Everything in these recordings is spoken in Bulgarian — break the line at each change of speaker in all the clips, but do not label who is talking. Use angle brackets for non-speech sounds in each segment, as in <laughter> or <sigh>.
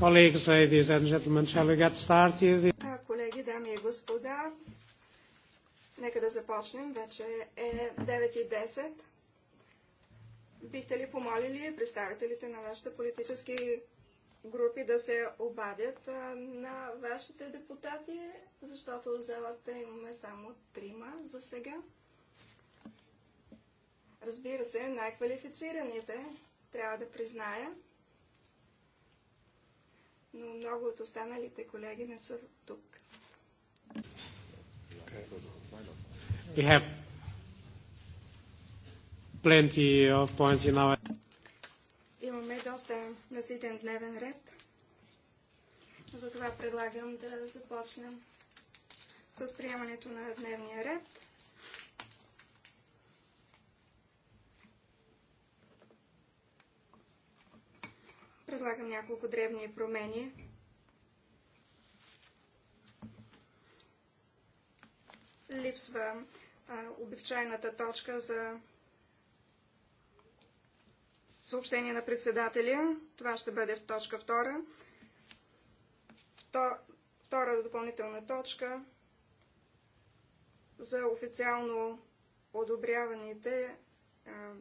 Colleagues, ladies and gentlemen, shall we get started?
Колеги, дами и господа, нека да започнем. Вече е 9.10. Бихте ли помолили представителите на вашите политически групи да се обадят на вашите депутати, защото в залата имаме само трима за сега. Разбира се, най-квалифицираните трябва да призная но много от останалите колеги не са тук.
We have plenty of points in
our... Имаме доста наситен дневен ред. Затова предлагам да започнем с приемането на дневния ред. Предлагам няколко древни промени. Липсва а, обичайната точка за съобщение на председателя. Това ще бъде в точка втора. То, втора допълнителна точка за официално одобряваните а,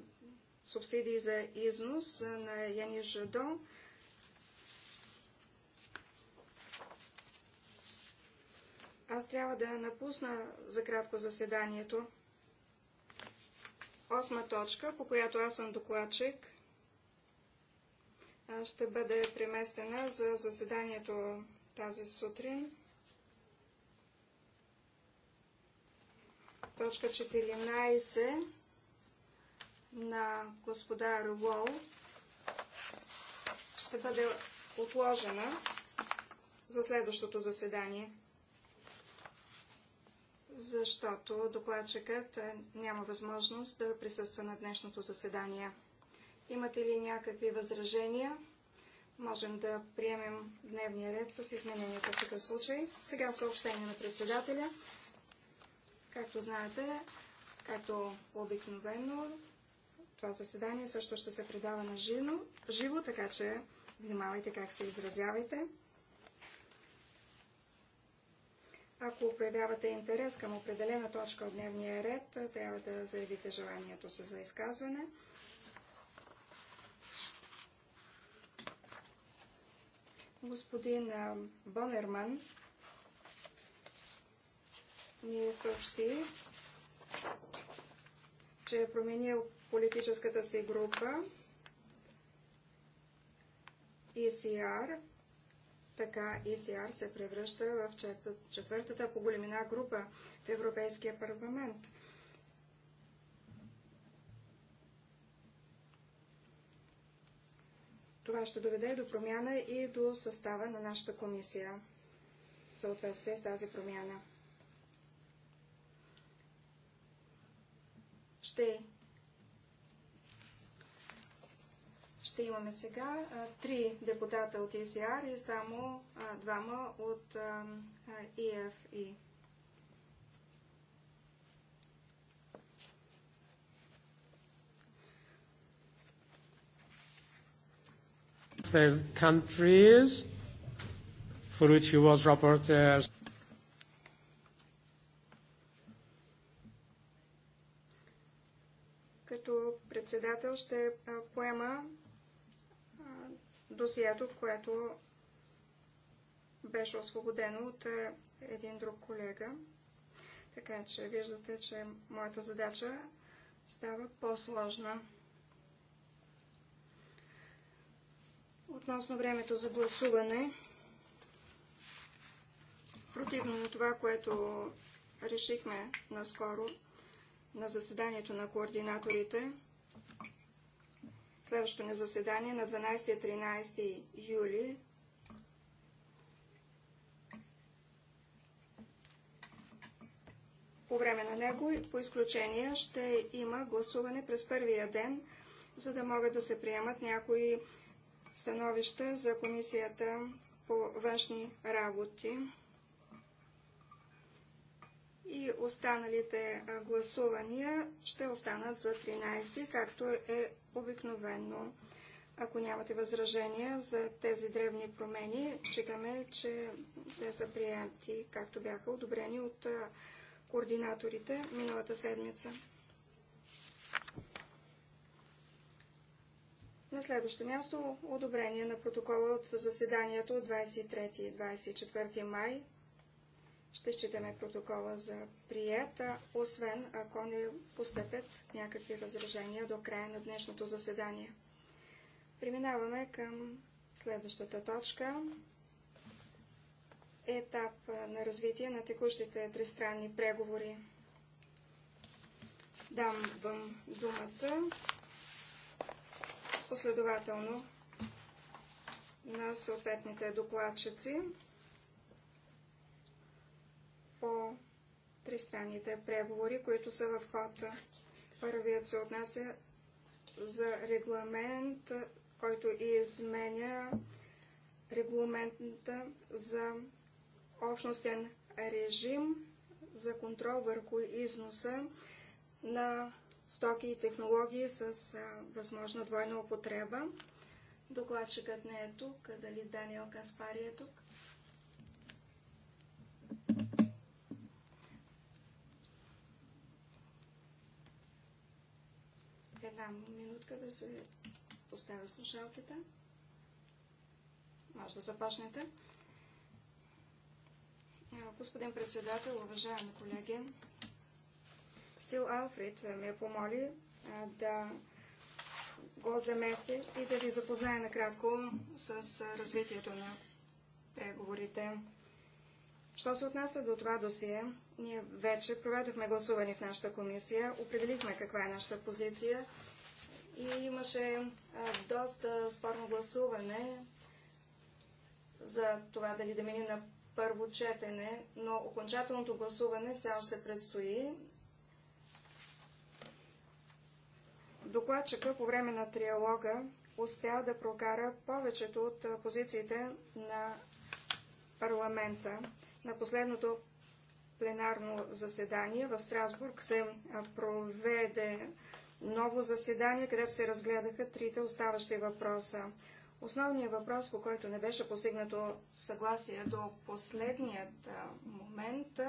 субсидии за износ на Яни Жадо Аз трябва да напусна за кратко заседанието. Осма точка, по която аз съм докладчик, ще бъде преместена за заседанието тази сутрин. Точка 14 на господа Рувол ще бъде отложена за следващото заседание защото докладчикът е, няма възможност да присъства на днешното заседание. Имате ли някакви възражения? Можем да приемем дневния ред с измененията в такъв случай. Сега съобщение на председателя. Както знаете, както обикновено, това заседание също ще се предава на живо, така че внимавайте как се изразявайте. Ако проявявате интерес към определена точка от дневния ред, трябва да заявите желанието си за изказване. Господин Бонерман ни съобщи, че е променил политическата си група ECR така ECR се превръща в четвъртата по големина група в Европейския парламент. Това ще доведе до промяна и до състава на нашата комисия в съответствие с тази промяна. Ще ще имаме сега три депутата от ИСР е и само двама от ИФИ.
countries for which he was
Като председател ще поема досието, което беше освободено от е, един друг колега. Така че виждате, че моята задача става по-сложна. Относно времето за гласуване, противно на това, което решихме наскоро на заседанието на координаторите, Следващото ни заседание на 12-13 юли. По време на него, и по изключение, ще има гласуване през първия ден, за да могат да се приемат някои становища за комисията по външни работи и останалите гласувания ще останат за 13, както е обикновено. Ако нямате възражения за тези древни промени, считаме, че те са приемти, както бяха одобрени от координаторите миналата седмица. На следващо място одобрение на протокола от заседанието от 23 и 24 май ще считаме протокола за приета, освен ако не постъпят някакви възражения до края на днешното заседание. Преминаваме към следващата точка. Етап на развитие на текущите тристранни преговори. Дам вам думата последователно на съответните докладчици по тристранните преговори, които са в ход. Първият се отнася за регламент, който изменя регламента за общностен режим за контрол върху износа на стоки и технологии с възможна двойна употреба. Докладчикът не е тук. Дали Даниел Каспари е тук? дам минутка да се поставя слушалката. Може да започнете. Господин председател, уважаеми колеги, Стил Алфред ме помоли да го замести и да ви запознае накратко с развитието на преговорите. Що се отнася до това досие, ние вече проведохме гласуване в нашата комисия, определихме каква е нашата позиция и имаше а, доста спорно гласуване за това дали да мине на първо четене, но окончателното гласуване все още предстои. Докладчика по време на триалога успя да прокара повечето от позициите на парламента. На последното пленарно заседание в Страсбург се проведе ново заседание, където се разгледаха трите оставащи въпроса. Основният въпрос, по който не беше постигнато съгласие до последният момент,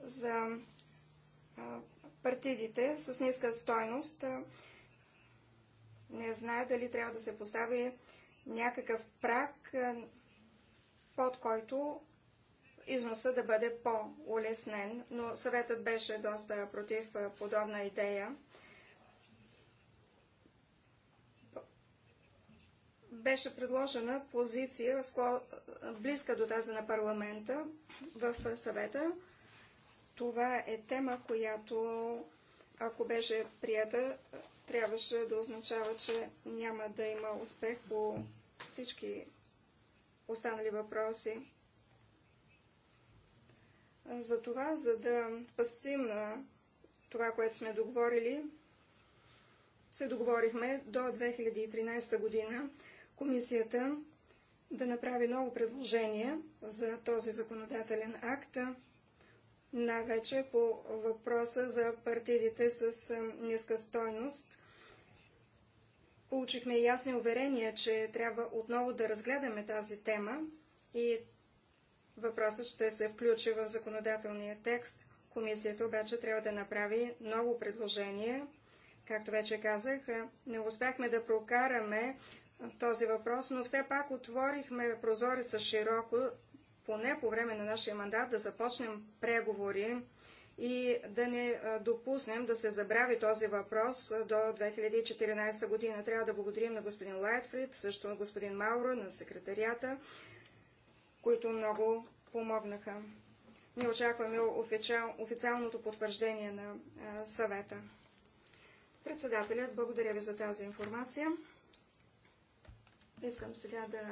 за партидите с ниска стойност не знае дали трябва да се постави някакъв прак, е, под който износа да бъде по-улеснен, но съветът беше доста против е, подобна идея. Беше предложена позиция, е, близка до тази на парламента в съвета. Това е тема, която, ако беше прията, трябваше да означава, че няма да има успех по всички останали въпроси. За това, за да пасим на това, което сме договорили, се договорихме до 2013 година комисията да направи ново предложение за този законодателен акт, най-вече по въпроса за партидите с ниска стойност Получихме ясни уверения, че трябва отново да разгледаме тази тема и въпросът ще се включи в законодателния текст. Комисията обаче трябва да направи ново предложение. Както вече казах, не успяхме да прокараме този въпрос, но все пак отворихме прозореца широко, поне по време на нашия мандат, да започнем преговори и да не допуснем да се забрави този въпрос до 2014 година. Трябва да благодарим на господин Лайтфрид, също на господин Мауро, на секретарията, които много помогнаха. Ние очакваме официалното потвърждение на съвета. Председателят, благодаря ви за тази информация. Искам сега да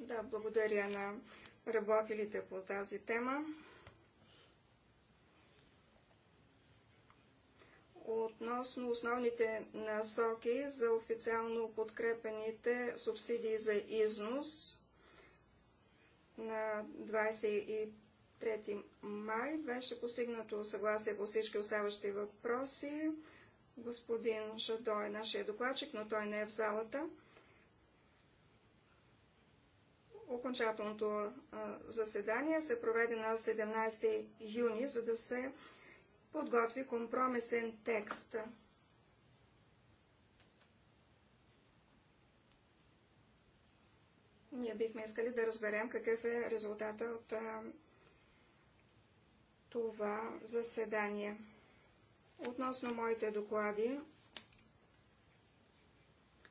Да, благодаря на работилите по тази тема. Относно основните насоки за официално подкрепените субсидии за износ на 23 май беше постигнато съгласие по всички оставащи въпроси. Господин Жадо е нашия докладчик, но той не е в залата. Окончателното заседание се проведе на 17 юни, за да се подготви компромисен текст. Ние бихме искали да разберем какъв е резултата от това заседание. Относно моите доклади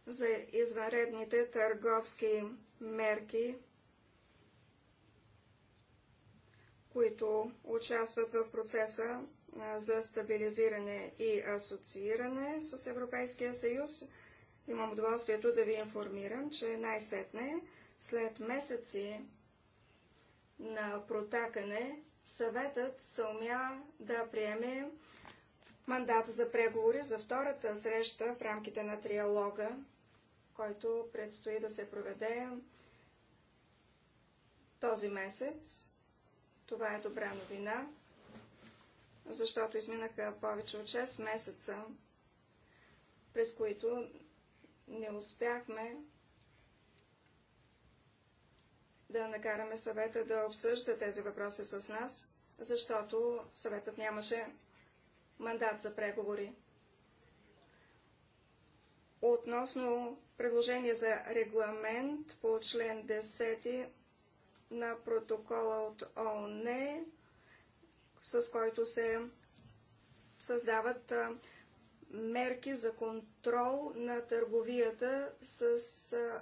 за извънредните търговски мерки които участват в процеса за стабилизиране и асоцииране с Европейския съюз. Имам удоволствието да ви информирам, че най-сетне, след месеци на протакане, съветът се умя да приеме мандат за преговори за втората среща в рамките на триалога, който предстои да се проведе този месец това е добра новина, защото изминаха повече от 6 месеца, през които не успяхме да накараме съвета да обсъжда тези въпроси с нас, защото съветът нямаше мандат за преговори. Относно предложение за регламент по член 10 на протокола от ООН, с който се създават мерки за контрол на търговията с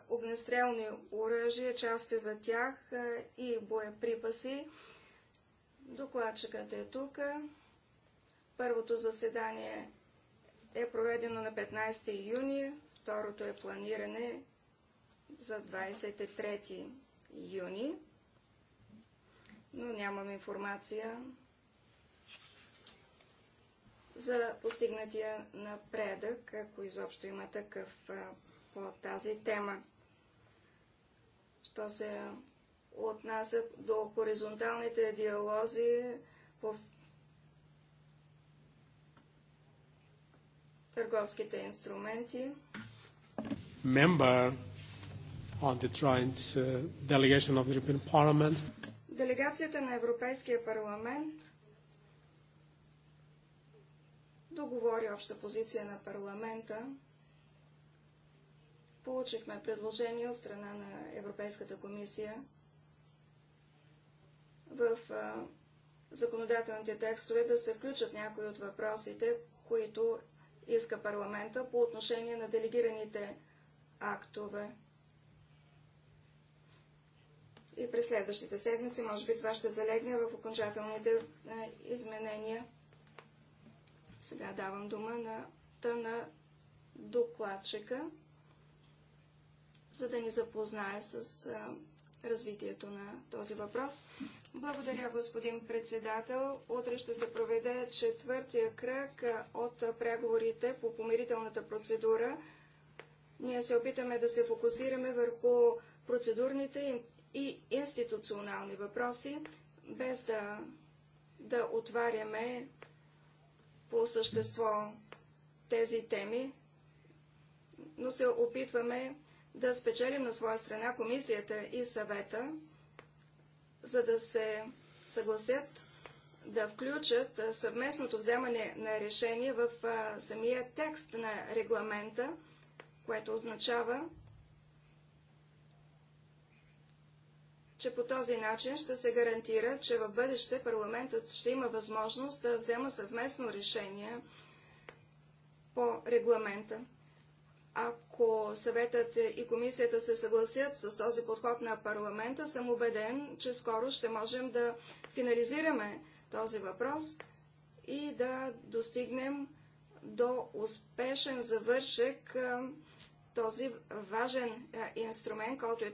огнестрелни оръжия, части за тях и боеприпаси. Докладчикът е тук. Първото заседание е проведено на 15 юни, второто е планиране за 23 юни но нямам информация за постигнатия напредък, ако изобщо има такъв по тази тема. Що се отнася до хоризонталните диалози по търговските инструменти.
Member on the joint uh, delegation of the European Parliament.
Делегацията на Европейския парламент договори обща позиция на парламента. Получихме предложение от страна на Европейската комисия в законодателните текстове да се включат някои от въпросите, които иска парламента по отношение на делегираните актове и през следващите седмици. Може би това ще залегне в окончателните е, изменения. Сега давам дума на, на докладчика, за да ни запознае с е, развитието на този въпрос. Благодаря, господин председател. Утре ще се проведе четвъртия кръг е, от преговорите по помирителната процедура. Ние се опитаме да се фокусираме върху процедурните и и институционални въпроси, без да, да отваряме по същество тези теми, но се опитваме да спечелим на своя страна комисията и съвета, за да се съгласят да включат съвместното вземане на решение в самия текст на регламента, което означава, че по този начин ще се гарантира, че в бъдеще парламентът ще има възможност да взема съвместно решение по регламента. Ако съветът и комисията се съгласят с този подход на парламента, съм убеден, че скоро ще можем да финализираме този въпрос и да достигнем до успешен завършек този важен е, инструмент, който е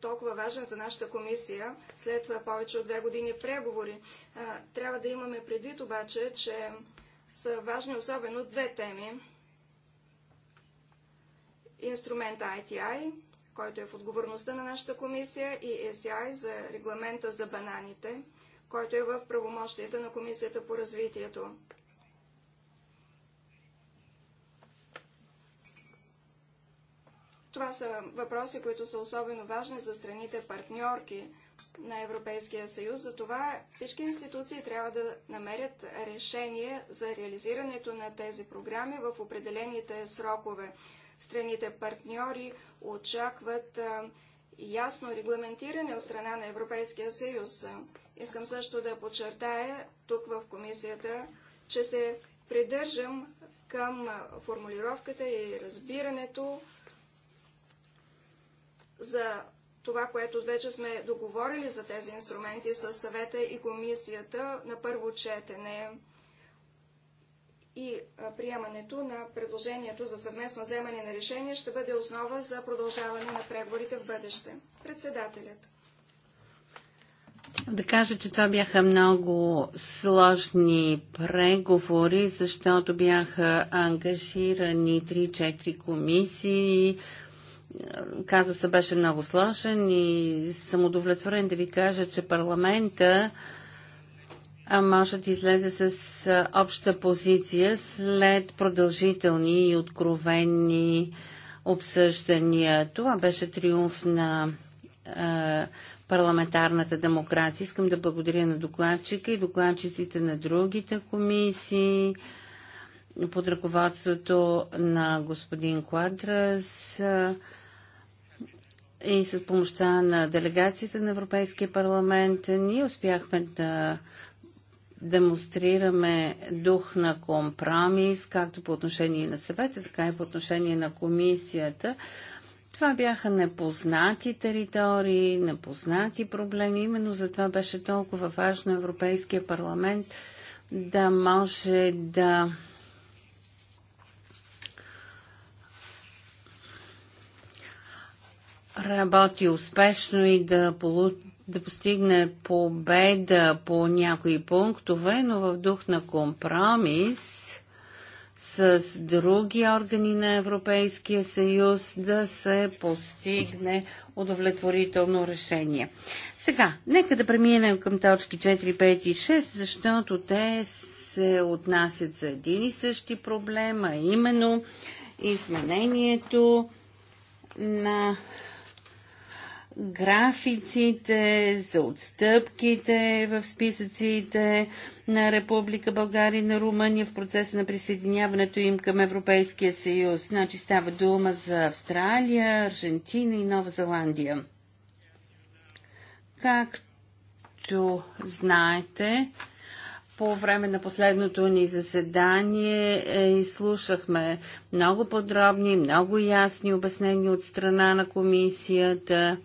толкова важен за нашата комисия, след това повече от две години преговори. Е, трябва да имаме предвид обаче, че са важни особено две теми. Инструмент ITI, който е в отговорността на нашата комисия, и SI за регламента за бананите, който е в правомощията на Комисията по развитието. Това са въпроси, които са особено важни за страните партньорки на Европейския съюз. Затова всички институции трябва да намерят решение за реализирането на тези програми в определените срокове. Страните партньори очакват ясно регламентиране от страна на Европейския съюз. Искам също да подчертая тук в комисията, че се придържам към формулировката и разбирането за това, което вече сме договорили за тези инструменти с съвета и комисията на първо четене и приемането на предложението за съвместно вземане на решение ще бъде основа за продължаване на преговорите в бъдеще. Председателят.
Да кажа, че това бяха много сложни преговори, защото бяха ангажирани 3-4 комисии, Казва се, беше много сложен и съм удовлетворен да ви кажа, че парламента може да излезе с обща позиция след продължителни и откровенни обсъждания. Това беше триумф на е, парламентарната демокрация. Искам да благодаря на докладчика и докладчиците на другите комисии под ръководството на господин Квадрас. Е, и с помощта на делегацията на Европейския парламент ние успяхме да демонстрираме дух на компромис, както по отношение на съвета, така и по отношение на комисията. Това бяха непознати територии, непознати проблеми. Именно за това беше толкова важно Европейския парламент да може да работи успешно и да, полу... да постигне победа по някои пунктове, но в дух на компромис с други органи на Европейския съюз да се постигне удовлетворително решение. Сега, нека да преминем към точки 4, 5 и 6, защото те се отнасят за един и същи проблем, а именно изменението на графиците, за отстъпките в списъците на Република България и на Румъния в процеса на присъединяването им към Европейския съюз. Значи става дума за Австралия, Аржентина и Нова Зеландия. Както знаете, по време на последното ни заседание е, изслушахме много подробни, много ясни обяснения от страна на комисията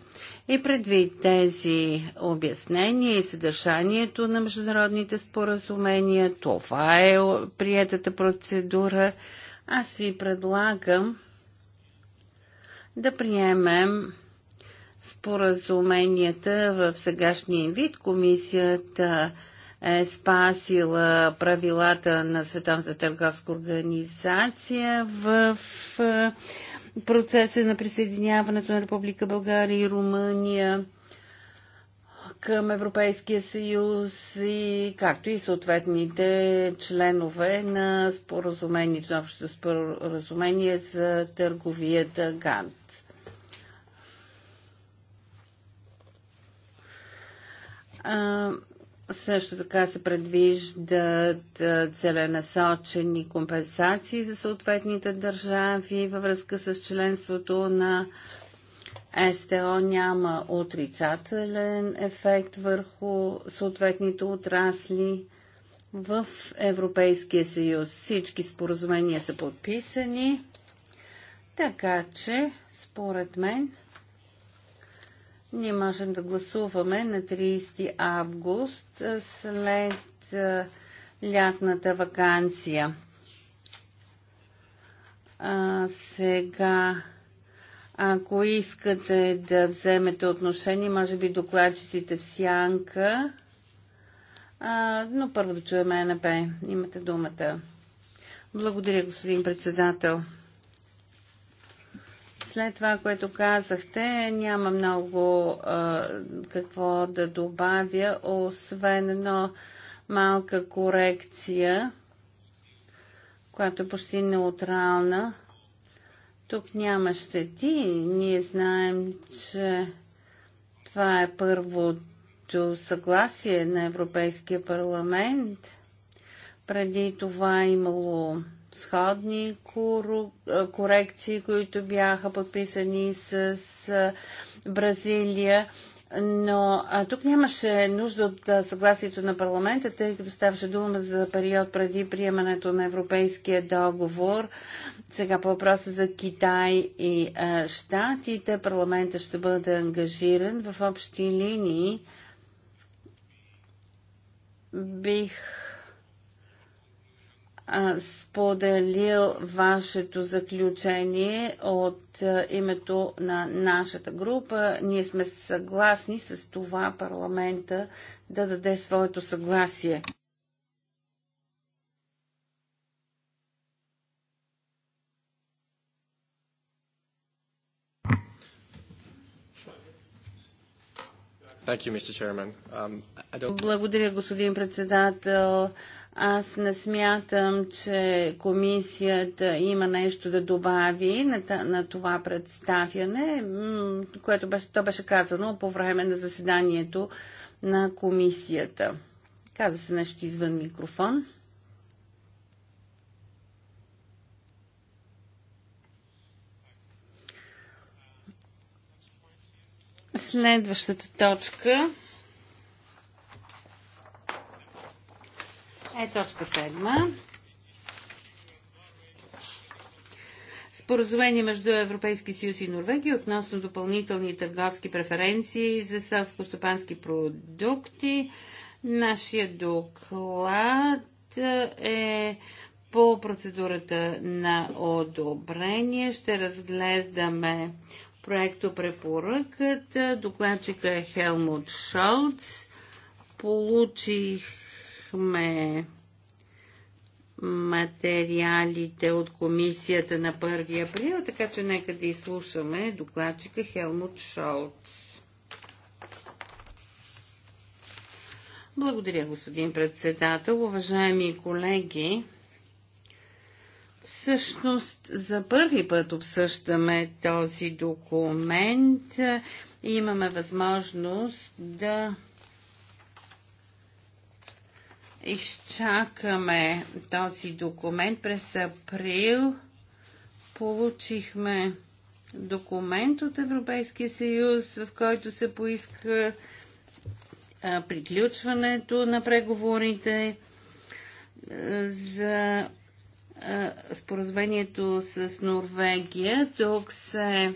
и предвид тези обяснения и съдържанието на международните споразумения, това е приятата процедура. Аз ви предлагам да приемем споразуменията в сегашния вид. Комисията е спасила правилата на Световната търговска организация в е, процеса на присъединяването на Република България и Румъния към Европейския съюз и както и съответните членове на споразумението, общото споразумение за търговията ГАНТ. Също така се предвиждат целенасочени компенсации за съответните държави във връзка с членството на СТО няма отрицателен ефект върху съответните отрасли в Европейския съюз. Всички споразумения са подписани, така че, според мен, ние можем да гласуваме на 30 август след лятната вакансия. А, сега, ако искате да вземете отношение, може би докладчиците в сянка, а, но първо да чуем е НП. Имате думата. Благодаря, господин председател. След това, което казахте, няма много а, какво да добавя, освен едно малка корекция, която е почти неутрална. Тук няма щети. Ние знаем, че това е първото съгласие на Европейския парламент. Преди това е имало сходни корекции, които бяха подписани с Бразилия. Но а, тук нямаше нужда от съгласието на парламента, тъй като ставаше дума за период преди приемането на европейския договор. Сега по въпроса за Китай и а, Штатите, парламента ще бъде ангажиран в общи линии. Бих споделил вашето заключение от името на нашата група. Ние сме съгласни с това парламента да даде своето съгласие. Um, Благодаря, господин председател. Аз не смятам, че комисията има нещо да добави на, на това представяне, което беше, то беше казано по време на заседанието на комисията. Каза се нещо извън микрофон. Следващата точка е точка седма. Споразумение между Европейски съюз и Норвегия относно допълнителни търговски преференции за селско-стопански продукти. Нашия доклад е по процедурата на одобрение. Ще разгледаме проекто препоръката. Докладчика е Хелмут Шолц. Получихме материалите от комисията на 1 април, така че нека да изслушаме докладчика Хелмут Шолц. Благодаря, господин председател. Уважаеми колеги, Всъщност за първи път обсъждаме този документ и имаме възможност да изчакаме този документ. През април получихме документ от Европейския съюз, в който се поиска приключването на преговорите за споразумението с Норвегия. Тук се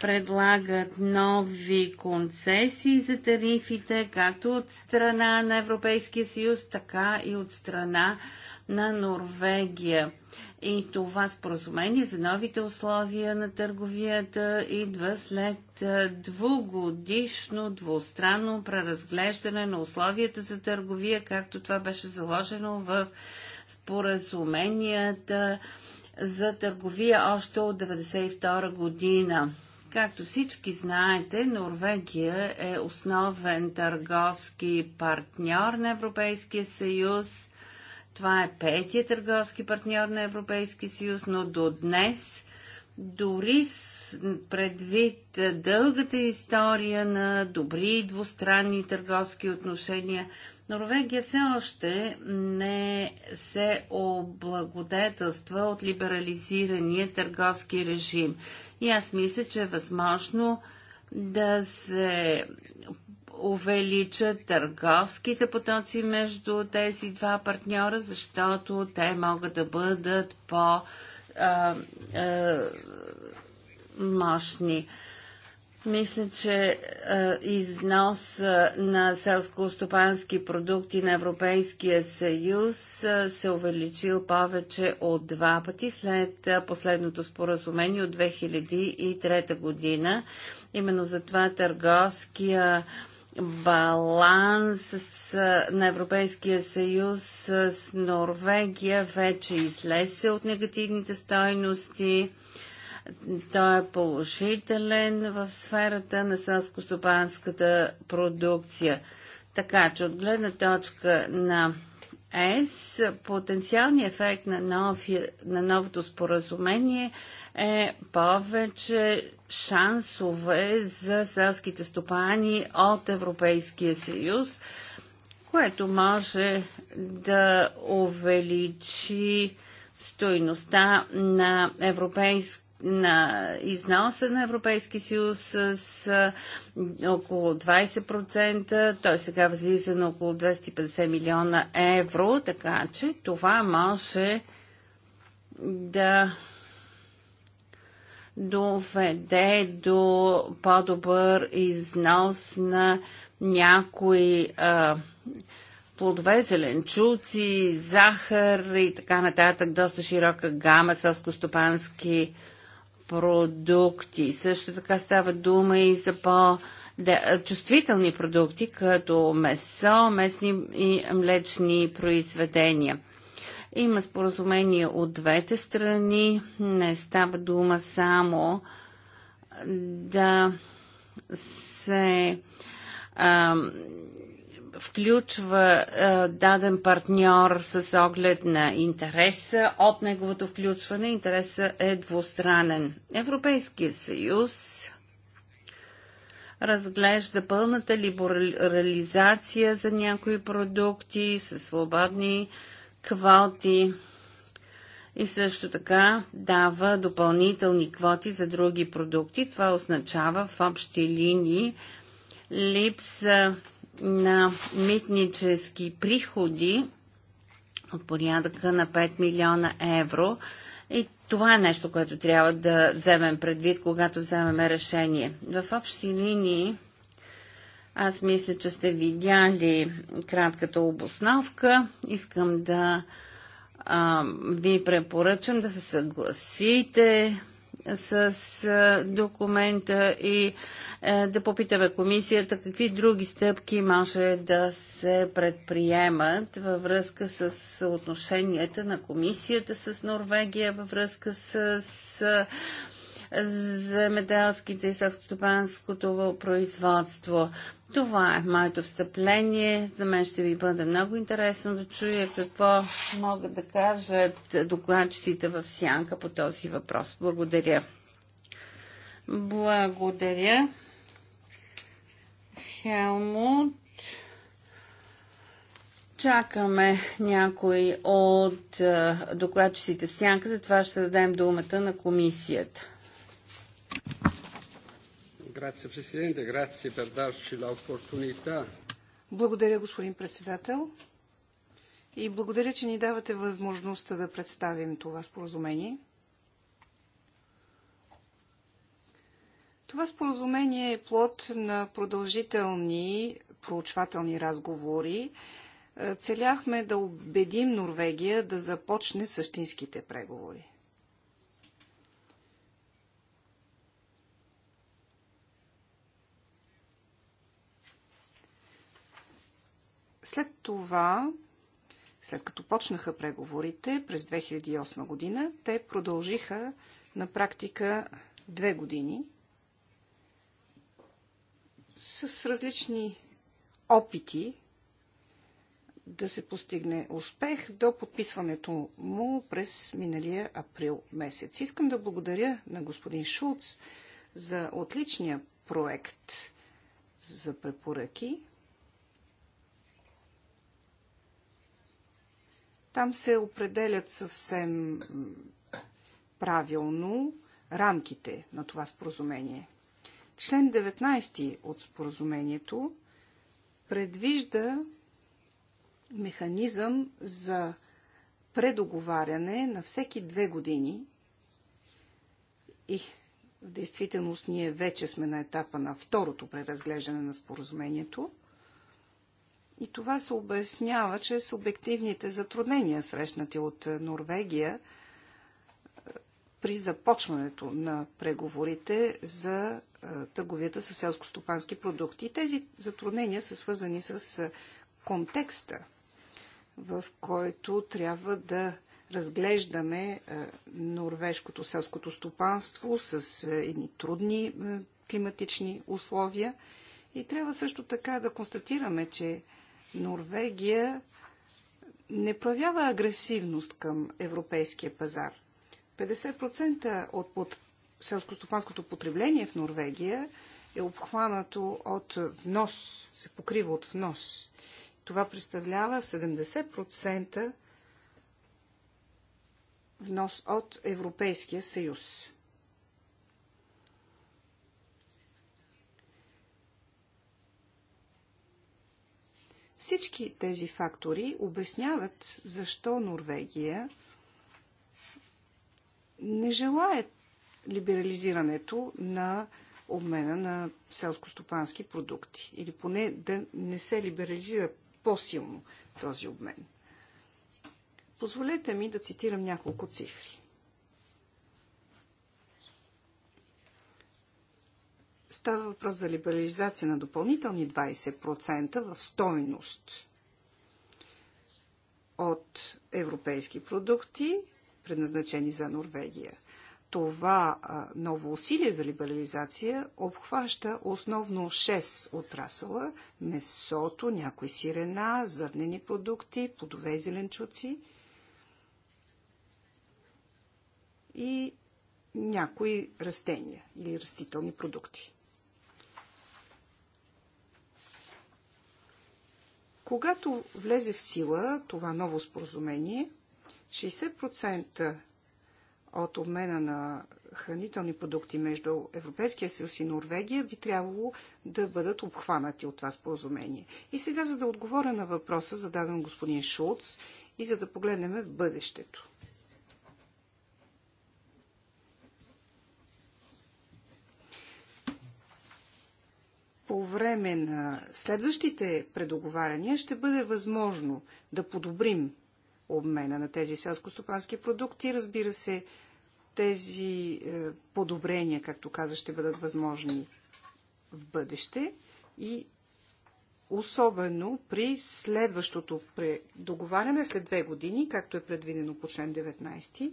предлагат нови концесии за тарифите, както от страна на Европейския съюз, така и от страна на Норвегия. И това споразумение за новите условия на търговията идва след двугодишно двустранно преразглеждане на условията за търговия, както това беше заложено в споразуменията за търговия още от 1992 година. Както всички знаете, Норвегия е основен търговски партньор на Европейския съюз. Това е петия търговски партньор на Европейския съюз, но до днес, дори предвид дългата история на добри двустранни търговски отношения, Норвегия все още не се облагодетелства от либерализирания търговски режим. И аз мисля, че е възможно да се увеличат търговските потоци между тези два партньора, защото те могат да бъдат по-мощни. Мисля, че износ на селско-стопански продукти на Европейския съюз се увеличил повече от два пъти след последното споразумение от 2003 година. Именно затова търговския баланс на Европейския съюз с Норвегия вече излезе от негативните стойности той е положителен в сферата на селско-стопанската продукция. Така че от гледна точка на ЕС, потенциалният ефект на, нов, на новото споразумение е повече шансове за селските стопани от Европейския съюз, което може да увеличи стойността на европейски на износа на Европейски съюз с около 20%. Той сега възлиза на около 250 милиона евро, така че това може да доведе до по-добър износ на някои а, плодове, зеленчуци, захар и така нататък, доста широка гама с стопански продукти. Също така става дума и за по- чувствителни продукти, като месо, местни и млечни произведения. Има споразумение от двете страни. Не става дума само да се включва е, даден партньор с оглед на интереса от неговото включване. Интереса е двустранен. Европейския съюз разглежда пълната либерализация за някои продукти със свободни квоти и също така дава допълнителни квоти за други продукти. Това означава в общи линии липса на митнически приходи от порядъка на 5 милиона евро. И това е нещо, което трябва да вземем предвид, когато вземем решение. В общи линии, аз мисля, че сте видяли кратката обосновка. Искам да а, ви препоръчам да се съгласите с документа и е, да попитаме комисията какви други стъпки може да се предприемат във връзка с отношенията на комисията с Норвегия, във връзка с за медалските и селскостопанското производство. Това е моето встъпление. За мен ще ви бъде много интересно да чуя какво могат да кажат докладчиците в сянка по този въпрос. Благодаря. Благодаря. Хелмут. Чакаме някой от докладчиците в сянка, затова ще дадем думата на комисията.
Благодаря, господин председател. И благодаря, че ни давате възможността да представим това споразумение. Това споразумение е плод на продължителни проучвателни разговори. Целяхме да убедим Норвегия да започне същинските преговори. След това, след като почнаха преговорите през 2008 година, те продължиха на практика две години с различни опити да се постигне успех до подписването му през миналия април месец. Искам да благодаря на господин Шулц за отличния проект за препоръки. Там се определят съвсем правилно рамките на това споразумение. Член 19 от споразумението предвижда механизъм за предоговаряне на всеки две години и в действителност ние вече сме на етапа на второто преразглеждане на споразумението. И това се обяснява че с обективните затруднения, срещнати от е, Норвегия е, при започването на преговорите за е, търговията с селско-стопански продукти. И тези затруднения са свързани с контекста, в който трябва да разглеждаме норвежкото селското стопанство с едни трудни климатични условия. И трябва също така да констатираме, че Норвегия не проявява агресивност към европейския пазар. 50% от под селскостопанското потребление в Норвегия е обхванато от внос, се покрива от внос. Това представлява 70% внос от Европейския съюз. Всички тези фактори обясняват защо Норвегия не желая либерализирането на обмена на селско-стопански продукти. Или поне да не се либерализира по-силно този обмен. Позволете ми да цитирам няколко цифри. Става въпрос за либерализация на допълнителни 20% в стойност от европейски продукти, предназначени за Норвегия. Това ново усилие за либерализация обхваща основно 6 отрасъла – месото, някои сирена, зърнени продукти, плодове и зеленчуци и някои растения или растителни продукти. Когато влезе в сила това ново споразумение, 60% от обмена на хранителни продукти между Европейския съюз и Норвегия би трябвало да бъдат обхванати от това споразумение. И сега, за да отговоря на въпроса, зададен господин Шулц и за да погледнем в бъдещето. по време на следващите предоговаряния ще бъде възможно да подобрим обмена на тези селско-стопански продукти. Разбира се, тези е, подобрения, както каза, ще бъдат възможни в бъдеще и особено при следващото договаряне след две години, както е предвидено по член 19,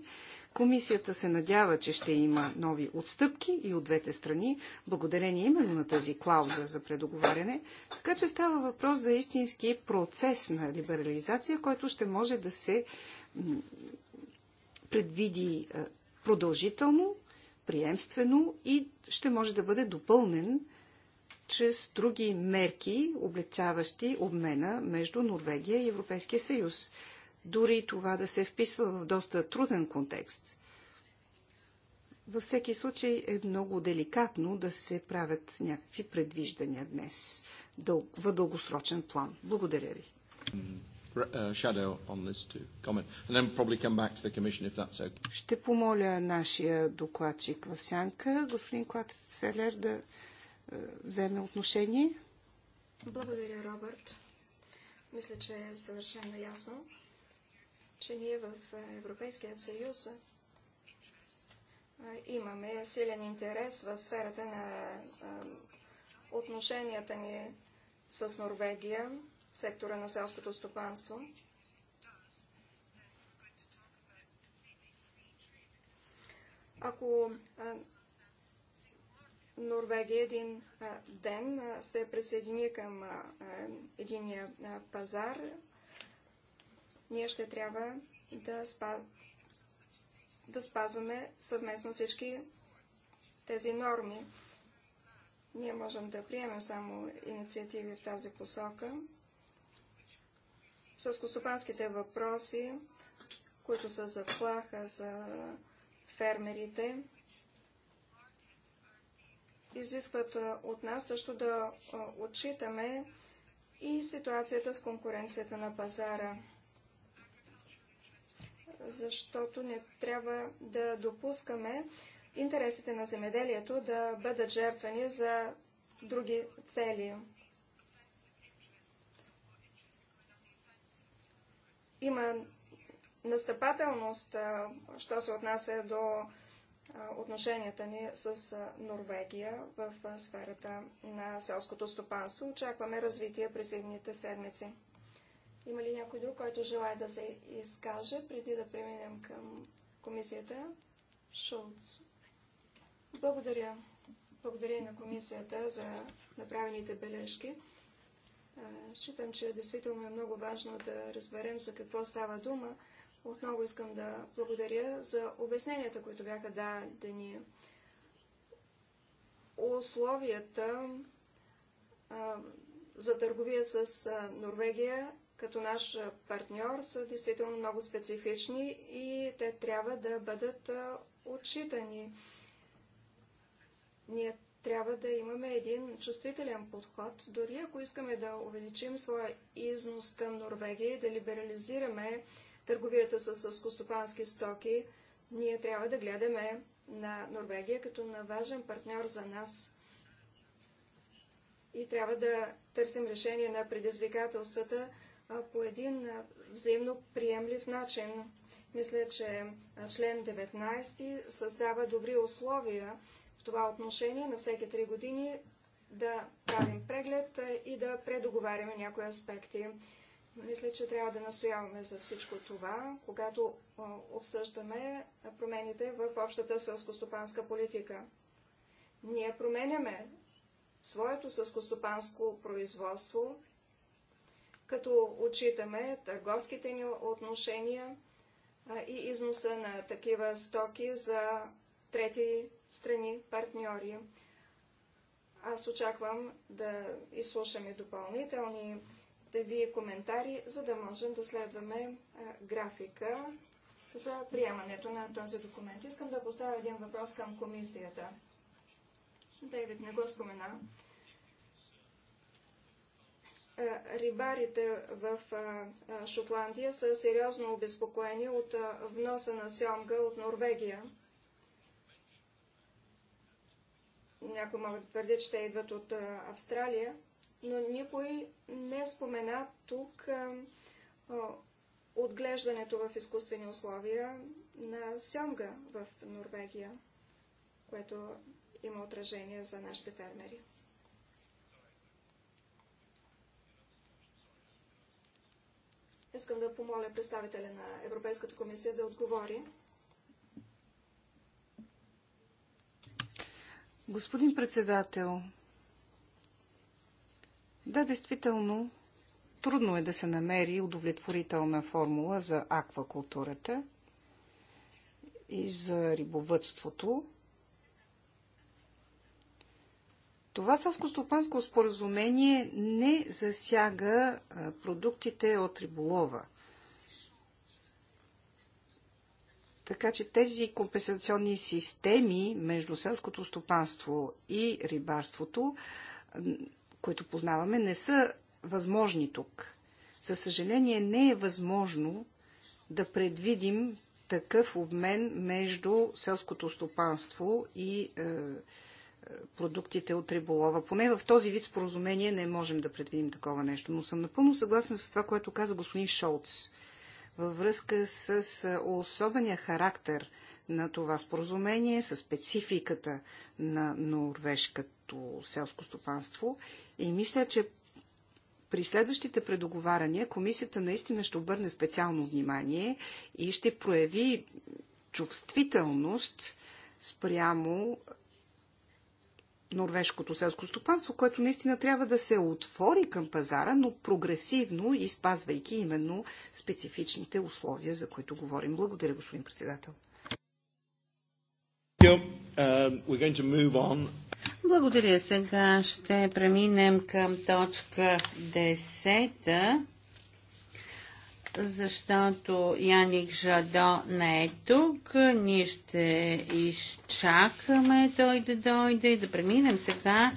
Комисията се надява, че ще има нови отстъпки и от двете страни, благодарение именно на тази клауза за предоговаряне, така че става въпрос за истински процес на либерализация, който ще може да се предвиди е, продължително, приемствено и ще може да бъде допълнен чрез други мерки, облегчаващи обмена между Норвегия и Европейския съюз дори това да се вписва в доста труден контекст. Във всеки случай е много деликатно да се правят някакви предвиждания днес в дългосрочен план. Благодаря ви. Е, Ще помоля нашия докладчик в сянка, господин Клад Фелер, да е, вземе отношение.
Благодаря, Робърт. Мисля, че е съвършено ясно че ние в е, Европейския съюз е, имаме силен интерес в сферата на е, отношенията ни с Норвегия, сектора на селското стопанство. Ако Норвегия един ден се присъедини към единия пазар, ние ще трябва да, спа... да спазваме съвместно всички тези норми. Ние можем да приемем само инициативи в тази посока. С костопанските въпроси, които са заплаха за фермерите, изискват от нас също да отчитаме и ситуацията с конкуренцията на пазара защото не трябва да допускаме интересите на земеделието да бъдат жертвани за други цели. Има настъпателност, що се отнася до отношенията ни с Норвегия в сферата на селското стопанство. Очакваме развитие през едните седмици. Има ли някой друг, който желая да се изкаже, преди да преминем към комисията? Шулц. Благодаря. Благодаря на комисията за направените бележки. Считам, че действително е много важно да разберем за какво става дума. Отново искам да благодаря за обясненията, които бяха дадени. Условията за търговия с Норвегия като наш партньор са действително много специфични и те трябва да бъдат отчитани. Ние трябва да имаме един чувствителен подход, дори ако искаме да увеличим своя износ към Норвегия и да либерализираме търговията с скостопански стоки, ние трябва да гледаме на Норвегия като на важен партньор за нас. И трябва да търсим решение на предизвикателствата, по един взаимно приемлив начин. Мисля, че член 19 създава добри условия в това отношение на всеки три години да правим преглед и да предоговаряме някои аспекти. Мисля, че трябва да настояваме за всичко това, когато обсъждаме промените в общата сълскостопанска политика. Ние променяме своето сълскостопанско производство като отчитаме търговските ни отношения и износа на такива стоки за трети страни, партньори. Аз очаквам да изслушаме допълнителни да ви коментари, за да можем да следваме графика за приемането на този документ. Искам да поставя един въпрос към комисията. Дейвид не го спомена рибарите в Шотландия са сериозно обезпокоени от вноса на сьомга от Норвегия. Някои могат да твърдят, че те идват от Австралия, но никой не спомена тук отглеждането в изкуствени условия на сьомга в Норвегия, което има отражение за нашите фермери. Искам да помоля представителя на Европейската комисия да отговори.
Господин председател, да, действително, трудно е да се намери удовлетворителна формула за аквакултурата и за рибовътството. Това селско-стопанско споразумение не засяга продуктите от риболова. Така че тези компенсационни системи между селското стопанство и рибарството, които познаваме, не са възможни тук. За съжаление, не е възможно да предвидим такъв обмен между селското стопанство и е, продуктите от риболова. Поне в този вид споразумение не можем да предвидим такова нещо. Но съм напълно съгласен с това, което каза господин Шолц във връзка с особения характер на това споразумение, с спецификата на норвежкото селско стопанство. И мисля, че при следващите предоговарания комисията наистина ще обърне специално внимание и ще прояви чувствителност спрямо норвежкото селско стопанство, което наистина трябва да се отвори към пазара, но прогресивно и спазвайки именно специфичните условия, за които говорим. Благодаря, господин председател.
Um,
Благодаря. Сега ще преминем към точка 10 защото Яник Жадо не е тук. Ние ще изчакаме той да дойде и да преминем сега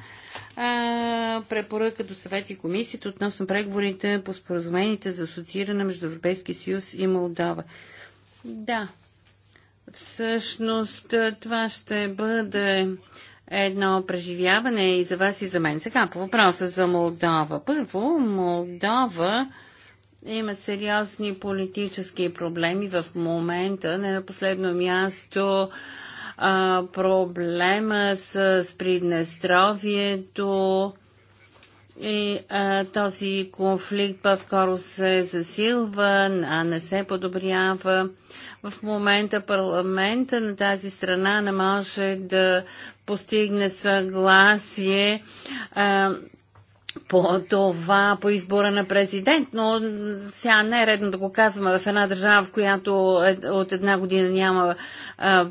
препоръка до съвет и комисията относно преговорите по споразумените за асоцииране между Европейския съюз и Молдова. Да, всъщност това ще бъде едно преживяване и за вас и за мен. Сега по въпроса за Молдова. Първо, Молдова има сериозни политически проблеми в момента. Не на последно място а, проблема с, с Приднестровието. И а, този конфликт по-скоро се засилва, а не се подобрява. В момента парламента на тази страна не може да постигне съгласие. А, по това, по избора на президент, но сега не е редно да го казваме в една държава, в която е, от една година няма а,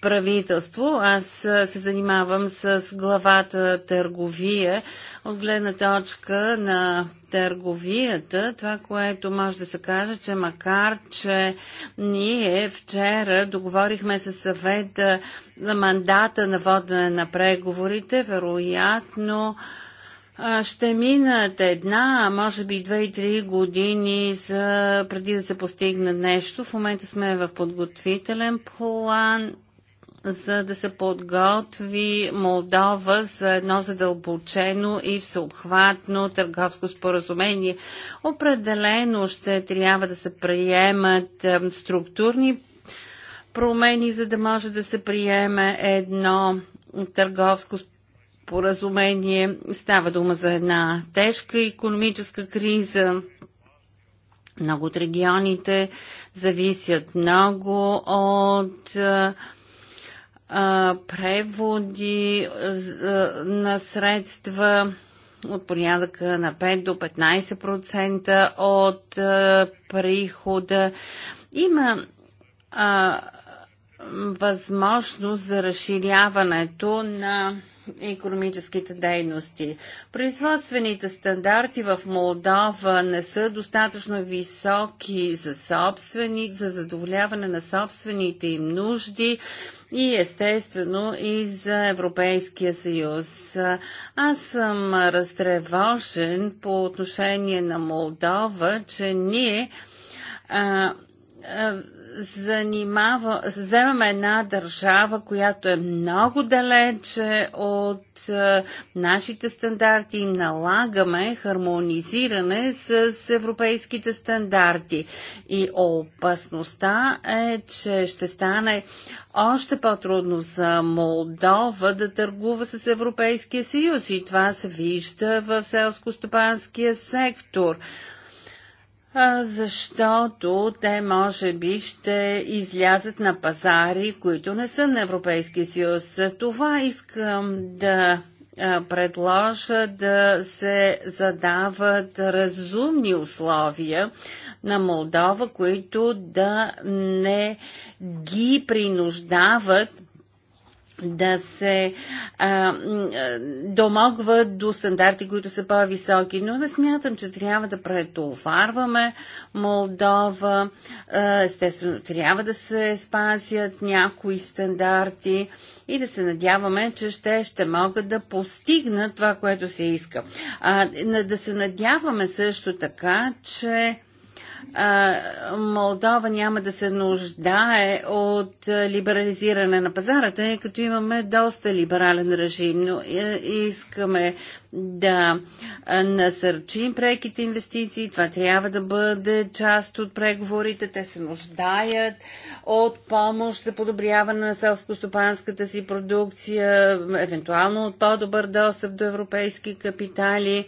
правителство. Аз се занимавам с главата търговия. От гледна точка на търговията, това, което може да се каже, че макар, че ние вчера договорихме със съвет на мандата на водене на преговорите, вероятно ще минат една, може би две и три години за, преди да се постигне нещо. В момента сме в подготвителен план, за да се подготви Молдова за едно задълбочено и всеобхватно търговско споразумение. Определено ще трябва да се приемат структурни промени, за да може да се приеме едно търговско споразумение споразумение. Става дума за една тежка економическа криза. Много от регионите зависят много от а, преводи а, на средства от порядъка на 5 до 15% от а, прихода. Има а, възможност за разширяването на економическите дейности. Производствените стандарти в Молдова не са достатъчно високи за собствени, за задоволяване на собствените им нужди и естествено и за Европейския съюз. Аз съм разтревожен по отношение на Молдова, че ние а, а, занимава, вземаме една държава, която е много далече от е, нашите стандарти и налагаме хармонизиране с европейските стандарти. И опасността е, че ще стане още по-трудно за Молдова да търгува с Европейския съюз и това се вижда в селско-стопанския сектор защото те може би ще излязат на пазари, които не са на Европейския съюз. това искам да предложа да се задават разумни условия на Молдова, които да не ги принуждават да се а, домогват до стандарти, които са по-високи. Но не смятам, че трябва да претоварваме Молдова. А, естествено, трябва да се спазят някои стандарти и да се надяваме, че ще, ще могат да постигнат това, което се иска. А, да се надяваме също така, че Молдова няма да се нуждае от либерализиране на пазара, тъй като имаме доста либерален режим, но е, искаме да насърчим преките инвестиции. Това трябва да бъде част от преговорите. Те се нуждаят от помощ за подобряване на селско-стопанската си продукция, евентуално от по-добър достъп до европейски капитали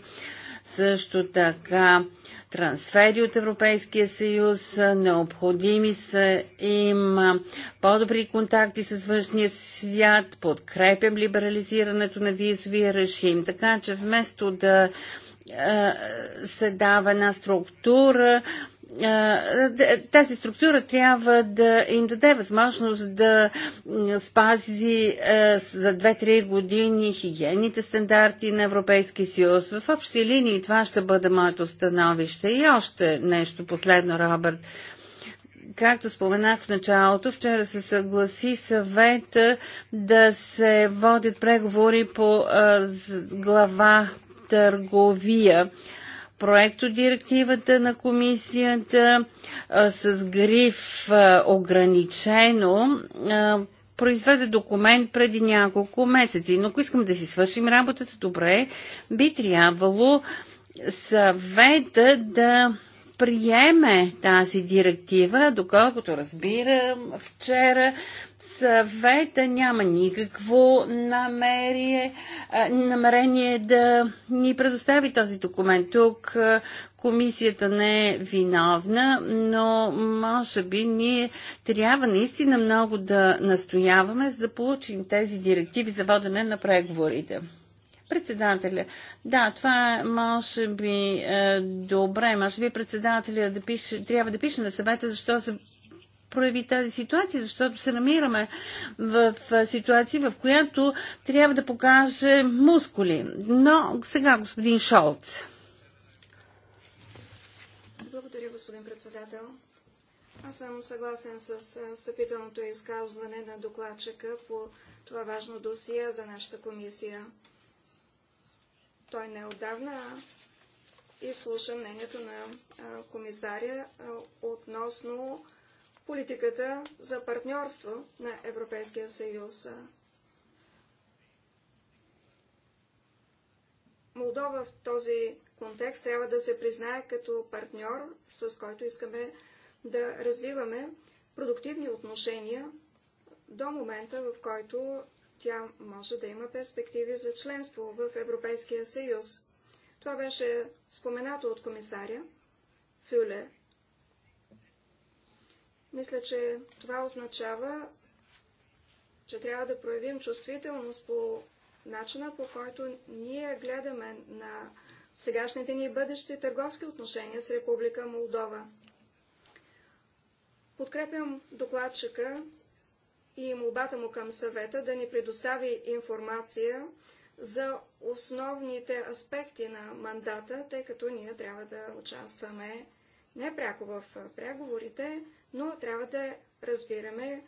също така трансфери от Европейския съюз, необходими са им по-добри контакти с външния свят, подкрепям либерализирането на визовия режим. Така че вместо да се дава една структура, тази структура трябва да им даде възможност да спази за 2-3 години хигиенните стандарти на Европейския съюз. В общи линии това ще бъде моето становище. И още нещо последно, Робърт. Както споменах в началото, вчера се съгласи съвета да се водят преговори по глава търговия проекто директивата на комисията а, с гриф а, ограничено а, произведе документ преди няколко месеци. Но ако искам да си свършим работата добре, би трябвало съвета да приеме тази директива, доколкото разбира, вчера съвета няма никакво намерие, намерение да ни предостави този документ. Тук комисията не е виновна, но може би ние трябва наистина много да настояваме, за да получим тези директиви за водене на преговорите. Председателя. Да, това е, може би е, добре. Може би председателя да пише, трябва да пише на съвета, защо се прояви тази ситуация, защото се намираме в ситуация, в която трябва да покаже мускули. Но сега господин Шолц.
Благодаря, господин председател. Аз съм съгласен с встъпителното изказване на докладчика по това важно досие за нашата комисия. Той не отдавна изслуша мнението на комисаря относно политиката за партньорство на Европейския съюз. Молдова в този контекст трябва да се признае като партньор, с който искаме да развиваме продуктивни отношения до момента, в който тя може да има перспективи за членство в Европейския съюз. Това беше споменато от комисаря Фюле мисля, че това означава, че трябва да проявим чувствителност по начина, по който ние гледаме на сегашните ни бъдещи търговски отношения с Република Молдова. Подкрепям докладчика и молбата му към съвета да ни предостави информация за основните аспекти на мандата, тъй като ние трябва да участваме не пряко в преговорите, но трябва да разбираме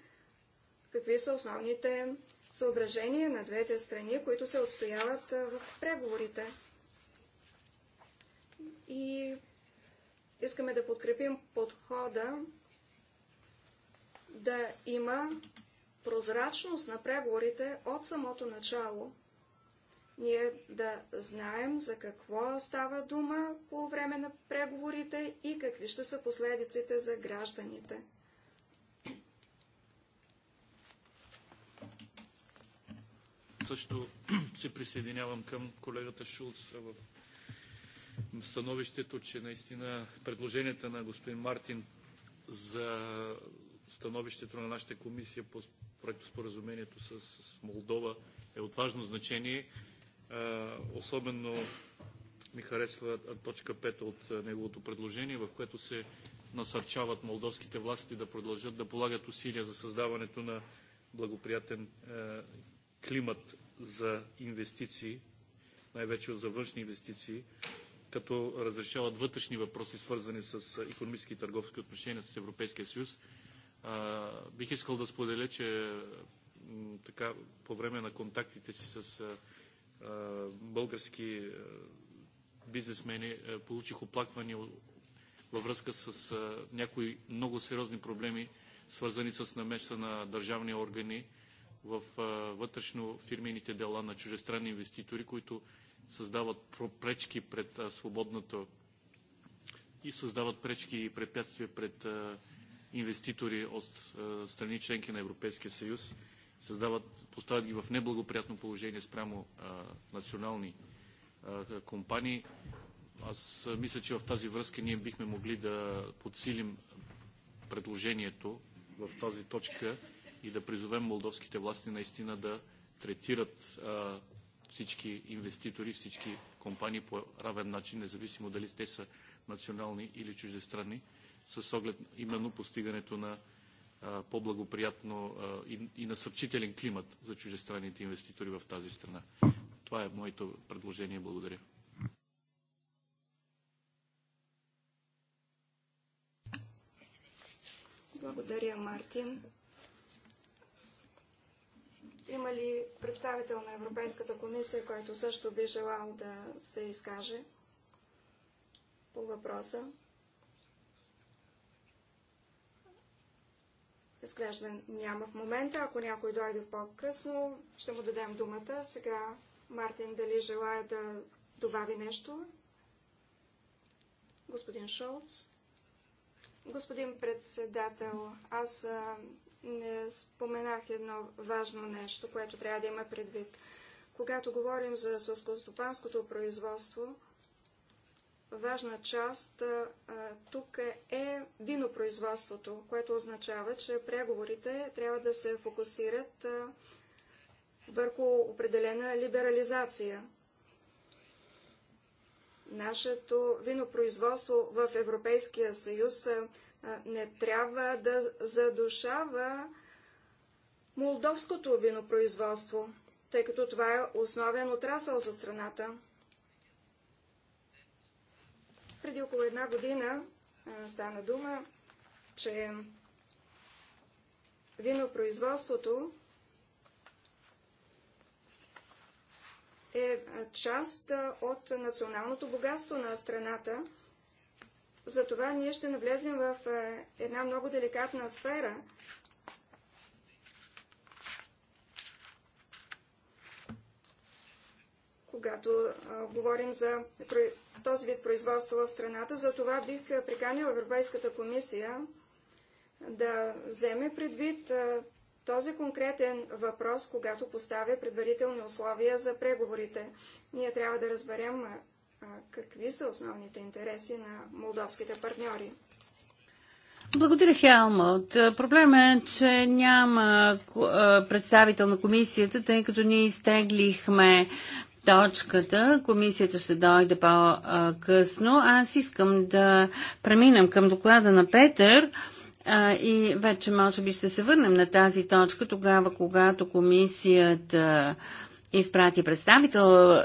какви са основните съображения на двете страни, които се отстояват в преговорите. И искаме да подкрепим подхода да има прозрачност на преговорите от самото начало ние да знаем за какво става дума по време на преговорите и какви ще са последиците за гражданите.
Също се присъединявам към колегата Шулц в становището, че наистина предложенията на господин Мартин за становището на нашата комисия по споразумението с Молдова е от важно значение. Особено ми харесва точка 5 от неговото предложение, в което се насърчават молдовските власти да продължат да полагат усилия за създаването на благоприятен климат за инвестиции, най-вече за външни инвестиции, като разрешават вътрешни въпроси, свързани с економически и търговски отношения с Европейския съюз. Бих искал да споделя, че така по време на контактите си с български бизнесмени получих оплаквания във връзка с някои много сериозни проблеми, свързани с намеса на държавни органи в вътрешно фирмените дела на чужестранни инвеститори, които създават пречки пред свободното и създават пречки и препятствия пред инвеститори от страни членки на Европейския съюз създават, поставят ги в неблагоприятно положение спрямо а, национални а, компании. Аз мисля, че в тази връзка ние бихме могли да подсилим предложението в тази точка и да призовем молдовските власти наистина да третират а, всички инвеститори, всички компании по равен начин, независимо дали те са национални или чуждестранни, с оглед именно постигането на по-благоприятно и насърчителен климат за чужестранните инвеститори в тази страна. Това е моето предложение. Благодаря.
Благодаря, Мартин. Има ли представител на Европейската комисия, който също би желал да се изкаже по въпроса? Изглежда няма в момента. Ако някой дойде по-късно, ще му дадем думата. Сега Мартин дали желая да добави нещо? Господин Шолц. Господин председател, аз не споменах едно важно нещо, което трябва да има предвид. Когато говорим за съскостопанското производство, важна част а, тук е, е винопроизводството, което означава, че преговорите трябва да се фокусират а, върху определена либерализация. Нашето винопроизводство в Европейския съюз а, не трябва да задушава молдовското винопроизводство, тъй като това е основен отрасъл за страната. Преди около една година а, стана дума, че винопроизводството е част от националното богатство на страната. Затова ние ще навлезем в една много деликатна сфера. Когато а, говорим за този вид производство в страната. Затова бих приканил Европейската комисия да вземе предвид този конкретен въпрос, когато поставя предварителни условия за преговорите. Ние трябва да разберем какви са основните интереси на молдовските партньори.
Благодаря, Хелмут. Проблема е, че няма представител на комисията, тъй като ние изтеглихме точката. Комисията ще дойде по-късно. Аз искам да преминем към доклада на Петър. А, и вече може би ще се върнем на тази точка тогава, когато комисията изпрати представител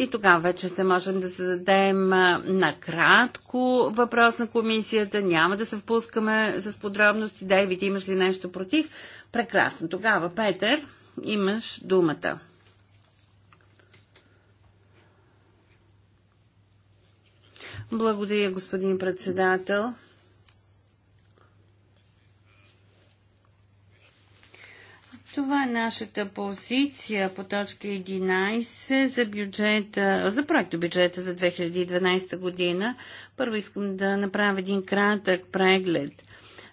и тогава вече ще можем да зададем накратко въпрос на комисията. Няма да се впускаме с подробности. Дейвид, имаш ли нещо против? Прекрасно. Тогава, Петър, имаш думата. Благодаря, господин председател. Това е нашата позиция по точка 11 за бюджета, за проекто бюджета за 2012 година. Първо искам да направя един кратък преглед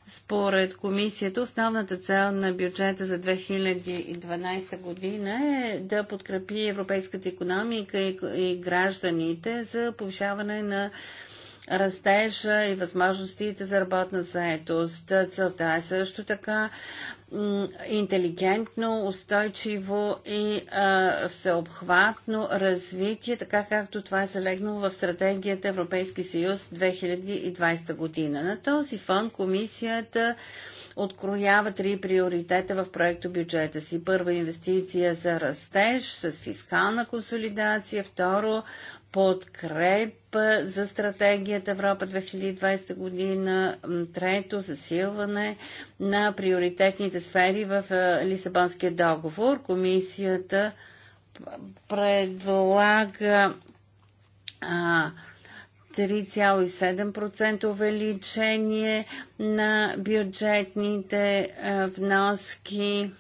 според комисията, основната цел на бюджета за 2012 година е да подкрепи европейската економика и гражданите за повишаване на растежа и възможностите за работна заетост. Целта е също така интелигентно, устойчиво и а, всеобхватно развитие, така както това е залегнало в стратегията Европейски съюз 2020 година. На този фон комисията откроява три приоритета в проекто бюджета си. Първа инвестиция за растеж с фискална консолидация, второ подкрепа за стратегията Европа 2020 година. Трето, засилване на приоритетните сфери в Лисабонския договор. Комисията предлага 3,7% увеличение на бюджетните вноски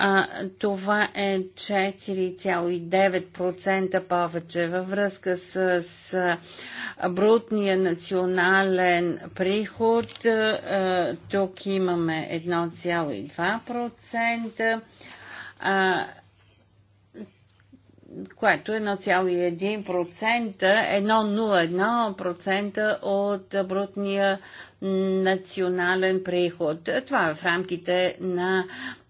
а, това е 4,9% повече във връзка с, с брутния национален приход. А, тук имаме 1,2%. А, което е 1,1%, 1,01% от брутния национален приход. Това е в рамките на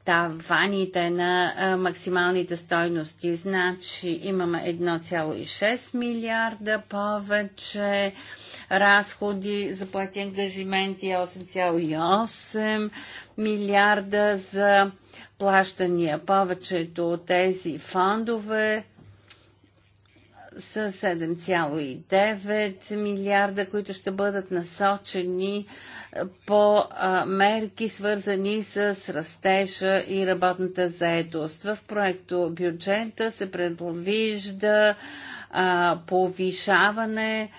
таваните на максималните стойности. Значи имаме 1,6 милиарда повече разходи за плати ангажименти, 8,8 милиарда за плащания. Повечето от тези фондове с 7,9 милиарда, които ще бъдат насочени по мерки, свързани с растежа и работната заедост. В проекто бюджета се предвижда повишаване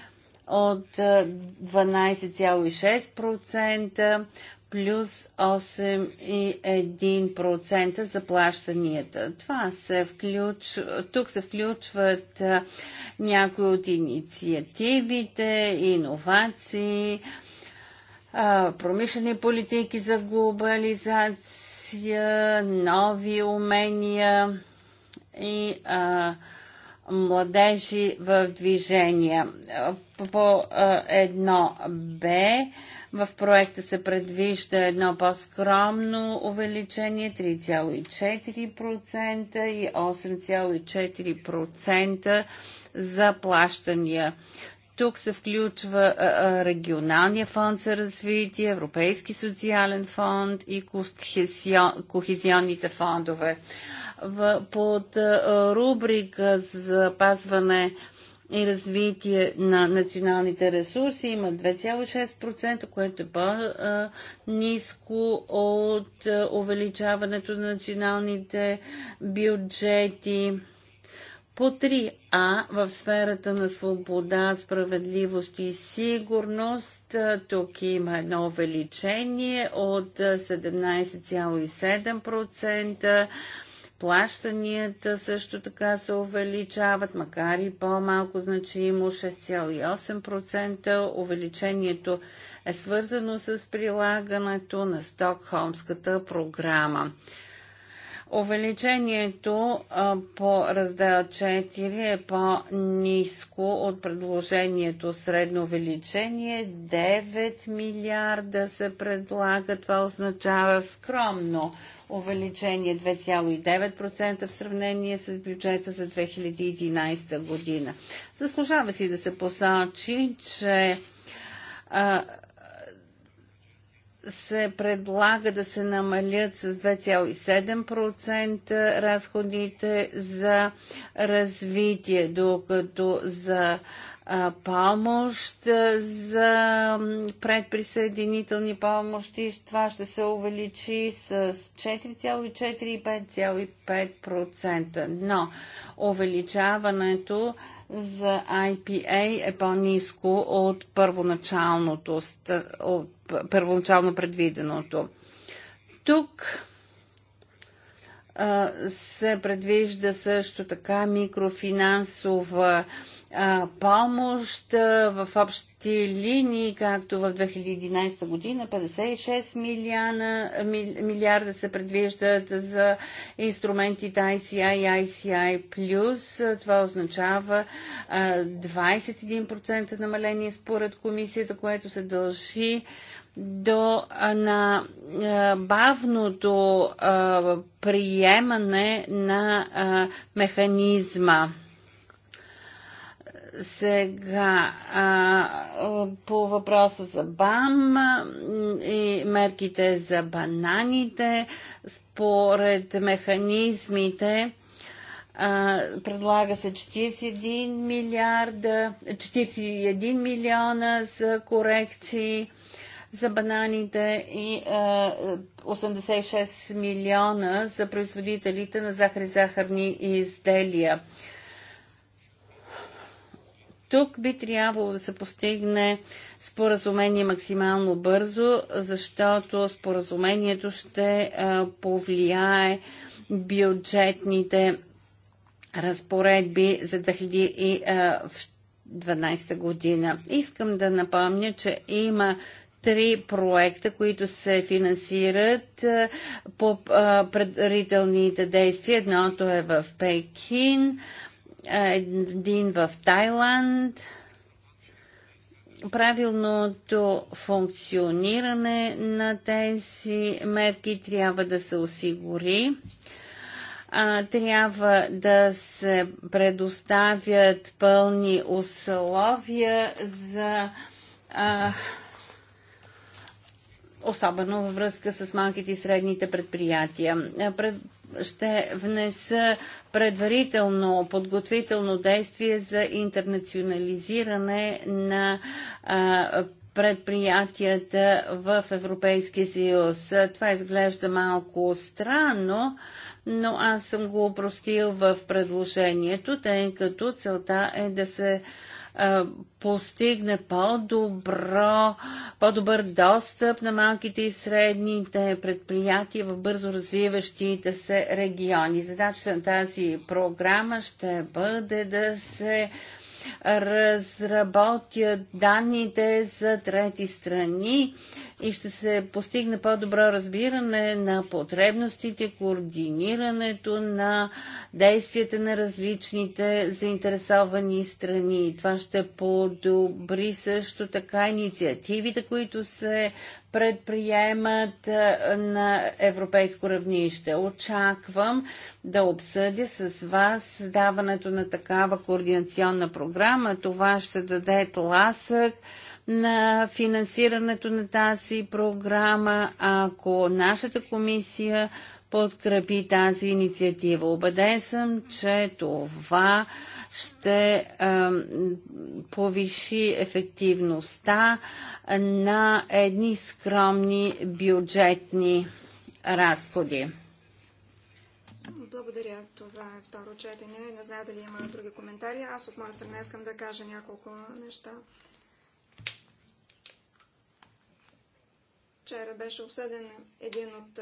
от 12,6% плюс 8,1% за плащанията. Това се включ... Тук се включват някои от инициативите, иновации, промишлени политики за глобализация, нови умения и младежи в движение. По 1Б в проекта се предвижда едно по-скромно увеличение 3,4% и 8,4% за плащания. Тук се включва регионалния фонд за развитие, Европейски социален фонд и кохезионните фондове. Под рубрика за запазване и развитие на националните ресурси има 2,6%, което е по-низко от е, увеличаването на националните бюджети. По 3А в сферата на свобода, справедливост и сигурност, е, тук има едно увеличение от 17,7% е, Плащанията също така се увеличават, макар и по-малко значимо 6,8%. Увеличението е свързано с прилагането на Стокхолмската програма. Увеличението по раздел 4 е по-низко от предложението средно увеличение. 9 милиарда се предлага. Това означава скромно увеличение 2,9% в сравнение с бюджета за 2011 година. Заслужава си да се посочи, че а, се предлага да се намалят с 2,7% разходите за развитие, докато за а, помощ за предприсъединителни помощи. Това ще се увеличи с 4,4 и 5,5%. Но увеличаването за IPA е по-низко от първоначалното, от първоначално предвиденото. Тук се предвижда също така микрофинансова а, а, помощ а, в общи линии, както в 2011 година, 56 милиана, милиарда се предвиждат за инструментите ICI и ICI+. Това означава а, 21% намаление според комисията, което се дължи до на бавното приемане на механизма сега, а, по въпроса за БАМ и мерките за бананите, според механизмите, а, предлага се 41 милиарда, 41 милиона за корекции за бананите и а, 86 милиона за производителите на захар и захарни изделия. Тук би трябвало да се постигне споразумение максимално бързо, защото споразумението ще повлияе бюджетните разпоредби за 2012 година. Искам да напомня, че има три проекта, които се финансират по предварителните действия. Едното е в Пекин, един в Тайланд. Правилното функциониране на тези мерки трябва да се осигури трябва да се предоставят пълни условия за. особено във връзка с малките и средните предприятия ще внеса предварително подготвително действие за интернационализиране на а, предприятията в Европейския съюз. Това изглежда малко странно, но аз съм го упростил в предложението, тъй като целта е да се постигне по-добро, по-добър достъп на малките и средните предприятия в бързо развиващите се региони. Задачата на тази програма ще бъде да се разработят данните за трети страни и ще се постигне по-добро разбиране на потребностите, координирането на действията на различните заинтересовани страни. Това ще подобри също така инициативите, които се предприемат на европейско равнище. Очаквам да обсъдя с вас създаването на такава координационна програма. Това ще даде тласък на финансирането на тази програма, ако нашата комисия подкрепи тази инициатива. Обеден съм, че това ще а, повиши ефективността на едни скромни бюджетни разходи.
Благодаря. Това е второ четене. Не знам дали има други коментари. Аз от моя страна искам да кажа няколко неща. Вчера беше обсъден един от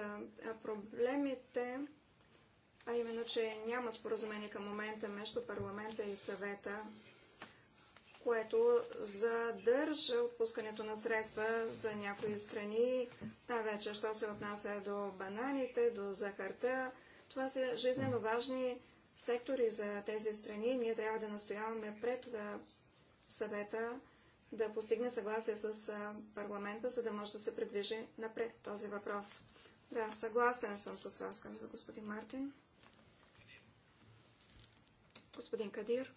проблемите, а именно, че няма споразумение към момента между парламента и съвета, което задържа отпускането на средства за някои страни, най-вече, що се отнася до бананите, до захарта. Това са жизненно важни сектори за тези страни. Ние трябва да настояваме пред съвета да постигне съгласие с парламента, за да може да се предвижи напред този въпрос. Да, съгласен съм с вас, казва господин Мартин. Господин Кадир.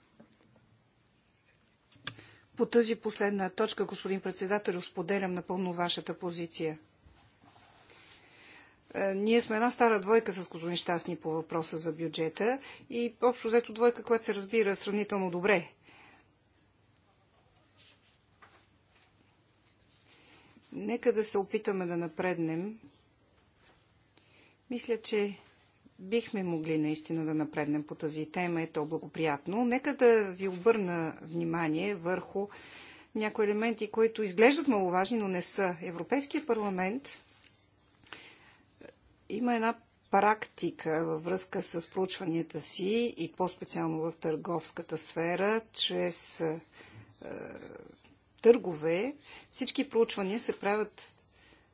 По тази последна точка, господин председател, споделям напълно вашата позиция. Е, ние сме една стара двойка с господин Щастни по въпроса за бюджета и общо взето двойка, която се разбира сравнително добре. Нека да се опитаме да напреднем. Мисля, че бихме могли наистина да напреднем по тази тема, е то благоприятно. Нека да ви обърна внимание върху някои елементи, които изглеждат маловажни, но не са. Европейския парламент има една практика във връзка с проучванията си и по-специално в търговската сфера, чрез е, търгове. Всички проучвания се правят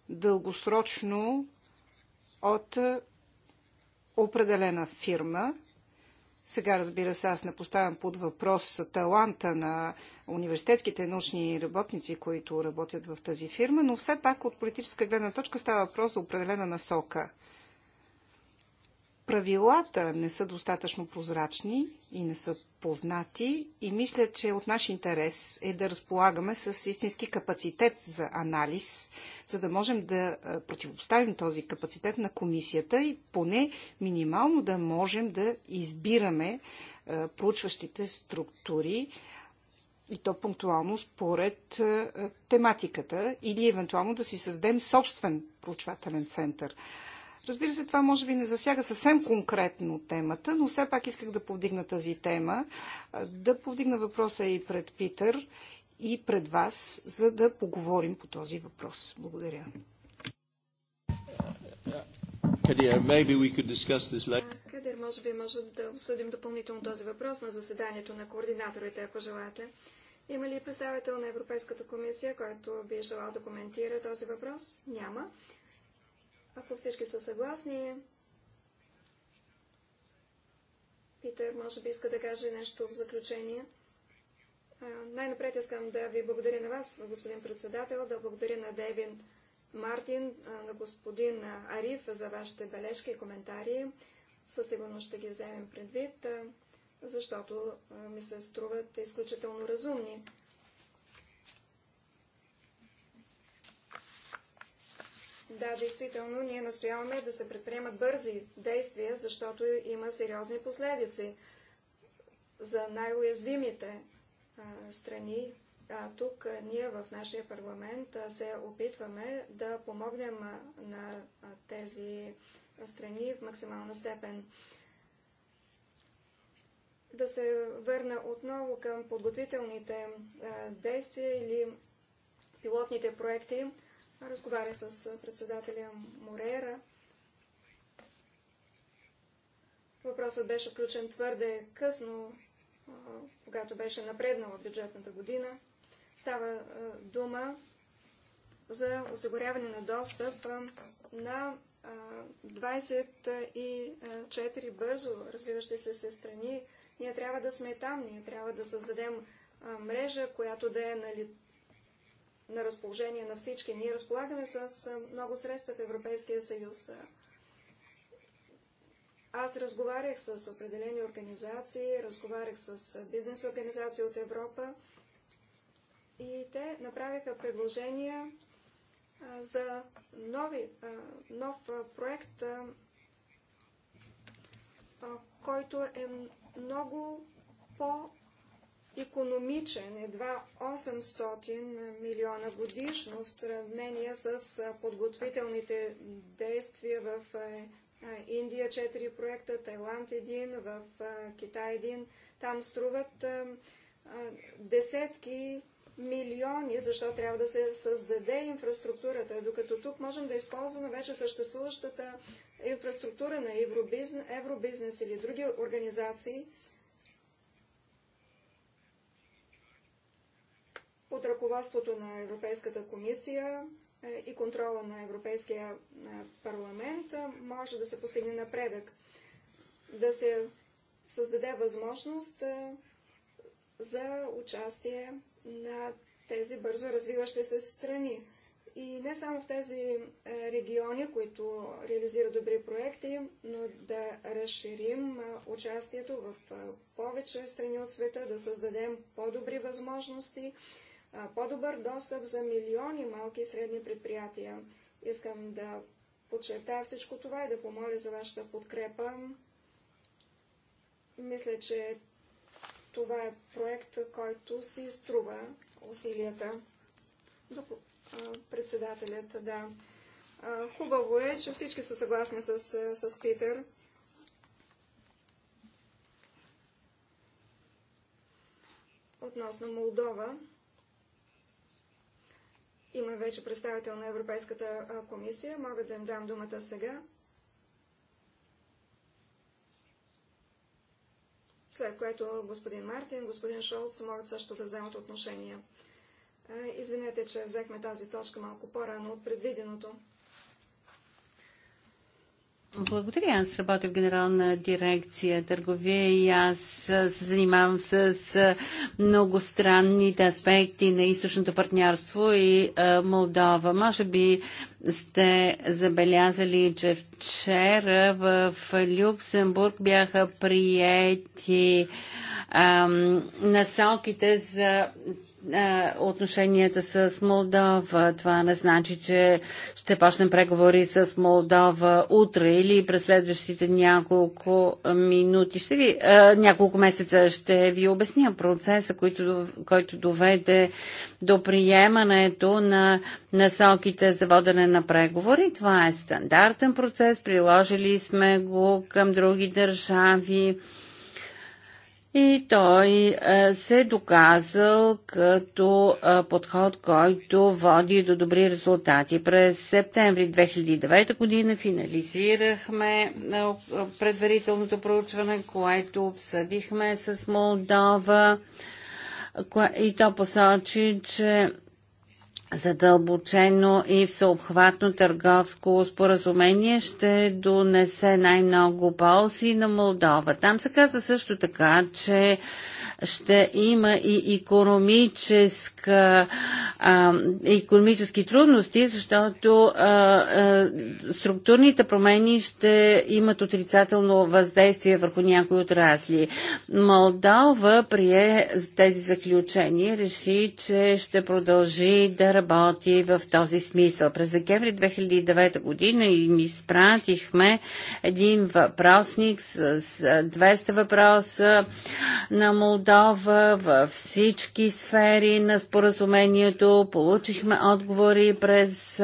дългосрочно от определена фирма. Сега, разбира се, аз не поставям под въпрос таланта на университетските научни работници, които работят в тази фирма, но все пак от политическа гледна точка става въпрос за определена насока. Правилата не са достатъчно прозрачни и не са познати и мисля, че от наш интерес е да разполагаме с истински капацитет за анализ, за да можем да противопоставим този капацитет на комисията и поне минимално да можем да избираме проучващите структури и то пунктуално според тематиката или евентуално да си създадем собствен проучвателен център. Разбира се, това може би не засяга съвсем конкретно темата, но все пак исках да повдигна тази тема, да повдигна въпроса и пред Питър и пред вас, за да поговорим по този въпрос. Благодаря.
Кадир, може би може да обсъдим допълнително този въпрос на заседанието на координаторите, ако желаете. Има ли представител на Европейската комисия, който би желал да коментира този въпрос? Няма. Ако всички са съгласни, Питер може би иска да каже нещо в заключение. Най-напред искам да ви благодаря на вас, господин председател, да благодаря на Девин Мартин, на господин Ариф за вашите бележки и коментари. Със сигурност ще ги вземем предвид, защото ми се струват изключително разумни. Да, действително, ние настояваме да се предприемат бързи действия, защото има сериозни последици за най-уязвимите страни. А, тук а, ние в нашия парламент а, се опитваме да помогнем на тези страни в максимална степен. Да се върна отново към подготвителните действия или пилотните проекти. Разговаря с председателя Морера. Въпросът беше включен твърде късно, когато беше напреднала бюджетната година. Става дума за осигуряване на достъп на 24 бързо развиващи се, се страни. Ние трябва да сме там, ние трябва да създадем мрежа, която да е на разположение на всички. Ние разполагаме с много средства в Европейския съюз. Аз разговарях с определени организации, разговарях с бизнес организации от Европа и те направиха предложения за нови, нов проект, който е много по економичен, едва 800 милиона годишно в сравнение с подготвителните действия в Индия 4 проекта, Тайланд 1, в Китай един. Там струват десетки милиони, защото трябва да се създаде инфраструктурата, докато тук можем да използваме вече съществуващата инфраструктура на евробизнес, евробизнес или други организации, под ръководството на Европейската комисия е, и контрола на Европейския е, парламент е, може да се постигне напредък, да се създаде възможност за участие на тези бързо развиващи се страни. И не само в тези региони, които реализират добри проекти, но да разширим участието в повече страни от света, да създадем по-добри възможности по-добър достъп за милиони малки и средни предприятия. Искам да подчертая всичко това и да помоля за вашата подкрепа. Мисля, че това е проект, който си струва усилията. Председателят, да. Хубаво е, че всички са съгласни с, с Питер. Относно Молдова, има вече представител на Европейската комисия. Мога да им дам думата сега. След което господин Мартин, господин Шолц могат също да вземат отношение. Извинете, че взехме тази точка малко по-рано от предвиденото.
Благодаря. Аз работя в Генерална дирекция търговия и аз се занимавам с многостранните аспекти на източното партньорство и Молдова. Може би сте забелязали, че вчера в Люксембург бяха приети насоките за е, отношенията с Молдова. Това не значи, че ще почнем преговори с Молдова утре или през следващите няколко минути. Ще ви, е, няколко месеца ще ви обясня процеса, който, който доведе до приемането на насоките за водене на преговори. Това е стандартен процес. Приложили сме го към други държави и той е, се е доказал като е, подход, който води до добри резултати. През септември 2009 година финализирахме е, предварителното проучване, което обсъдихме с Молдова и то посочи, че задълбочено и всеобхватно търговско споразумение ще донесе най-много ползи на Молдова. Там се казва също така, че ще има и економическа, а, економически трудности, защото а, а, структурните промени ще имат отрицателно въздействие върху някои отрасли. Молдова прие тези заключения, реши, че ще продължи да работи в този смисъл. През декември 2009 година и ми спратихме един въпросник с 200 въпроса на Молдова готова във всички сфери на споразумението. Получихме отговори през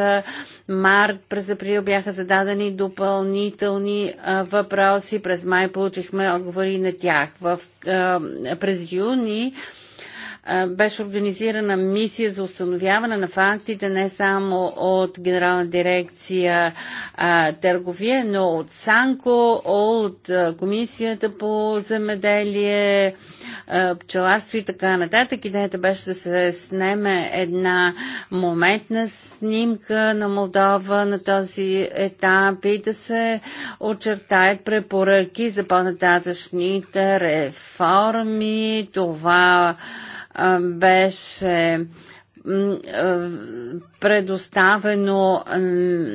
март, през април бяха зададени допълнителни въпроси, през май получихме отговори на тях. В, през юни беше организирана мисия за установяване на фактите не само от Генерална дирекция а, търговия, но от Санко, от Комисията по земеделие, а, пчеларство и така нататък. Идеята беше да се снеме една моментна снимка на Молдова на този етап и да се очертаят препоръки за по-нататъчните реформи. Това беше предоставено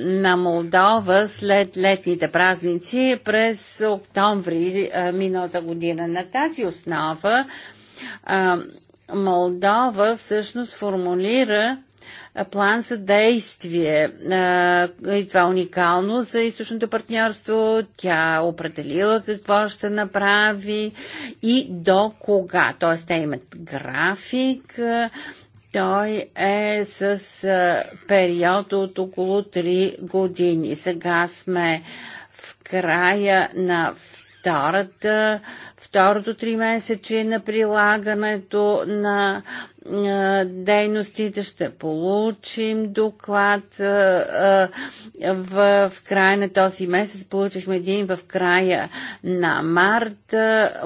на Молдова след летните празници през октомври миналата година. На тази основа Молдова всъщност формулира план за действие. И това е уникално за източното партньорство. Тя определила какво ще направи и до кога. Тоест, те имат график. Той е с период от около 3 години. Сега сме в края на втората второто три месече на прилагането на дейностите, ще получим доклад в, в края на този месец. Получихме един в края на март.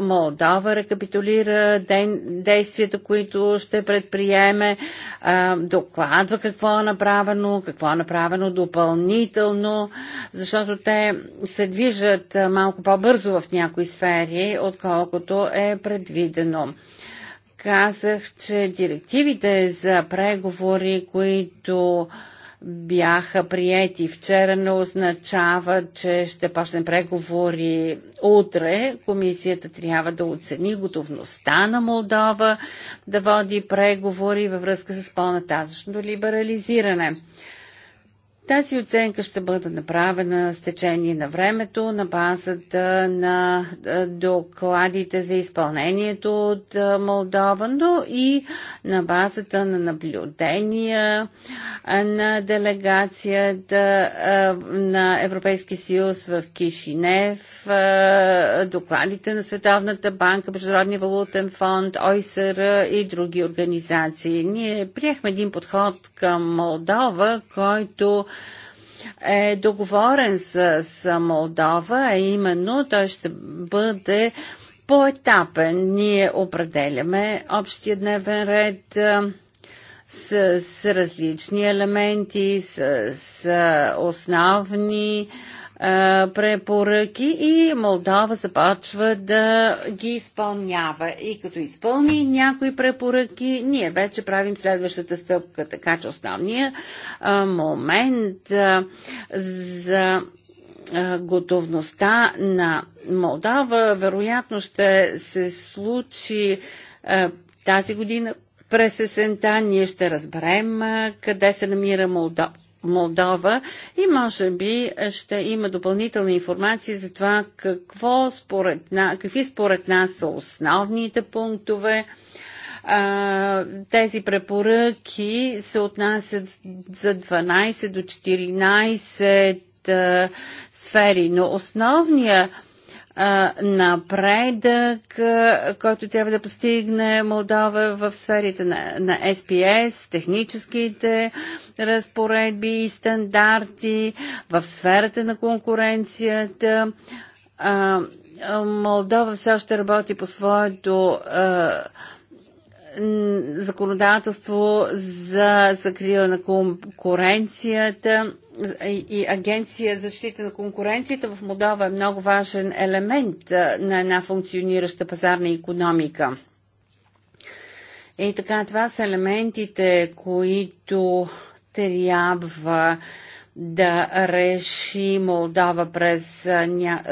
Молдова рекапитулира действията, които ще предприеме, докладва какво е направено, какво е направено допълнително, защото те се движат малко по-бързо в някои сфери, от отколкото е предвидено. Казах, че директивите за преговори, които бяха приети вчера, не означава, че ще почне преговори утре. Комисията трябва да оцени готовността на Молдова да води преговори във връзка с по-нататъчното либерализиране. Тази оценка ще бъде направена с течение на времето на базата на докладите за изпълнението от Молдова, но и на базата на наблюдения на делегацията на Европейския съюз в Кишинев, докладите на Световната банка, Международния валутен фонд, ОИСР и други организации. Ние приехме един подход към Молдова, който е договорен с, с Молдова, а именно той ще бъде поетапен. Ние определяме общия дневен ред е, с, с различни елементи, с, с основни препоръки и Молдова започва да ги изпълнява. И като изпълни някои препоръки, ние вече правим следващата стъпка. Така че основният момент за готовността на Молдова вероятно ще се случи тази година през есента. Ние ще разберем къде се намира Молдова Молдова и може би ще има допълнителна информация за това какво според на, какви според нас са основните пунктове. тези препоръки се отнасят за 12 до 14 сфери, но основният напредък, който трябва да постигне Молдова в сферите на, на SPS, техническите разпоредби и стандарти, в сферата на конкуренцията. А, Молдова все още работи по своето а, законодателство за закрила на конкуренцията и агенция за защита на конкуренцията в Молдова е много важен елемент на една функционираща пазарна економика. И така, това са елементите, които трябва да реши Молдова през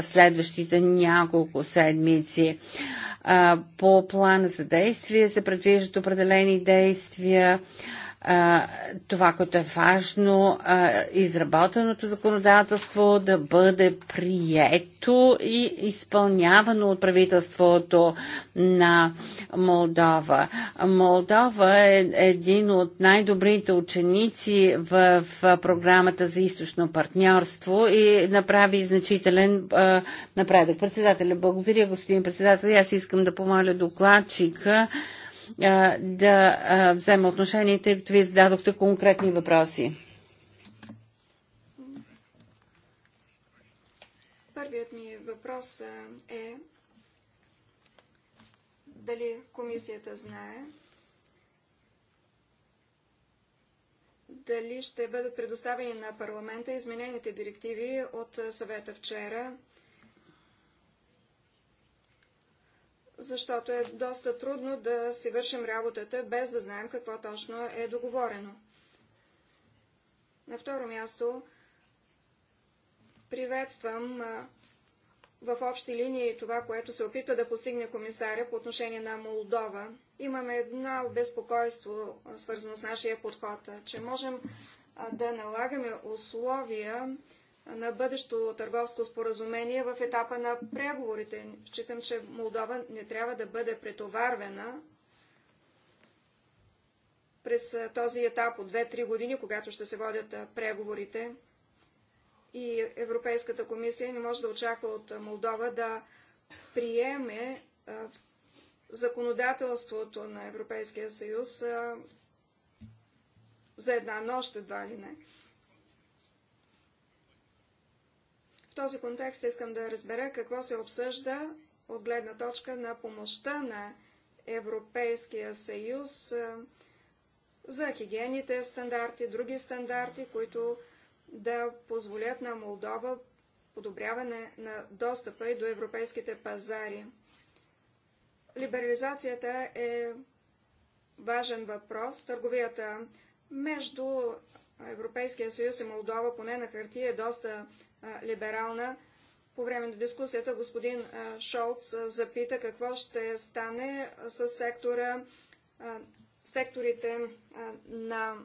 следващите няколко седмици. По плана за действие се предвиждат определени действия това, което е важно, изработеното законодателство да бъде прието и изпълнявано от правителството на Молдова. Молдова е един от най-добрите ученици в, програмата за източно партньорство и направи значителен напредък. Председателя, благодаря, господин председател. Аз искам да помоля докладчика а, да а, взема отношение, тъй като вие зададохте конкретни въпроси.
Първият ми въпрос е дали комисията знае дали ще бъдат предоставени на парламента изменените директиви от съвета вчера защото е доста трудно да си вършим работата, без да знаем какво точно е договорено. На второ място приветствам в общи линии това, което се опитва да постигне комисаря по отношение на Молдова. Имаме едно безпокойство, свързано с нашия подход, че можем да налагаме условия, на бъдещо търговско споразумение в етапа на преговорите. Считам, че Молдова не трябва да бъде претоварвена през този етап от 2-3 години, когато ще се водят преговорите. И Европейската комисия не може да очаква от Молдова да приеме законодателството на Европейския съюз за една нощ, едва ли не. този контекст искам да разбера какво се обсъжда от гледна точка на помощта на Европейския съюз за хигиените стандарти, други стандарти, които да позволят на Молдова подобряване на достъпа и до европейските пазари. Либерализацията е важен въпрос. Търговията между Европейския съюз и Молдова, поне на хартия, е доста либерална. По време на дискусията господин Шолц запита какво ще стане с сектора, секторите на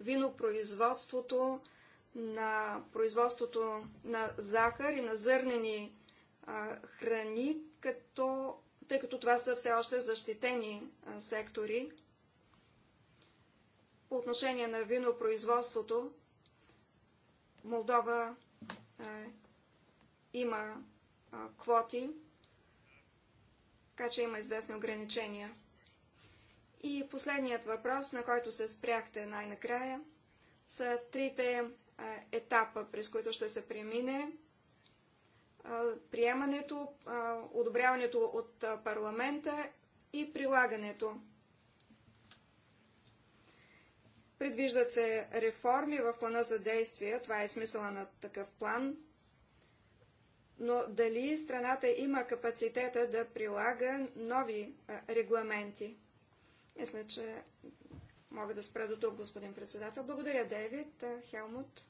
винопроизводството, на производството на захар и на зърнени храни, като, тъй като това са все още защитени сектори. По отношение на винопроизводството, Молдова е, има квоти, така че има известни ограничения. И последният въпрос, на който се спряхте най-накрая, са трите е, етапа, през които ще се премине е, приемането, одобряването от парламента и прилагането. Предвиждат се реформи в плана за действие, това е смисъла на такъв план, но дали страната има капацитета да прилага нови регламенти? Мисля, че мога да спра до тук, господин председател. Благодаря, Дейвид. Хелмут.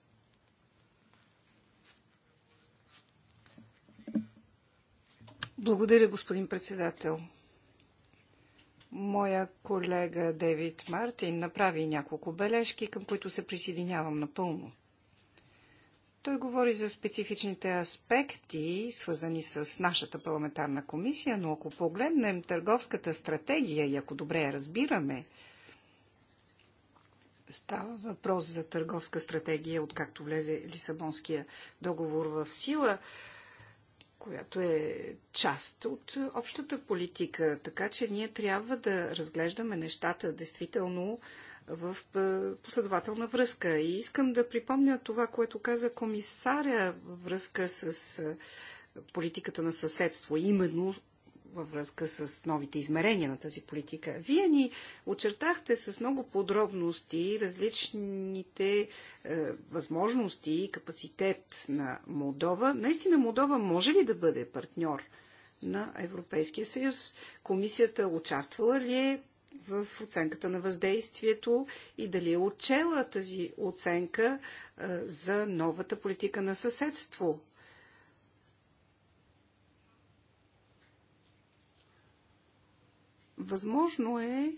Благодаря, господин председател. Моя колега Девид Мартин направи няколко бележки, към които се присъединявам напълно. Той говори за специфичните аспекти, свързани с нашата парламентарна комисия, но ако погледнем търговската стратегия и ако добре я разбираме, става въпрос за търговска стратегия, откакто влезе Лисабонския договор в сила – която е част от общата политика. Така че ние трябва да разглеждаме нещата действително в последователна връзка. И искам да припомня това, което каза комисаря във връзка с политиката на съседство, именно във връзка с новите измерения на тази политика. Вие ни очертахте с много подробности различните е, възможности и капацитет на Молдова. Наистина Молдова може ли да бъде партньор на Европейския съюз? Комисията участвала ли е в оценката на въздействието и дали е отчела тази оценка е, за новата политика на съседство Възможно е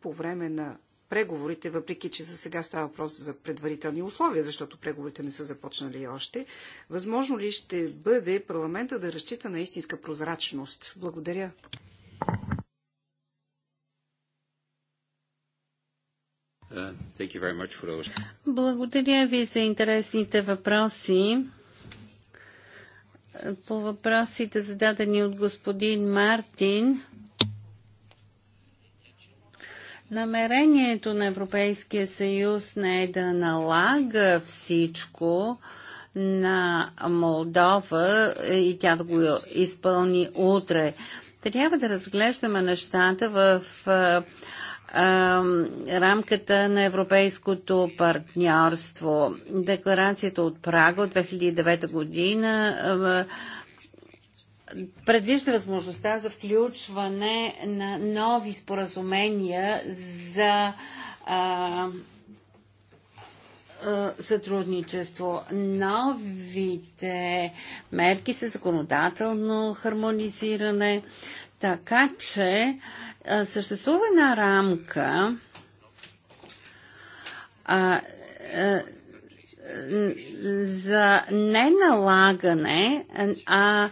по време на преговорите, въпреки че за сега става въпрос за предварителни условия, защото преговорите не са започнали още, възможно ли ще бъде парламента да разчита на истинска прозрачност? Благодаря.
Uh,
Благодаря ви за интересните въпроси по въпросите зададени от господин Мартин. Намерението на Европейския съюз не е да налага всичко на Молдова и тя да го изпълни утре. Трябва да разглеждаме нещата в рамката на европейското партньорство. Декларацията от Прага от 2009 година предвижда възможността за включване на нови споразумения за сътрудничество. Новите мерки са законодателно хармонизиране, така че а, съществува една рамка, а, а, е, за неналагане, а,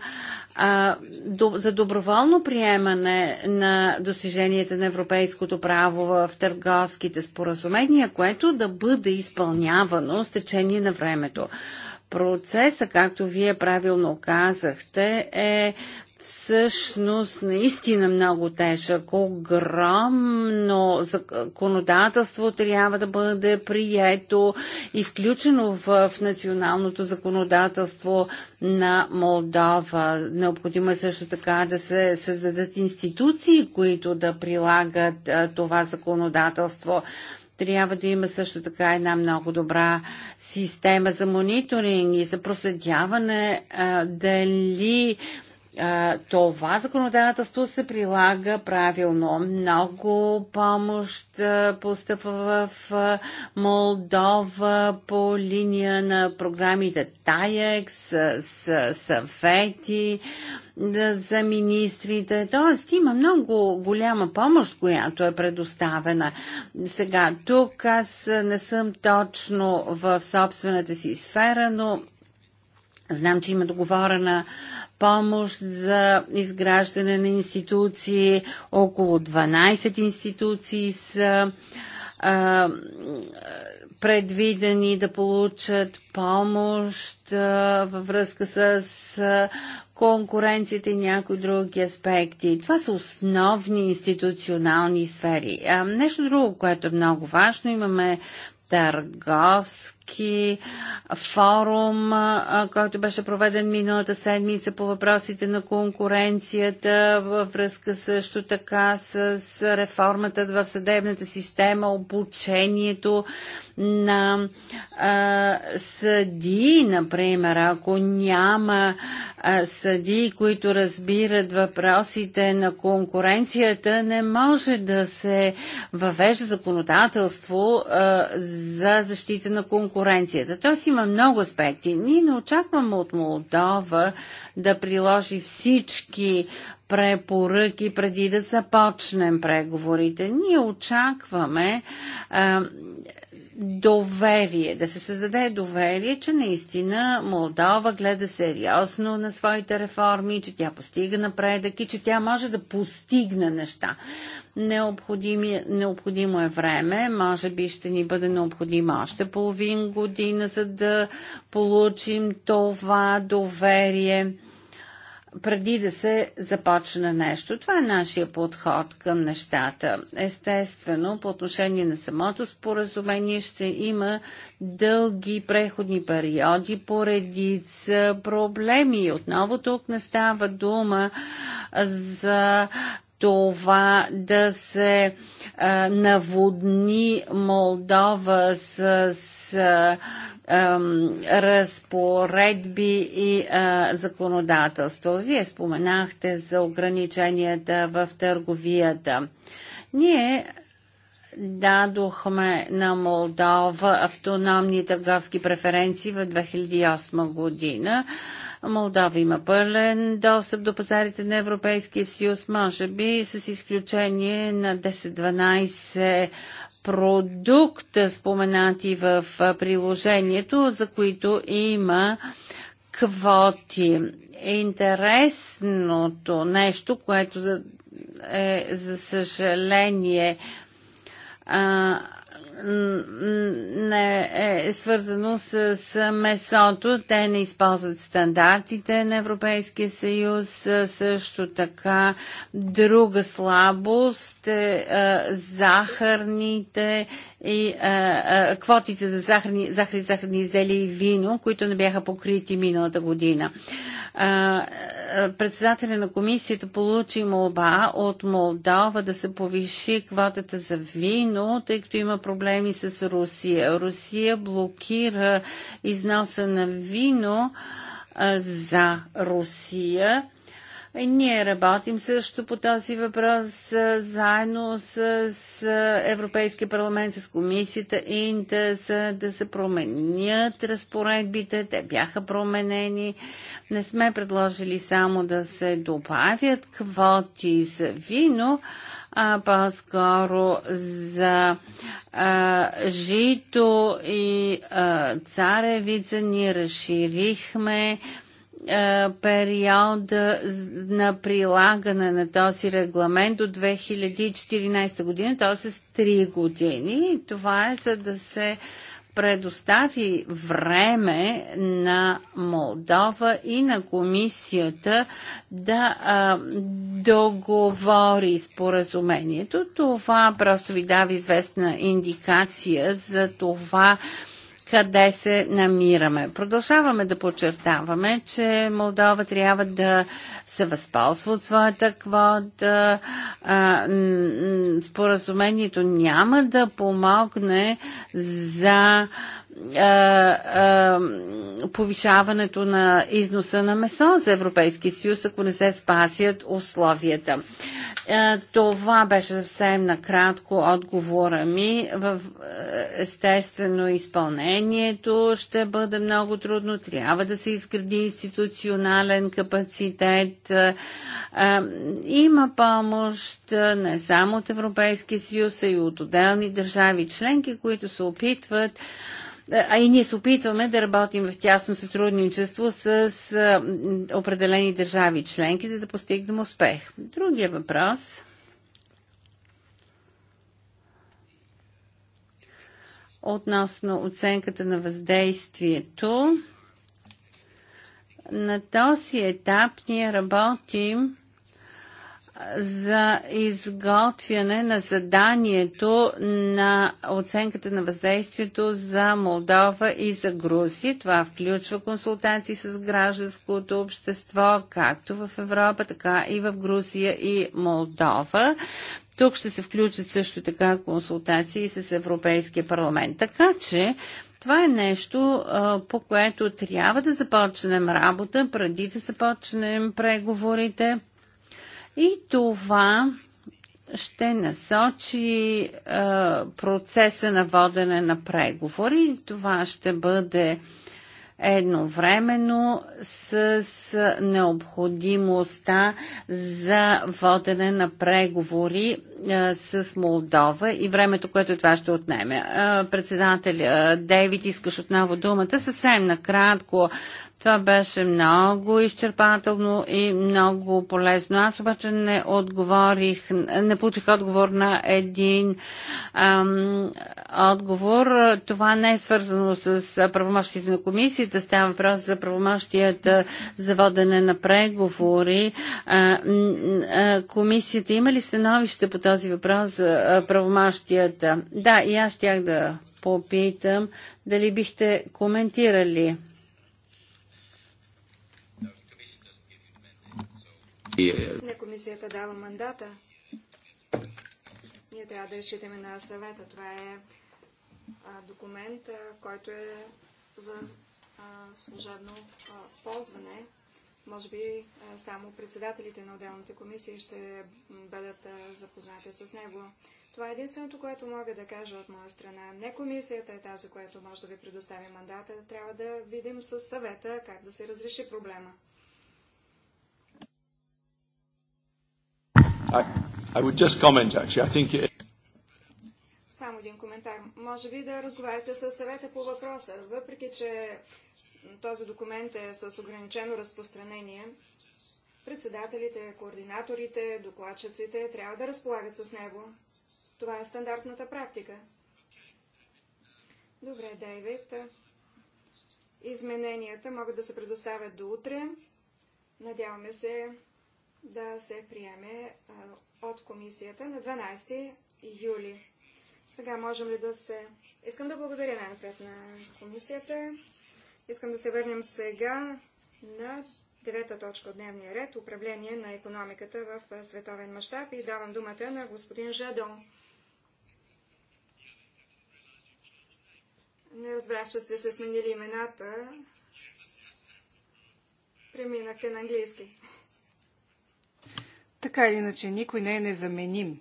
а до, за доброволно приемане на достиженията на европейското право в търговските споразумения, което да бъде изпълнявано с течение на времето. Процеса, както вие правилно казахте, е всъщност наистина много тежък. Огромно законодателство трябва да бъде прието и включено в, в националното законодателство на Молдова. Необходимо е също така да се създадат институции, които да прилагат а, това законодателство. Трябва да има също така една много добра система за мониторинг и за проследяване а, дали това законодателство се прилага правилно. Много помощ постъпва в Молдова по линия на програмите ТАЕК, с, с съвети за министрите. Тоест има много голяма помощ, която е предоставена. Сега, тук аз не съм точно в собствената си сфера, но Знам, че има договорена помощ за изграждане на институции. Около 12 институции са а, предвидени да получат помощ а, във връзка с а, конкуренцията и някои други аспекти. Това са основни институционални сфери. А, нещо друго, което е много важно, имаме търговски Европейски форум, който беше проведен миналата седмица по въпросите на конкуренцията във връзка също така с реформата в съдебната система, обучението на а, съдии, например, ако няма а, съди, които разбират въпросите на конкуренцията, не може да се въвежда законодателство а, за защита на конкуренцията конкуренцията. Тоест има много аспекти. Ние не очакваме от Молдова да приложи всички препоръки преди да започнем преговорите. Ние очакваме доверие, да се създаде доверие, че наистина Молдова гледа сериозно на своите реформи, че тя постига напредък и че тя може да постигне неща. Необходимо, необходимо е време, може би ще ни бъде необходимо още половин година, за да получим това доверие преди да се започне нещо. Това е нашия подход към нещата. Естествено, по отношение на самото споразумение ще има дълги преходни периоди поредица проблеми. Отново тук не става дума за това да се а, наводни Молдова с, с разпоредби и а, законодателство. Вие споменахте за ограниченията в търговията. Ние дадохме на Молдова автономни търговски преференции в 2008 година. Молдова има пълен достъп до пазарите на Европейския съюз, може би с изключение на 10-12 продукта, споменати в приложението, за които има квоти. Интересното нещо, което е за съжаление а, не е, е свързано с месото. Те не използват стандартите на Европейския съюз. Също така друга слабост е захарните и квотите за захарни, захарни, захарни изделия и вино, които не бяха покрити миналата година. Председателя на комисията получи молба от Молдова да се повиши квотата за вино, тъй като има проблем проблеми с Русия. Русия блокира износа на вино за Русия. ние работим също по този въпрос заедно с, Европейския парламент, с комисията и за да се променят разпоредбите. Те бяха променени. Не сме предложили само да се добавят квоти за вино, а по-скоро за а, жито и а, царевица. Ние разширихме периода на прилагане на този регламент до 2014 година, т.е. с 3 години. Това е за да се предостави време на Молдова и на комисията да а, договори споразумението. Това просто ви дава известна индикация за това, а, къде се намираме. Продължаваме да подчертаваме, че Молдова трябва да се възползва от своята квота. Споразумението няма да помогне за повишаването на износа на месо за Европейския съюз, ако не се спасят условията. Това беше съвсем накратко отговора ми. В естествено изпълнението ще бъде много трудно. Трябва да се изгради институционален капацитет. Има помощ не само от Европейския съюз, а и от отделни държави членки, които се опитват а и ние се опитваме да работим в тясно сътрудничество с определени държави членки, за да постигнем успех. Другия въпрос. Относно оценката на въздействието. На този етап ние работим за изготвяне на заданието на оценката на въздействието за Молдова и за Грузия. Това включва консултации с гражданското общество, както в Европа, така и в Грузия и Молдова. Тук ще се включат също така консултации с Европейския парламент. Така че това е нещо, по което трябва да започнем работа, преди да започнем преговорите и това ще насочи а, процеса на водене на преговори. Това ще бъде едновременно с, необходимостта за водене на преговори а, с Молдова и времето, което това ще отнеме. Е, председател Дейвид, искаш отново думата. Съвсем накратко това беше много изчерпателно и много полезно. Аз обаче не отговорих, не получих отговор на един ам, отговор. Това не е свързано с правомощите на комисията. Става въпрос за правомощията за водене на преговори. А, а, комисията има ли становище по този въпрос за правомощията? Да, и аз щях да попитам дали бихте коментирали
комисията дава мандата. Ние трябва да изчитаме на съвета. Това е документ, който е за служебно ползване. Може би само председателите на отделните комисии ще бъдат запознати с него. Това е единственото, което мога да кажа от моя страна. Не комисията е тази, която може да ви предостави мандата. Трябва да видим с съвета как да се разреши проблема.
I, would just comment actually. I think it...
Само един коментар. Може би да разговаряте с съвета по въпроса. Въпреки, че този документ е с ограничено разпространение, председателите, координаторите, докладчиците трябва да разполагат с него. Това е стандартната практика. Добре, Дейвид. Измененията могат да се предоставят до утре. Надяваме се да се приеме от комисията на 12 юли. Сега можем ли да се... Искам да благодаря най-напред на комисията. Искам да се върнем сега на девета точка от дневния ред – управление на економиката в световен мащаб и давам думата на господин Жадон. Не разбрах, че сте се сменили имената. Преминахте на английски.
Така или иначе, никой не е незаменим.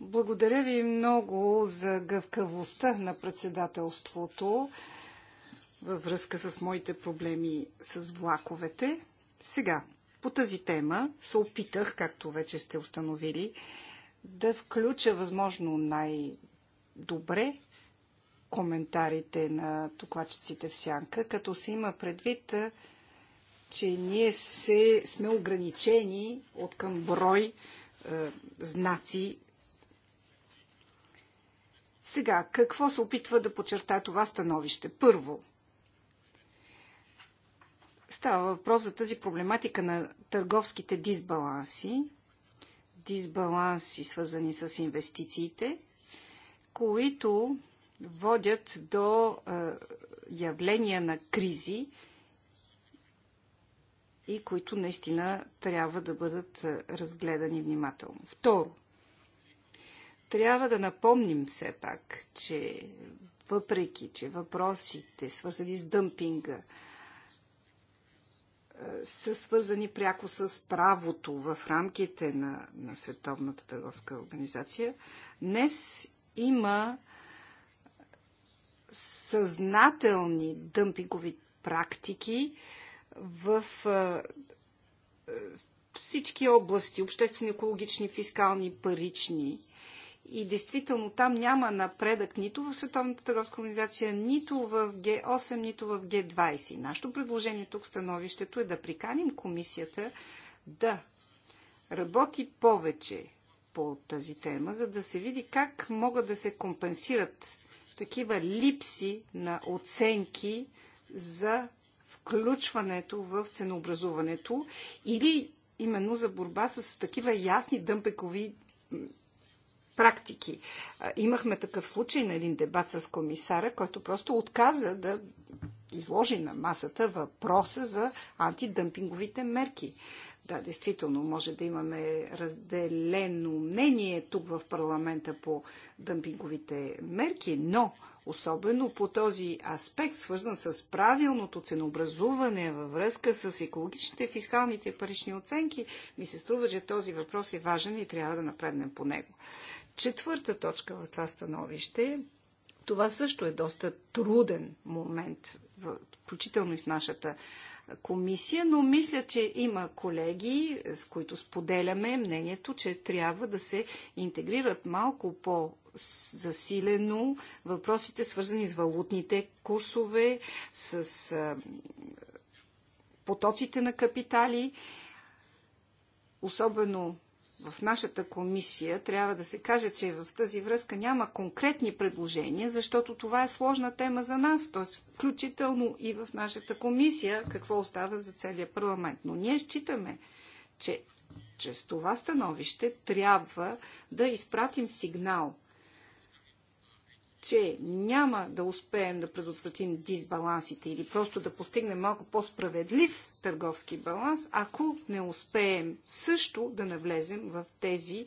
Благодаря ви много за гъвкавостта на председателството във връзка с моите проблеми с влаковете. Сега, по тази тема се опитах, както вече сте установили, да включа възможно най-добре коментарите на докладчиците в сянка, като се има предвид че ние се, сме ограничени от към брой е, знаци. Сега, какво се опитва да подчерта това становище? Първо, става въпрос за тази проблематика на търговските дисбаланси, дисбаланси свързани с инвестициите, които водят до е, явления на кризи, и които наистина трябва да бъдат е, разгледани внимателно. Второ, трябва да напомним все пак, че въпреки, че въпросите, свързани с дъмпинга, е, са свързани пряко с правото в рамките на, на Световната търговска организация, днес има съзнателни дъмпингови практики, в е, всички области, обществени, екологични, фискални, парични. И действително там няма напредък нито в Световната търговска организация, нито в Г8, нито в Г20. Нашето предложение тук становището е да приканим комисията да работи повече по тази тема, за да се види как могат да се компенсират такива липси на оценки за включването в ценообразуването или именно за борба с такива ясни дъмпекови практики. Имахме такъв случай на един дебат с комисара, който просто отказа да изложи на масата въпроса за антидъмпинговите мерки. Да, действително, може да имаме разделено мнение тук в парламента по дъмпинговите мерки, но Особено по този аспект, свързан с правилното ценообразуване във връзка с екологичните фискалните парични оценки, ми се струва, че този въпрос е важен и трябва да напреднем по него. Четвърта точка в това становище това също е доста труден момент, включително и в нашата комисия, но мисля, че има колеги, с които споделяме мнението, че трябва да се интегрират малко по засилено въпросите, свързани с валутните курсове, с потоците на капитали. Особено в нашата комисия трябва да се каже, че в тази връзка няма конкретни предложения, защото това е сложна тема за нас, т.е. включително и в нашата комисия, какво остава за целия парламент. Но ние считаме, че чрез това становище трябва да изпратим сигнал че няма да успеем да предотвратим дисбалансите или просто да постигнем малко по-справедлив търговски баланс, ако не успеем също да навлезем в тези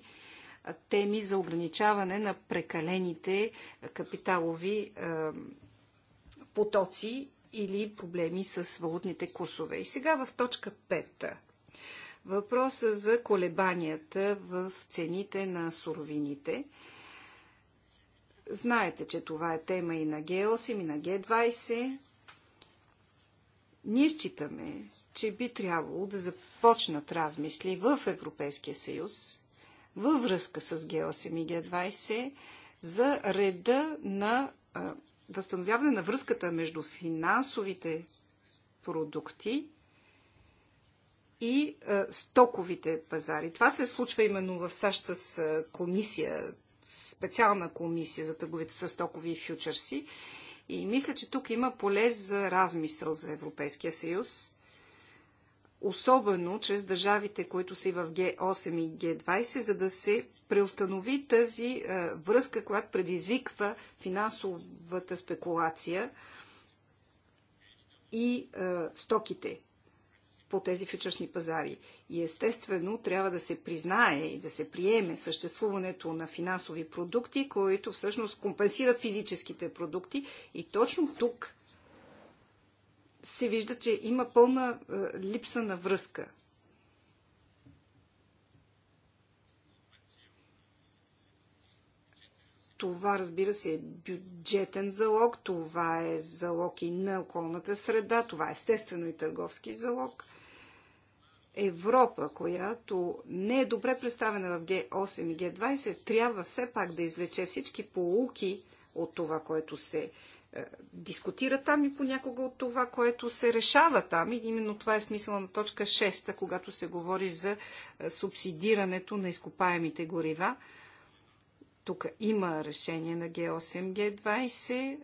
теми за ограничаване на прекалените капиталови потоци или проблеми с валутните курсове. И сега в точка 5. Въпроса за колебанията в цените на суровините – Знаете, че това е тема и на Г8, и на Г20. Ние считаме, че би трябвало да започнат размисли в Европейския съюз във връзка с Г8 и Г20 за реда на а, възстановяване на връзката между финансовите продукти и а, стоковите пазари. Това се случва именно в САЩ с комисия специална комисия за търговите с токови и фьючерси. И мисля, че тук има поле за размисъл за Европейския съюз, особено чрез държавите, които са и в Г8 и Г20, за да се преустанови тази а, е, връзка, която предизвиква финансовата спекулация и а, е, стоките, по тези фьючерсни пазари. И естествено трябва да се признае и да се приеме съществуването на финансови продукти, които всъщност компенсират физическите продукти. И точно тук се вижда, че има пълна е, липса на връзка. Това, разбира се, е бюджетен залог, това е залог и на околната среда, това е естествено и търговски залог. Европа, която не е добре представена в Г8 и Г20, трябва все пак да излече всички полуки от това, което се е, дискутира там и понякога от това, което се решава там. И именно това е смисъла на точка 6, когато се говори за е, субсидирането на изкопаемите горива. Тук има решение на Г8, Г20,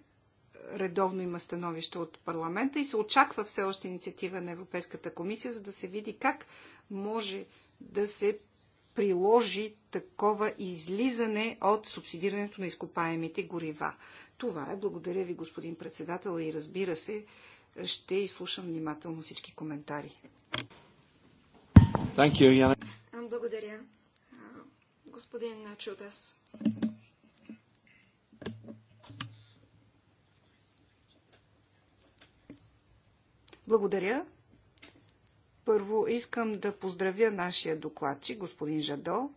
редовно има становище от парламента и се очаква все още инициатива на Европейската комисия, за да се види как може да се приложи такова излизане от субсидирането на изкопаемите горива. Това е. Благодаря ви, господин председател, и разбира се, ще изслушам внимателно всички коментари.
Thank you,
Благодаря, господин Чудес.
Благодаря. Първо искам да поздравя нашия докладчик, господин Жадо.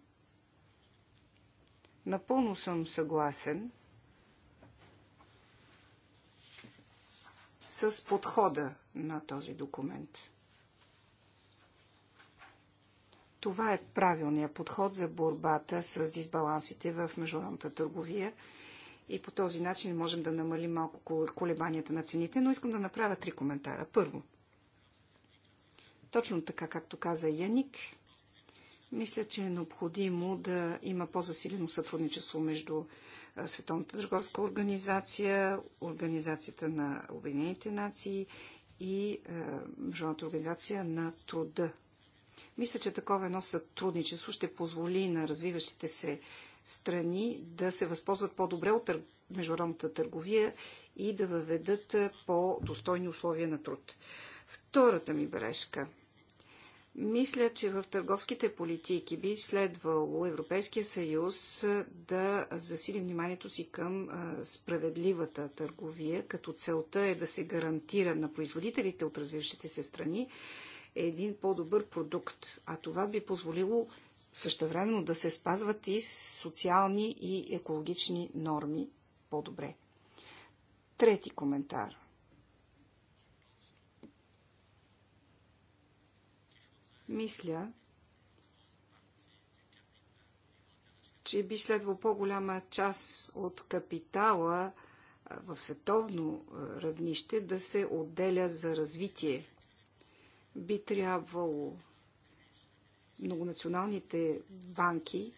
Напълно съм съгласен с подхода на този документ. Това е правилният подход за борбата с дисбалансите в международната търговия – и по този начин можем да намалим малко колебанията на цените, но искам да направя три коментара. Първо, точно така, както каза Яник, мисля, че е необходимо да има по-засилено сътрудничество между Световната търговска организация, Организацията на Обединените нации и Международната организация на труда. Мисля, че такова едно сътрудничество ще позволи на развиващите се страни да се възползват по-добре от международната търговия и да въведат по-достойни условия на труд. Втората ми бележка. Мисля, че в търговските политики би следвало Европейския съюз да засили вниманието си към справедливата търговия, като целта е да се гарантира на производителите от развиващите се страни един по-добър продукт. А това би позволило същевременно да се спазват и социални и екологични норми по-добре. Трети коментар. Мисля, че би следвало по-голяма част от капитала в световно равнище да се отделя за развитие. Би трябвало многонационалните банки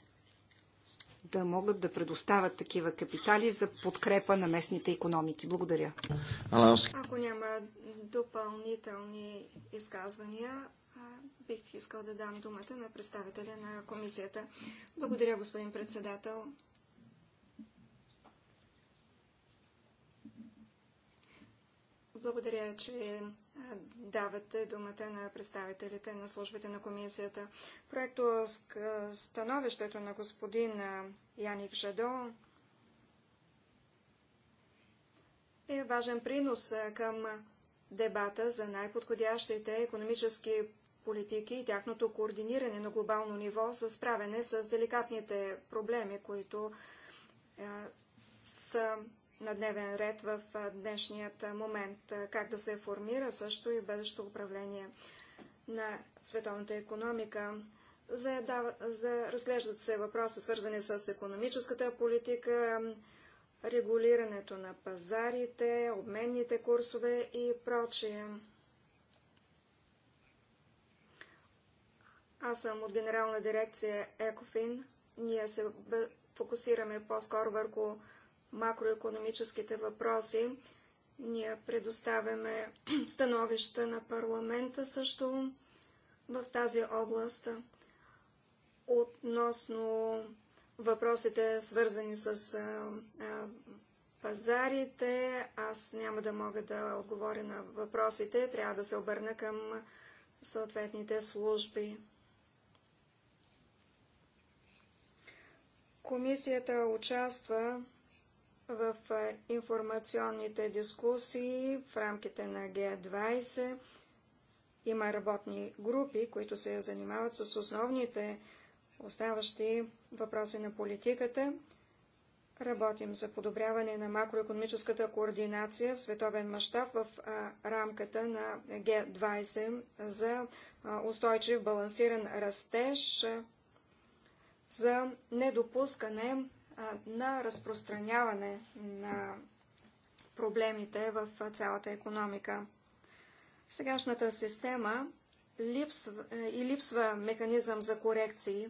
да могат да предоставят такива капитали за подкрепа на местните економики. Благодаря.
Ако няма допълнителни изказвания, бих искал да дам думата на представителя на комисията. Благодаря, господин председател. Благодаря, че давате думата на представителите на службите на комисията. Проекто становището на господин Яник Жадо е важен принос към дебата за най-подходящите економически политики и тяхното координиране на глобално ниво за справяне с деликатните проблеми, които е, са на дневен ред в днешният момент, как да се формира също и бъдещо управление на световната економика. За, да, за, разглеждат се въпроси, свързани с економическата политика, регулирането на пазарите, обменните курсове и прочие. Аз съм от генерална дирекция ЕКОФИН. Ние се фокусираме по-скоро върху макроекономическите въпроси. Ние предоставяме <clears throat> становища на парламента също в тази област относно въпросите, свързани с пазарите. Аз няма да мога да отговоря на въпросите. Трябва да се обърна към съответните служби. Комисията участва в информационните дискусии в рамките на Г20. Има работни групи, които се занимават с основните оставащи въпроси на политиката. Работим за подобряване на макроекономическата координация в световен мащаб в рамката на Г20 за устойчив балансиран растеж, за недопускане на разпространяване на проблемите в цялата економика. Сегашната система липсва, е, и липсва механизъм за корекции,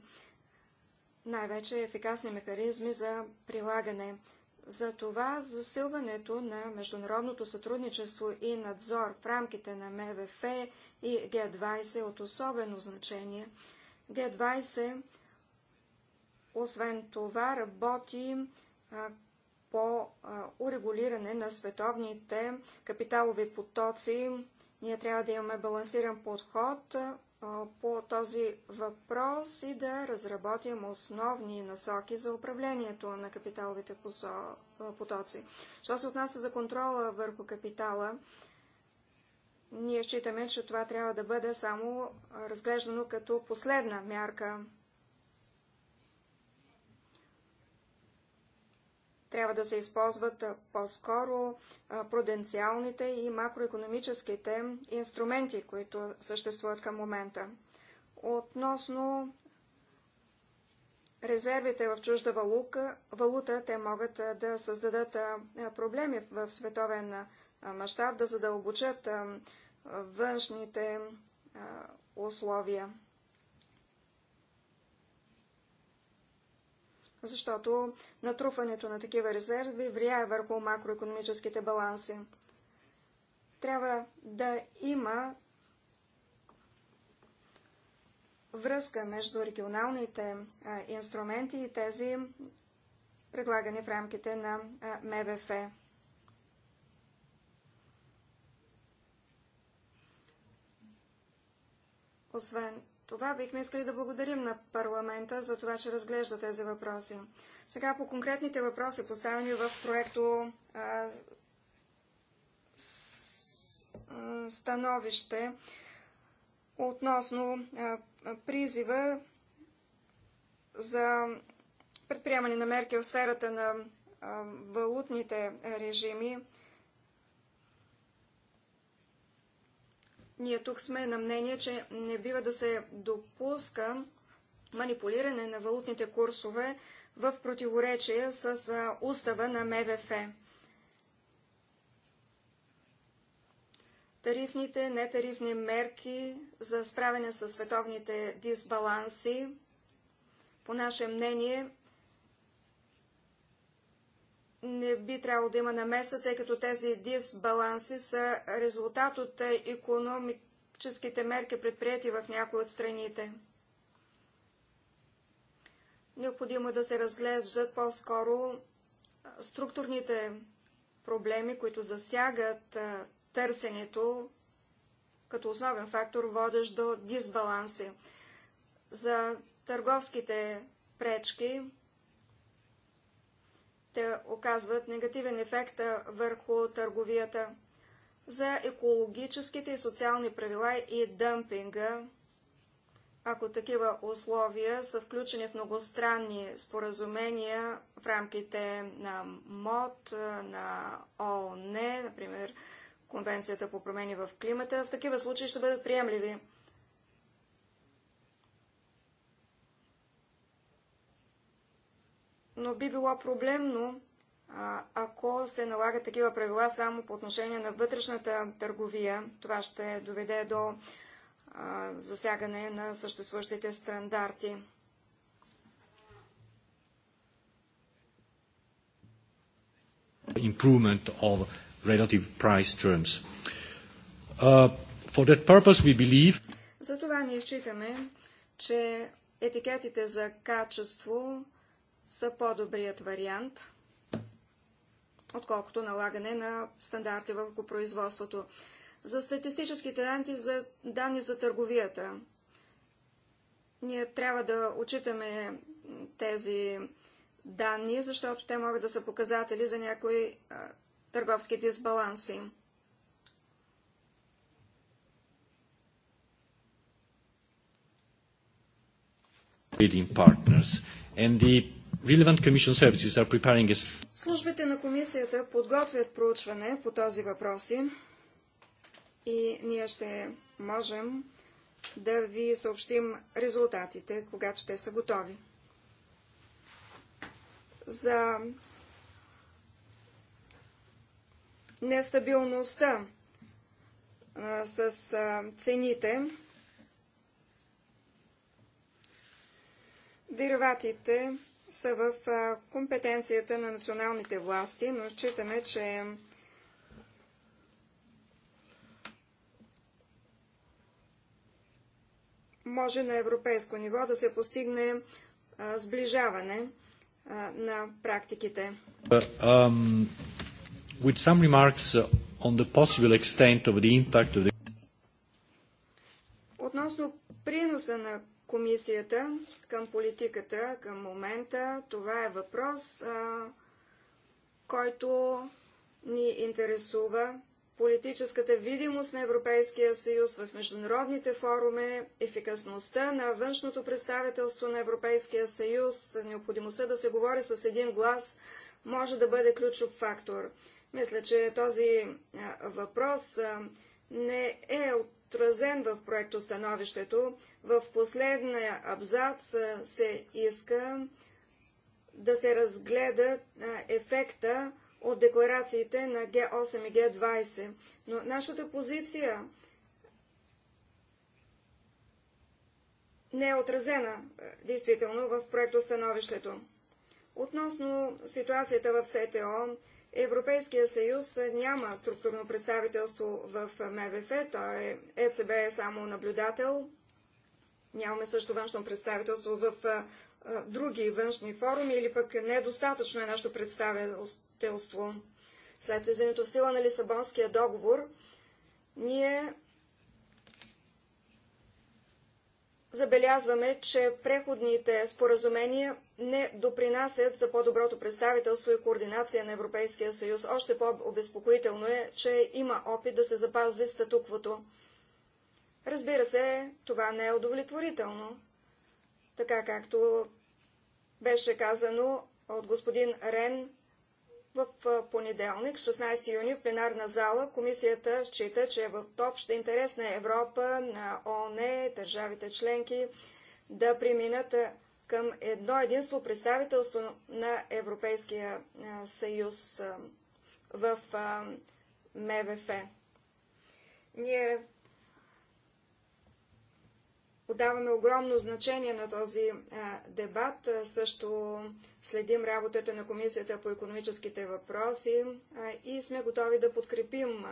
най-вече ефикасни механизми за прилагане. Затова засилването на международното сътрудничество и надзор в рамките на МВФ и Г-20 е от особено значение. Г-20 освен това, работи а, по а, урегулиране на световните капиталови потоци. Ние трябва да имаме балансиран подход а, по този въпрос и да разработим основни насоки за управлението на капиталовите потоци. Що се отнася за контрола върху капитала, ние считаме, че това трябва да бъде само разглеждано като последна мярка Трябва да се използват по-скоро пруденциалните и макроекономическите инструменти, които съществуват към момента. Относно резервите в чужда валука, валута, те могат да създадат проблеми в световен мащаб, да задълбочат външните условия. защото натрупването на такива резерви влияе върху макроекономическите баланси. Трябва да има връзка между регионалните инструменти и тези предлагани в рамките на МВФ. Освен това бихме искали да благодарим на парламента за това, че разглежда тези въпроси. Сега по конкретните въпроси, поставени в проекто а, с, а, становище относно а, призива за предприемане на мерки в сферата на валутните режими, Ние тук сме на мнение, че не бива да се допуска манипулиране на валутните курсове в противоречие с устава на МВФ. Тарифните, нетарифни мерки за справяне с световните дисбаланси, по наше мнение, не би трябвало да има намеса, тъй като тези дисбаланси са резултат от економическите мерки, предприяти в някои от страните. Необходимо е да се разглеждат по-скоро е, структурните проблеми, които засягат е, търсенето като основен фактор, водещ до дисбаланси. За търговските пречки те оказват негативен ефект върху търговията. За екологическите и социални правила и дъмпинга, ако такива условия са включени в многостранни споразумения в рамките на МОД, на ООН, например Конвенцията по промени в климата, в такива случаи ще бъдат приемливи. но би било проблемно, ако се налагат такива правила само по отношение на вътрешната търговия. Това ще доведе до засягане на съществуващите стандарти.
improvement of relative price terms. Uh, for that purpose we believe
Затова ние считаме, че етикетите за качество са по-добрият вариант, отколкото налагане на стандарти върху производството. За статистическите данни за, данни за търговията. Ние трябва да отчитаме тези данни, защото те могат да са показатели за някои а, търговски дисбаланси.
trading partners and the
Службите на комисията подготвят проучване по този въпроси и ние ще можем да ви съобщим резултатите, когато те са готови. За нестабилността с цените, дериватите са в компетенцията на националните власти, но считаме, че може на европейско ниво да се постигне сближаване на практиките.
the...
Относно приноса на комисията към политиката към момента. Това е въпрос, който ни интересува. Политическата видимост на Европейския съюз в международните форуми, ефикасността на външното представителство на Европейския съюз, необходимостта да се говори с един глас, може да бъде ключов фактор. Мисля, че този въпрос не е от отразен в проектостановището. В последния абзац се иска да се разгледа ефекта от декларациите на Г8 и Г20. Но нашата позиция не е отразена действително в проектостановището. Относно ситуацията в СТО, Европейския съюз няма структурно представителство в МВФ, той е- ЕЦБ е само наблюдател. Нямаме също външно представителство в други външни форуми или пък недостатъчно е нашето представителство. След влизането в сила на Лисабонския договор, ние забелязваме, че преходните споразумения не допринасят за по-доброто представителство и координация на Европейския съюз. Още по-обезпокоително е, че има опит да се запази статуквото. Разбира се, това не е удовлетворително. Така както беше казано от господин Рен, в понеделник, 16 юни, в пленарна зала, комисията счита, че е в общ е интерес на Европа, на ООН, държавите членки да преминат към едно единство представителство на Европейския съюз в МВФ. Ние подаваме огромно значение на този е, дебат. Е, също следим работата на Комисията по економическите въпроси е, и сме готови да подкрепим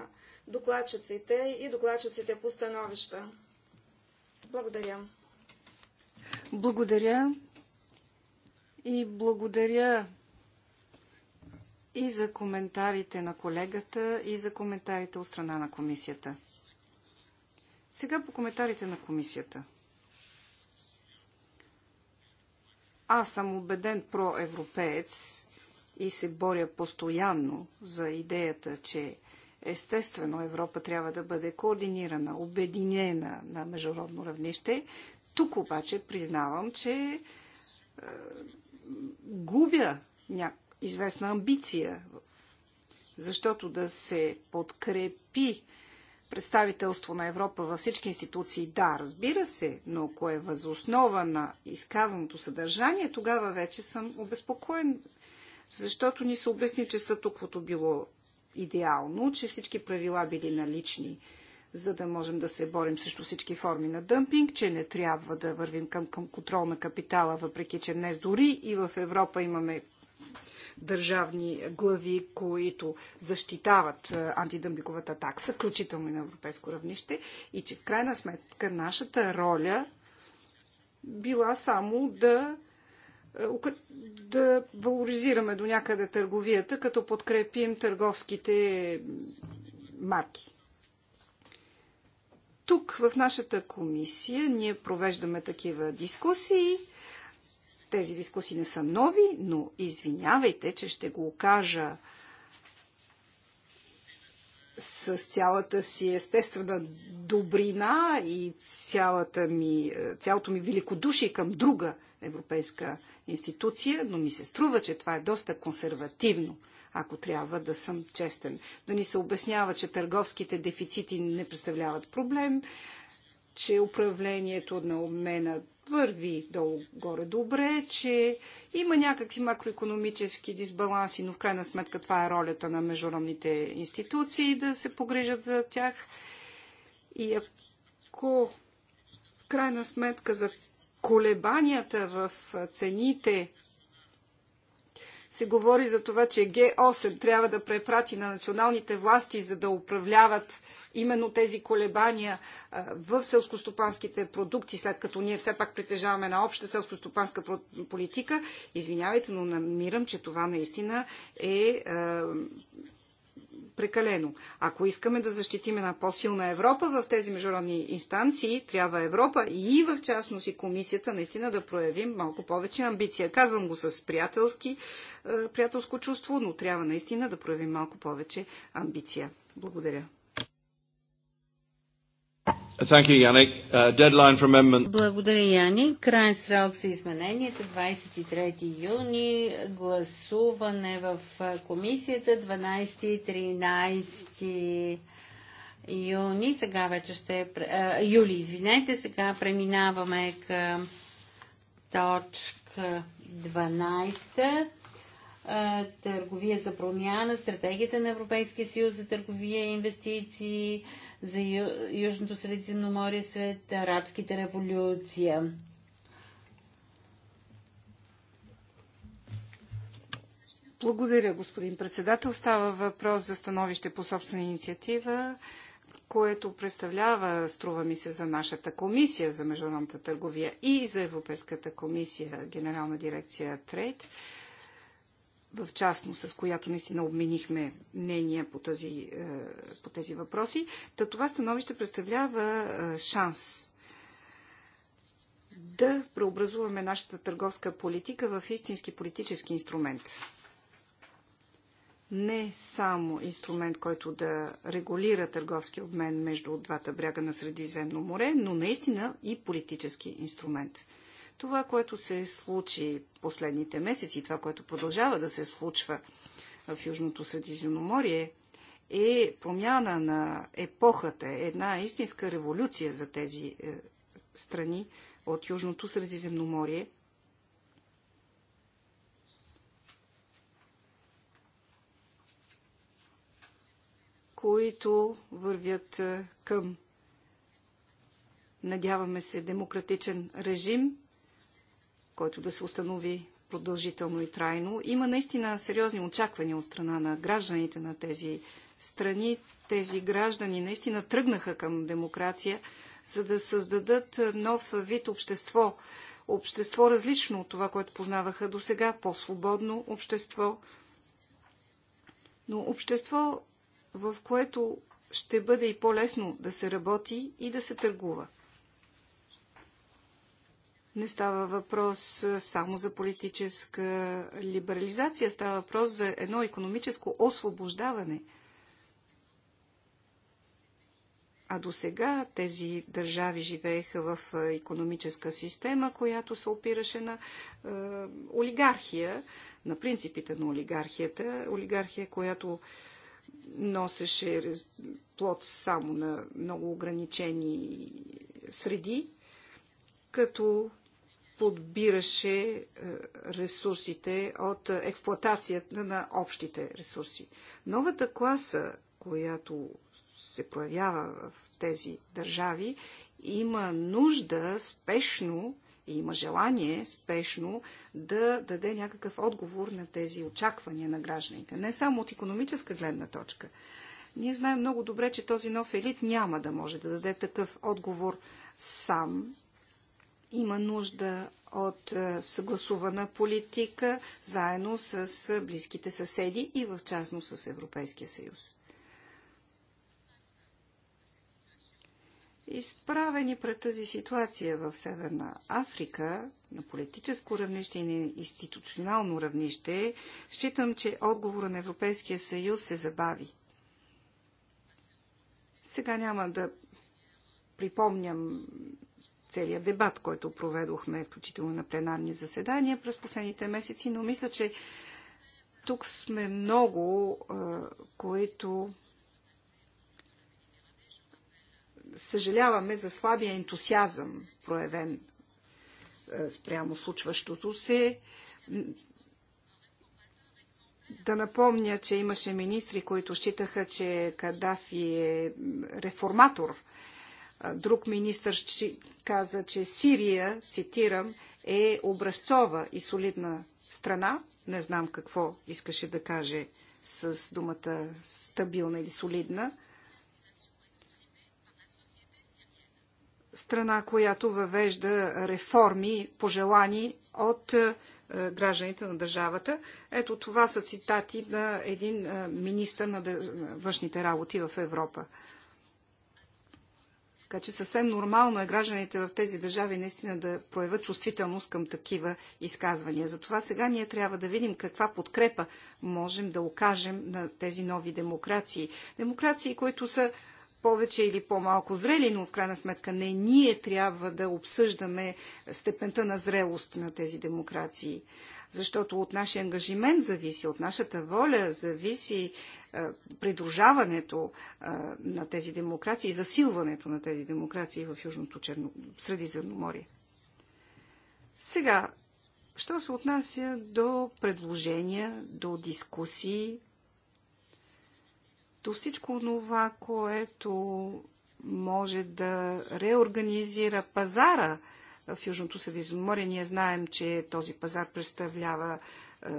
докладчиците и докладчиците по становища. Благодаря.
Благодаря. И благодаря и за коментарите на колегата, и за коментарите от страна на комисията. Сега по коментарите на комисията. Аз съм убеден проевропеец и се боря постоянно за идеята, че естествено Европа трябва да бъде координирана, обединена на международно равнище. Тук обаче признавам, че е, губя ня... известна амбиция, защото да се подкрепи представителство на Европа във всички институции, да, разбира се, но ако е възоснова на изказаното съдържание, тогава вече съм обезпокоен, защото ни се обясни, че статуквото било идеално, че всички правила били налични, за да можем да се борим срещу всички форми на дъмпинг, че не трябва да вървим към, към контрол на капитала, въпреки че днес дори и в Европа имаме държавни глави, които защитават е, антидъмбиковата такса, включително и на европейско равнище, и че в крайна сметка нашата роля била само да е, да валоризираме до някъде търговията, като подкрепим търговските марки. Тук в нашата комисия ние провеждаме такива дискусии тези дискусии не са нови, но извинявайте, че ще го окажа с цялата си естествена добрина и цялата ми, цялото ми великодушие към друга европейска институция, но ми се струва, че това е доста консервативно, ако трябва да съм честен. Да ни се обяснява, че търговските дефицити не представляват проблем, че управлението на обмена върви долу-горе добре, е, че има някакви макроекономически дисбаланси, но в крайна сметка това е ролята на международните институции да се погрижат за тях. И ако в крайна сметка за колебанията в цените се говори за това, че Г8 трябва да препрати на националните власти, за да управляват именно тези колебания в селскостопанските продукти, след като ние все пак притежаваме на обща селскостопанска политика, извинявайте, но намирам, че това наистина е прекалено. Ако искаме да защитим една по-силна Европа в тези международни инстанции, трябва Европа и в частност и комисията наистина да проявим малко повече амбиция. Казвам го с приятелски, е, приятелско чувство, но трябва наистина да проявим малко повече амбиция. Благодаря. Uh, Благодаря, Яни. Крайен
срок за измененията 23 юни, гласуване в комисията 12 и 13 юни. Сега вече ще... Е юли, извинете. Сега преминаваме към точка 12 търговия за промяна, стратегията на Европейския съюз за търговия и инвестиции, за Южното Средиземноморие след арабските революция.
Благодаря, господин председател. Става въпрос за становище по собствена инициатива, което представлява, струва ми се, за нашата комисия за международната търговия и за Европейската комисия, генерална дирекция Трейд в частност, с която наистина обменихме мнения по, тази, е, по тези въпроси, та това становище представлява е, шанс да преобразуваме нашата търговска политика в истински политически инструмент. Не само инструмент, който да регулира търговски обмен между двата бряга на Средиземно море, но наистина и политически инструмент – това, което се случи последните месеци, това, което продължава да се случва в Южното Средиземноморие, е промяна на епохата, една истинска революция за тези е, страни от Южното Средиземноморие. които вървят е, към, надяваме се, демократичен режим, който да се установи продължително и трайно. Има наистина сериозни очаквания от страна на гражданите на тези страни. Тези граждани наистина тръгнаха към демокрация, за да създадат нов вид общество. Общество различно от това, което познаваха до сега, по-свободно общество. Но общество, в което ще бъде и по-лесно да се работи и да се търгува не става въпрос само за политическа либерализация, става въпрос за едно економическо освобождаване. А до сега тези държави живееха в економическа система, която се опираше на е, олигархия, на принципите на олигархията. Олигархия, която носеше плод само на много ограничени среди, като подбираше е, ресурсите от експлоатацията на общите ресурси. Новата класа, която се проявява в тези държави, има нужда спешно и има желание спешно да даде някакъв отговор на тези очаквания на гражданите. Не само от економическа гледна точка. Ние знаем много добре, че този нов елит няма да може да даде такъв отговор сам има нужда от е, съгласувана политика заедно с е, близките съседи и в частно с Европейския съюз. Изправени пред тази ситуация в Северна Африка, на политическо равнище и на институционално равнище, считам, че отговора на Европейския съюз се забави. Сега няма да припомням целият дебат, който проведохме, включително на пленарни заседания през последните месеци, но мисля, че тук сме много, които съжаляваме за слабия ентусиазъм, проявен спрямо случващото се. Да напомня, че имаше министри, които считаха, че Кадафи е реформатор – Друг министр каза, че Сирия, цитирам, е образцова и солидна страна. Не знам какво искаше да каже с думата стабилна или солидна. Страна, която въвежда реформи, пожелани от е, гражданите на държавата. Ето това са цитати на един е, министър на външните работи в Европа. Така че съвсем нормално е гражданите в тези държави наистина да проявят чувствителност към такива изказвания. Затова сега ние трябва да видим каква подкрепа можем да окажем на тези нови демокрации. Демокрации, които са повече или по-малко зрели, но в крайна сметка не ние трябва да обсъждаме степента на зрелост на тези демокрации. Защото от нашия ангажимент зависи, от нашата воля зависи е, придружаването е, на тези демокрации и засилването на тези демокрации в Южното Черно... Средиземноморие. Сега, що се отнася до предложения, до дискусии, до всичко това, което може да реорганизира пазара в Южното Средиземноморие. Ние знаем, че този пазар представлява е,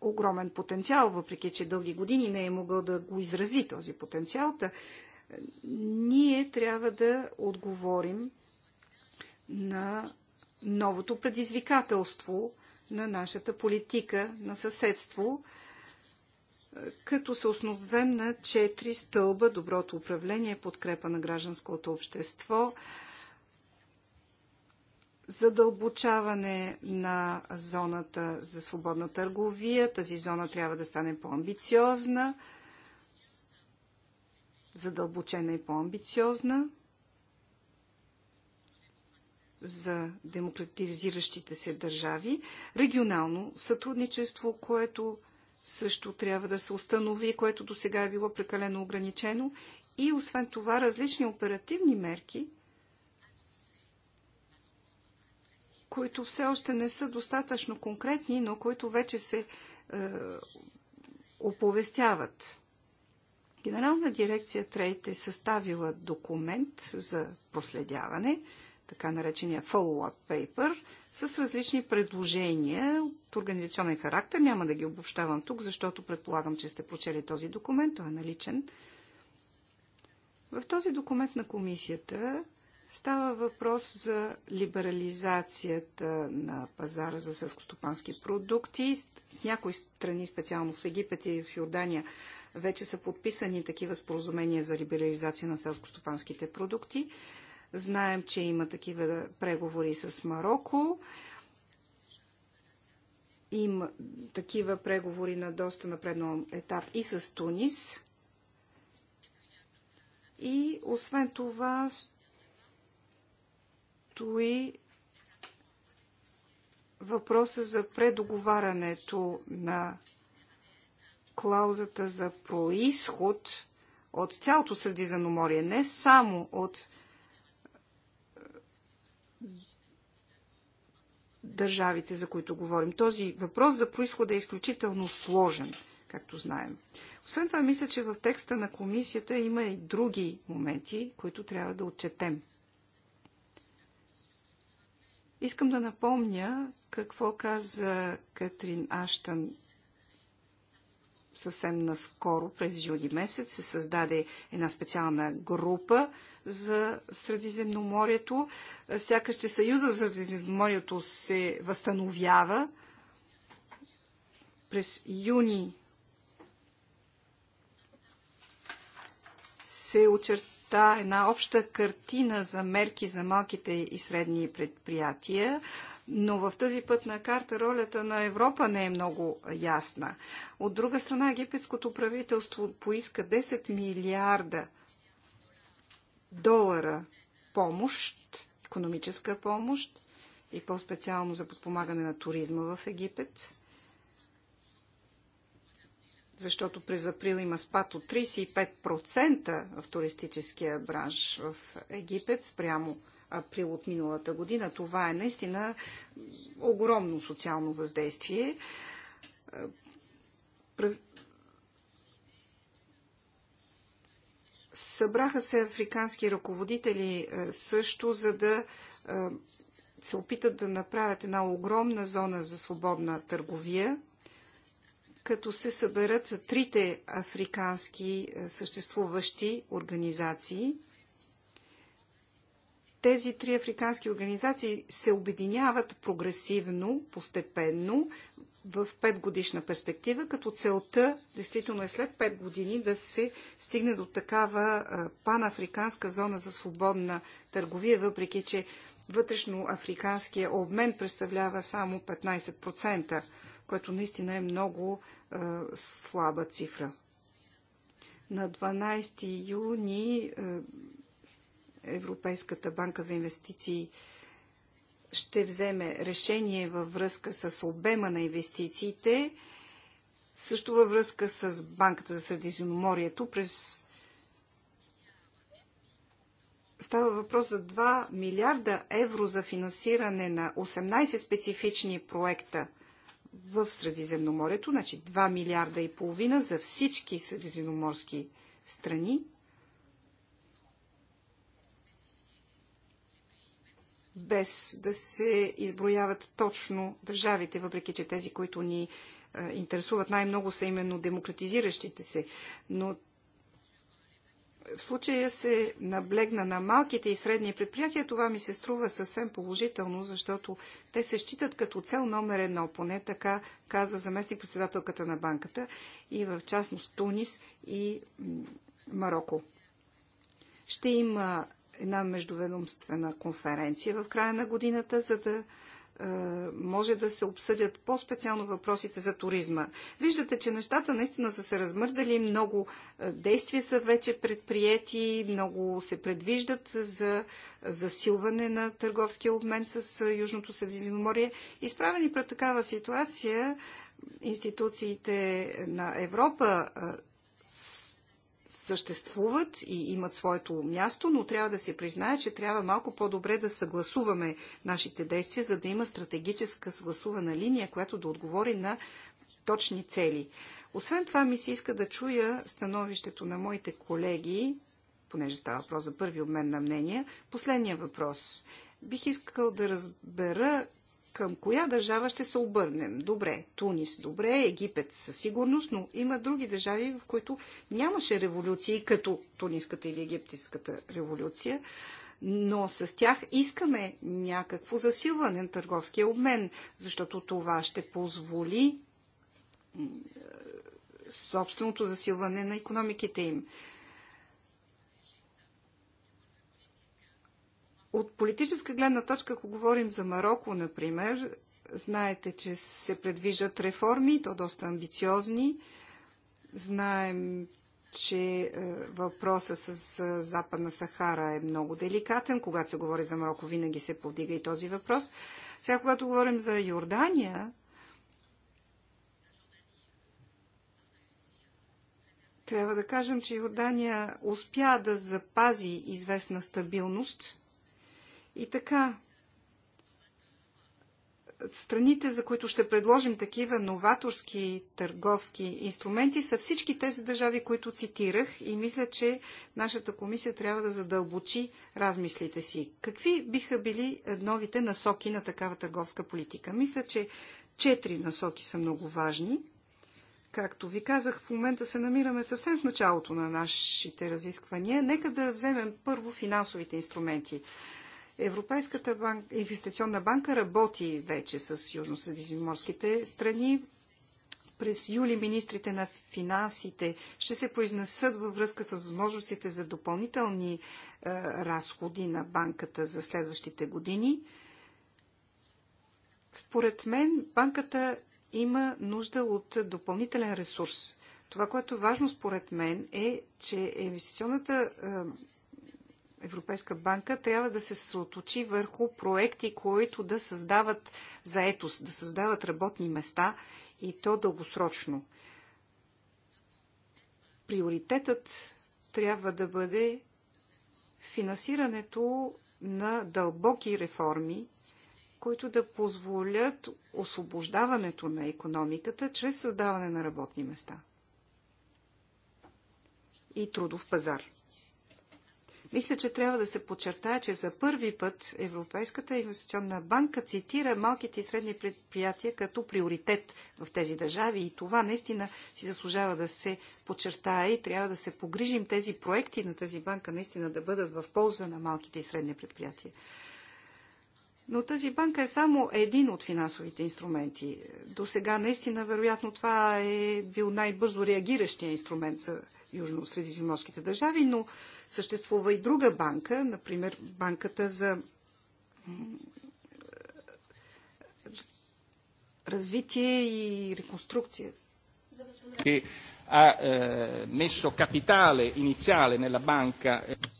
огромен потенциал, въпреки че дълги години не е могъл да го изрази този потенциал. Да, е, ние трябва да отговорим на новото предизвикателство на нашата политика на съседство, е, като се основем на четири стълба – доброто управление, подкрепа на гражданското общество – задълбочаване на зоната за свободна търговия. Тази зона трябва да стане по-амбициозна, задълбочена и по-амбициозна за демократизиращите се държави. Регионално сътрудничество, което също трябва да се установи, което до сега е било прекалено ограничено. И освен това, различни оперативни мерки – които все още не са достатъчно конкретни, но които вече се е, оповестяват. Генерална дирекция Трейд е съставила документ за проследяване, така наречения follow-up paper, с различни предложения от организационен характер. Няма да ги обобщавам тук, защото предполагам, че сте прочели този документ, той е наличен. В този документ на комисията Става въпрос за либерализацията на пазара за селскостопански продукти. В някои страни, специално в Египет и в Йордания, вече са подписани такива споразумения за либерализация на селскостопанските продукти. Знаем, че има такива преговори с Марокко. Има такива преговори на доста напреднал етап и с Тунис. И освен това, стои въпроса за предоговарянето на клаузата за происход от цялото Средиземноморие, не само от е, държавите, за които говорим. Този въпрос за происход е изключително сложен, както знаем. Освен това, мисля, че в текста на комисията има и други моменти, които трябва да отчетем – Искам да напомня какво каза Катрин Аштън съвсем наскоро, през юли месец, се създаде една специална група за Средиземноморието. Сякаш, че Съюза за Средиземноморието се възстановява. През юни се очерта очерта една обща картина за мерки за малките и средни предприятия, но в тази пътна карта ролята на Европа не е много ясна. От друга страна, египетското правителство поиска 10 милиарда долара помощ, економическа помощ и по-специално за подпомагане на туризма в Египет – защото през април има спад от 35% в туристическия бранш в Египет спрямо април от миналата година. Това е наистина огромно социално въздействие. Събраха се африкански ръководители е, също, за да е, се опитат да направят една огромна зона за свободна търговия като се съберат трите африкански е, съществуващи организации. Тези три африкански организации се обединяват прогресивно, постепенно, в петгодишна перспектива, като целта действително е след 5 години да се стигне до такава е, панафриканска зона за свободна търговия, въпреки че вътрешно африканския обмен представлява само 15%, което наистина е много е, слаба цифра. На 12 юни е, Европейската банка за инвестиции ще вземе решение във връзка с обема на инвестициите, също във връзка с Банката за Средиземноморието през Става въпрос за 2 милиарда евро за финансиране на 18 специфични проекта – в Средиземноморието, значи 2 милиарда и половина за всички средиземноморски страни, без да се изброяват точно държавите, въпреки че тези, които ни интересуват най-много са именно демократизиращите се. Но в случая се наблегна на малките и средни предприятия. Това ми се струва съвсем положително, защото те се считат като цел номер едно, поне така каза заместник председателката на банката и в частност Тунис и Марокко. Ще има една междуведомствена конференция в края на годината, за да е, може да се обсъдят по-специално въпросите за туризма. Виждате, че нещата наистина са се размърдали, много е, действия са вече предприяти, много се предвиждат за засилване на търговския обмен с е, Южното Средиземноморие. Изправени пред такава ситуация, институциите на Европа съществуват и имат своето място, но трябва да се признае, че трябва малко по-добре да съгласуваме нашите действия, за да има стратегическа съгласувана линия, която да отговори на точни цели. Освен това ми се иска да чуя становището на моите колеги, понеже става въпрос за първи обмен на мнения. Последния въпрос. Бих искал да разбера към коя държава ще се обърнем? Добре, Тунис, добре, Египет със сигурност, но има други държави, в които нямаше революции, като Туниската или египетската революция, но с тях искаме някакво засилване на търговския обмен, защото това ще позволи е, собственото засилване на економиките им. От политическа гледна точка, ако говорим за Марокко, например, знаете, че се предвиждат реформи, то доста амбициозни. Знаем, че е, въпроса с е, Западна Сахара е много деликатен. Когато се говори за Марокко, винаги се повдига и този въпрос. Сега, когато говорим за Йордания, трябва да кажем, че Йордания успя да запази известна стабилност и така, страните, за които ще предложим такива новаторски търговски инструменти, са всички тези държави, които цитирах и мисля, че нашата комисия трябва да задълбочи размислите си. Какви биха били новите насоки на такава търговска политика? Мисля, че четири насоки са много важни. Както ви казах, в момента се намираме съвсем в началото на нашите разисквания. Нека да вземем първо финансовите инструменти. Европейската банк, инвестиционна банка работи вече с южно-средиземноморските страни. През юли министрите на финансите ще се произнесат във връзка с възможностите за допълнителни е, разходи на банката за следващите години. Според мен банката има нужда от допълнителен ресурс. Това, което е важно според мен е, че инвестиционната е, Европейска банка трябва да се съоточи върху проекти, които да създават заетост, да създават работни места и то дългосрочно. Приоритетът трябва да бъде финансирането на дълбоки реформи, които да позволят освобождаването на економиката чрез създаване на работни места и трудов пазар. Мисля, че трябва да се подчертая, че за първи път Европейската инвестиционна банка цитира малките и средни предприятия като приоритет в тези държави и това наистина си заслужава да се подчертая и трябва да се погрижим тези проекти на тази банка наистина да бъдат в полза на малките и средни предприятия. Но тази банка е само един от финансовите инструменти. До сега наистина, вероятно, това е бил най-бързо реагиращия инструмент за южно-средиземноморските държави, но съществува и друга банка, например банката за развитие и реконструкция.
Eh,
eh,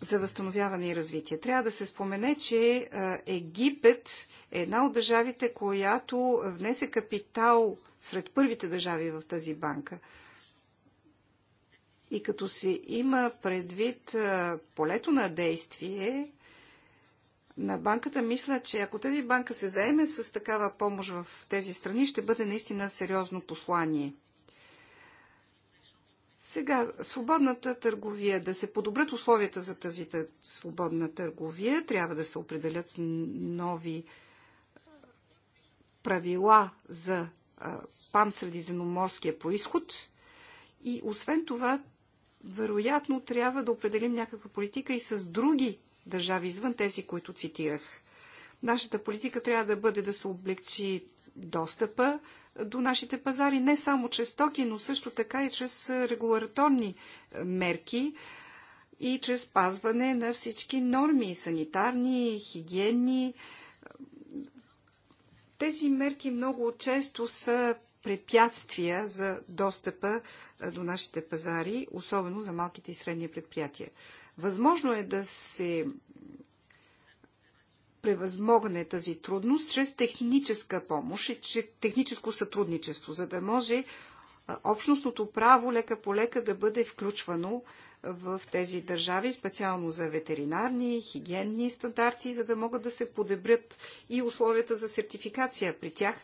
за възстановяване и развитие. Трябва да се спомене, че е, Египет е една от държавите, която внесе капитал сред първите държави в тази банка. И като се има предвид полето на действие на банката, мисля, че ако тази банка се заеме с такава помощ в тези страни, ще бъде наистина сериозно послание. Сега, свободната търговия, да се подобрят условията за тази свободна търговия, трябва да се определят нови правила за пансредиземноморския происход. И освен това, вероятно трябва да определим някаква политика и с други държави, извън тези, които цитирах. Нашата политика трябва да бъде да се облегчи достъпа до нашите пазари, не само чрез токи, но също така и чрез регулаторни е, мерки и чрез пазване на всички норми, санитарни, хигиенни. Е, тези мерки много често са препятствия за достъпа е, до нашите пазари, особено за малките и средни предприятия. Възможно е да се превъзмогне тази трудност чрез техническа помощ и техническо сътрудничество, за да може е, общностното право лека по лека да бъде включвано в тези държави, специално за ветеринарни, хигиенни стандарти, за да могат да се подебрят и условията за сертификация при тях,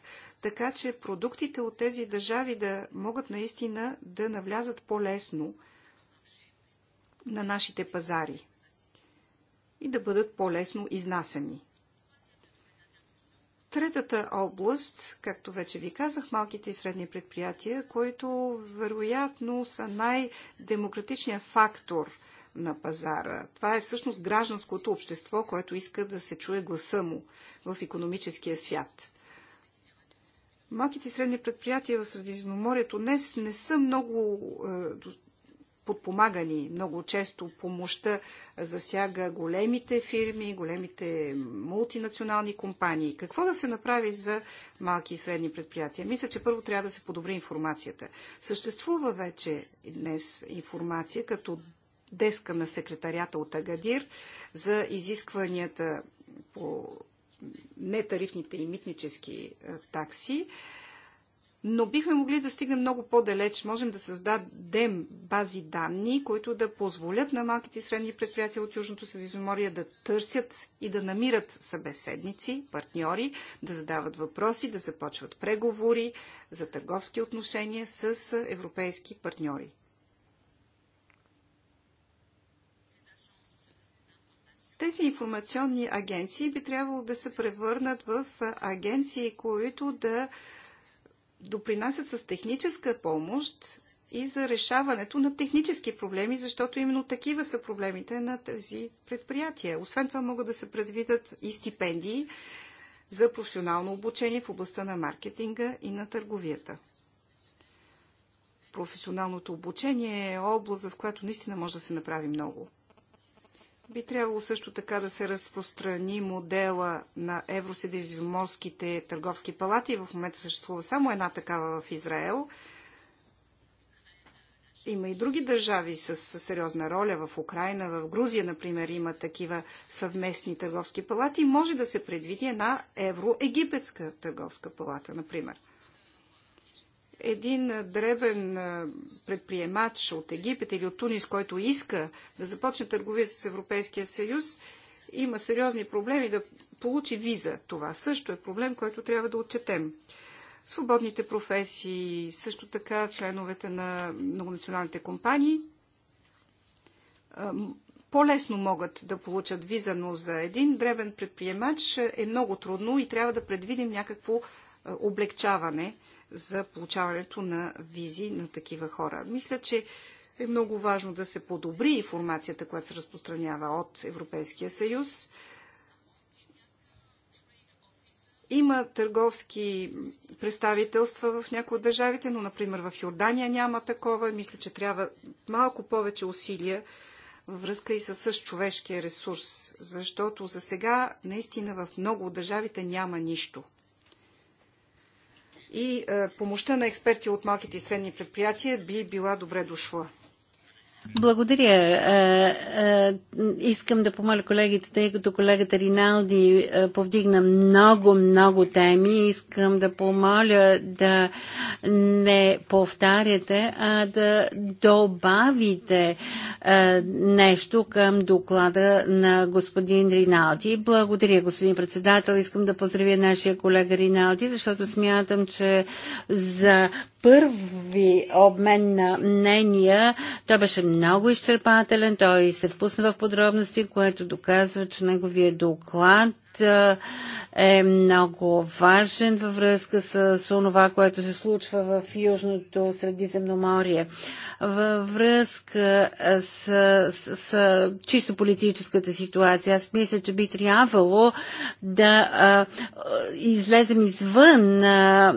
така че продуктите от тези държави да могат наистина да навлязат по-лесно на нашите пазари и да бъдат по-лесно изнасени. Третата област, както вече ви казах, малките и средни предприятия, които вероятно са най-демократичният фактор на пазара. Това е всъщност гражданското общество, което иска да се чуе гласа му в економическия свят. Малките и средни предприятия в Средиземноморието днес не са много е, подпомагани. Много често помощта засяга големите фирми, големите мултинационални компании. Какво да се направи за малки и средни предприятия? Мисля, че първо трябва да се подобри информацията. Съществува вече днес информация като деска на секретарята от Агадир за изискванията по нетарифните и митнически такси но бихме могли да стигнем много по-далеч. Можем да създадем бази данни, които да позволят на малките и средни предприятия от Южното Средиземноморие да търсят и да намират събеседници, партньори, да задават въпроси, да започват преговори за търговски отношения с европейски партньори. тези информационни агенции би трябвало да се превърнат в агенции, които да допринасят с техническа помощ и за решаването на технически проблеми, защото именно такива са проблемите на тези предприятия. Освен това могат да се предвидят и стипендии за професионално обучение в областта на маркетинга и на търговията. Професионалното обучение е област, в която наистина може да се направи много. Би трябвало също така да се разпространи модела на евросредиземноморските търговски палати. В момента съществува само една такава в Израел. Има и други държави с, с сериозна роля. В Украина, в Грузия, например, има такива съвместни търговски палати. Може да се предвиди една евроегипетска търговска палата, например един дребен предприемач от Египет или от Тунис, който иска да започне търговия с Европейския съюз, има сериозни проблеми да получи виза. Това също е проблем, който трябва да отчетем. Свободните професии, също така членовете на многонационалните компании по-лесно могат да получат виза, но за един дребен предприемач е много трудно и трябва да предвидим някакво облегчаване за получаването на визи на такива хора. Мисля, че е много важно да се подобри информацията, която се разпространява от Европейския съюз. Има търговски представителства в някои от държавите, но, например, в Йордания няма такова. Мисля, че трябва малко повече усилия във връзка и с човешкия ресурс, защото за сега наистина в много от държавите няма нищо и е, помощта на експерти от малките и средни предприятия би била добре дошла.
Благодаря. Е, е, искам да помоля колегите, тъй като колегата Риналди е, повдигна много, много теми. Искам да помоля да не повтаряте, а да добавите нещо към доклада на господин Риналди. Благодаря, господин председател. Искам да поздравя нашия колега Риналди, защото смятам, че за първи обмен на мнения, той беше много изчерпателен, той се впусна в подробности, което доказва, че неговия доклад е много важен във връзка с онова, което се случва в Южното Средиземноморие. Във връзка с, с, с чисто политическата ситуация, аз мисля, че би трябвало да а, излезем извън а,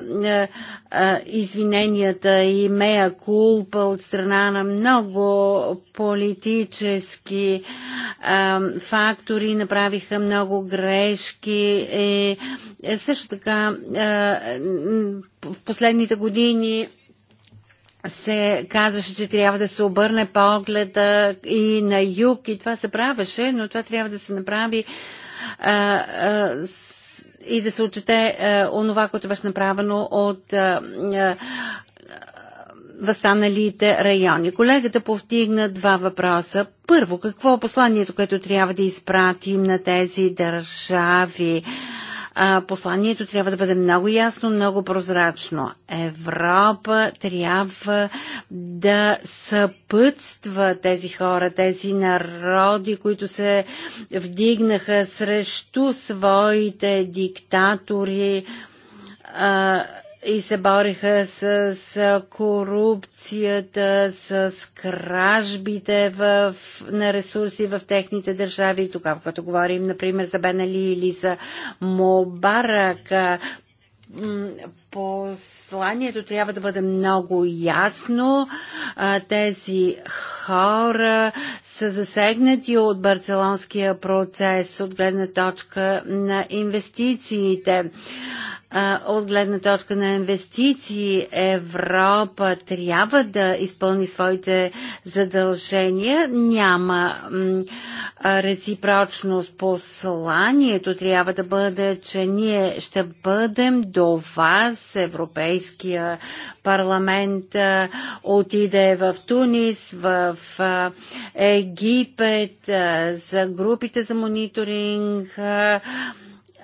а, извиненията и мея кулпа от страна на много политически а, фактори, направиха много грешки че е, също така е, в последните години се казваше, че трябва да се обърне погледа и на юг и това се правеше, но това трябва да се направи е, и да се отчете е, онова, което беше направено от е, възстаналите райони. Колегата повтигна два въпроса. Първо, какво е посланието, което трябва да изпратим на тези държави? А, посланието трябва да бъде много ясно, много прозрачно. Европа трябва да съпътства тези хора, тези народи, които се вдигнаха срещу своите диктатори. А, и се бориха с, с корупцията, с кражбите в, на ресурси в техните държави. Тогава, като говорим, например, за Бенали или за Мобарак, посланието трябва да бъде много ясно. Тези хора са засегнати от барцелонския процес от гледна точка на инвестициите. От гледна точка на инвестиции Европа трябва да изпълни своите задължения. Няма реципрочност. Посланието трябва да бъде, че ние ще бъдем до вас Европейския парламент отиде в Тунис, в Египет, за групите за мониторинг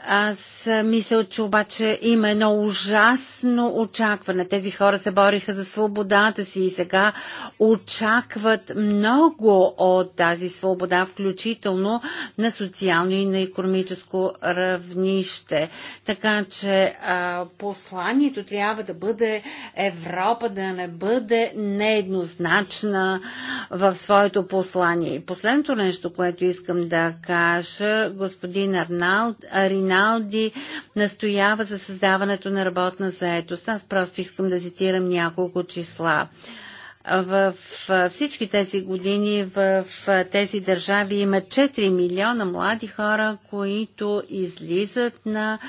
аз мисля, че обаче има едно ужасно очакване. Тези хора се бориха за свободата си и сега очакват много от тази свобода, включително на социално и на економическо равнище. Така че а, посланието трябва да бъде Европа да не бъде нееднозначна в своето послание. И последното нещо, което искам да кажа, господин Арнал, Арина Риналди настоява за създаването на работна заетост. Аз просто искам да цитирам няколко числа в всички тези години в тези държави има 4 милиона млади хора, които излизат на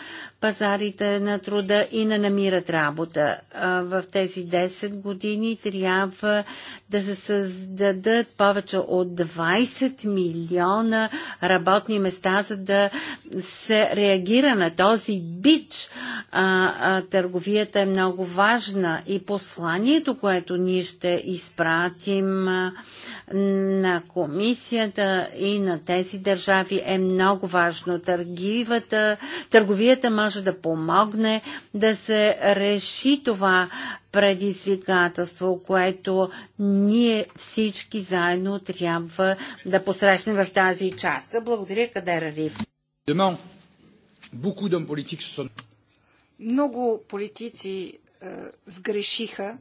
пазарите на труда и не намират работа. В тези 10 години трябва да се създадат повече от 20 милиона работни места, за да се реагира на този бич. Търговията е много важна и посланието, което ние ще изпратим, на комисията и на тези държави е много важно. Търгивата, търговията може да помогне да се реши това предизвикателство, което ние всички заедно трябва да посрещнем в тази
част. Благодаря, Кадер Риф. Много политици е, сгрешиха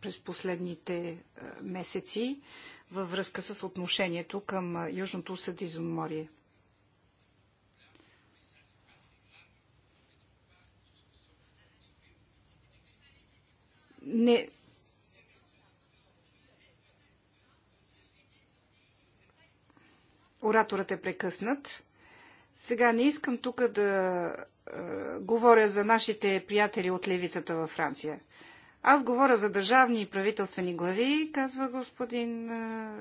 през последните е, месеци във връзка с отношението към Южното Средиземноморие. Не, ораторът е прекъснат. Сега не искам тук да е, говоря за нашите приятели от левицата във Франция. Аз говоря за държавни и правителствени глави, казва господин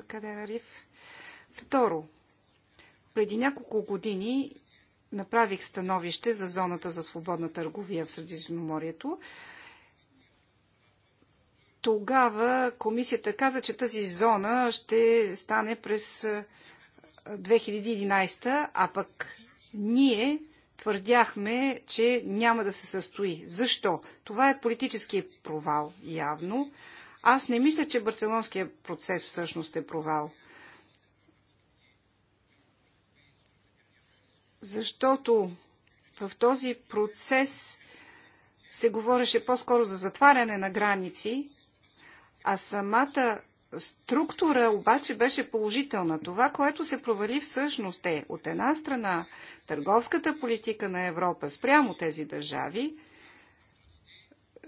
Кадер Ариф. Второ, преди няколко години направих становище за зоната за свободна търговия в Средиземноморието. Тогава комисията каза, че тази зона ще стане през 2011, а пък ние твърдяхме, че няма да се състои. Защо? Това е политически провал, явно. Аз не мисля, че Барселонския процес всъщност е провал. Защото в този процес се говореше по-скоро за затваряне на граници, а самата структура обаче беше положителна. Това, което се провали всъщност е от една страна търговската политика на Европа спрямо тези държави.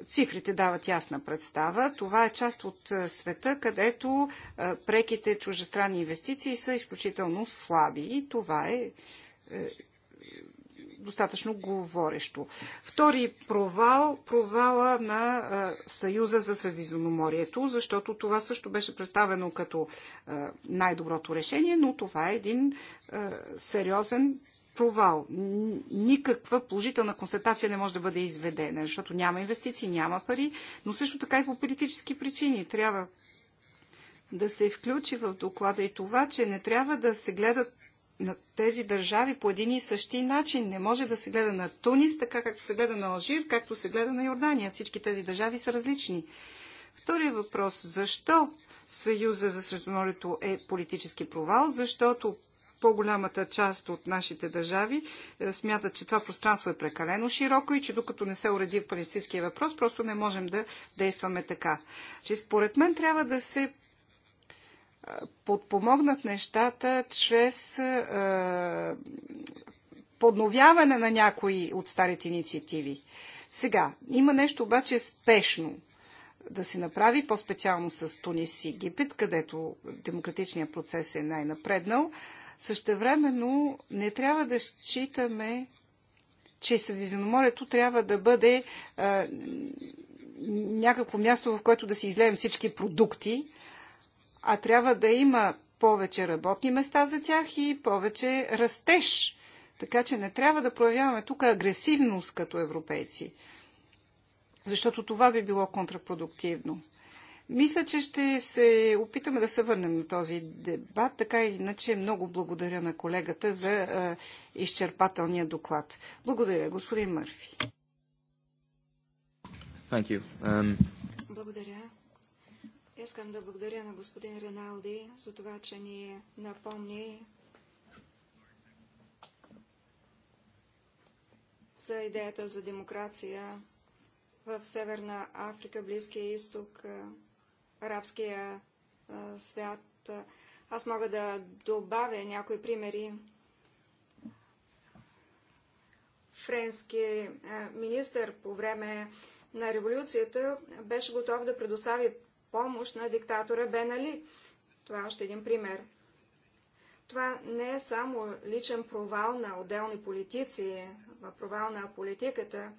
Цифрите дават ясна представа. Това е част от е, света, където е, преките чужестранни инвестиции са изключително слаби. И това е, е достатъчно говорещо. Втори провал, провала на Съюза за Средиземноморието, защото това също беше представено като най-доброто решение, но това е един сериозен провал. Никаква положителна констатация не може да бъде изведена, защото няма инвестиции, няма пари, но също така и по политически причини. Трябва да се включи в доклада и това, че не трябва да се гледат на тези държави по един и същи начин. Не може да се гледа на Тунис, така както се гледа на Алжир, както се гледа на Йордания. Всички тези държави са различни. Втория въпрос. Защо Съюза за Средиземноморието е политически провал? Защото по-голямата част от нашите държави е, смятат, че това пространство е прекалено широко и че докато не се уреди палестинския въпрос, просто не можем да действаме така. Че според мен трябва да се подпомогнат нещата чрез е, подновяване на някои от старите инициативи. Сега, има нещо обаче спешно да се направи, по-специално с Тунис и Египет, където демократичният процес е най-напреднал. Същевременно не трябва да считаме, че Средиземноморието трябва да бъде е, някакво място, в което да си излеем всички продукти, а трябва да има повече работни места за тях и повече растеж. Така че не трябва да проявяваме тук агресивност като европейци, защото това би било контрапродуктивно. Мисля, че ще се опитаме да се върнем на този дебат. Така или иначе, много благодаря на колегата за е, изчерпателния доклад. Благодаря, господин Мърфи.
Um... Благодаря. Искам да благодаря на господин Реналди за това, че ни напомни за идеята за демокрация в Северна Африка, Близкия изток, арабския свят. Аз мога да добавя някои примери. Френски министр по време на революцията беше готов да предостави помощ на диктатора Бен Али. Това е още един пример. Това не е само личен провал на отделни политици, провал на политиката.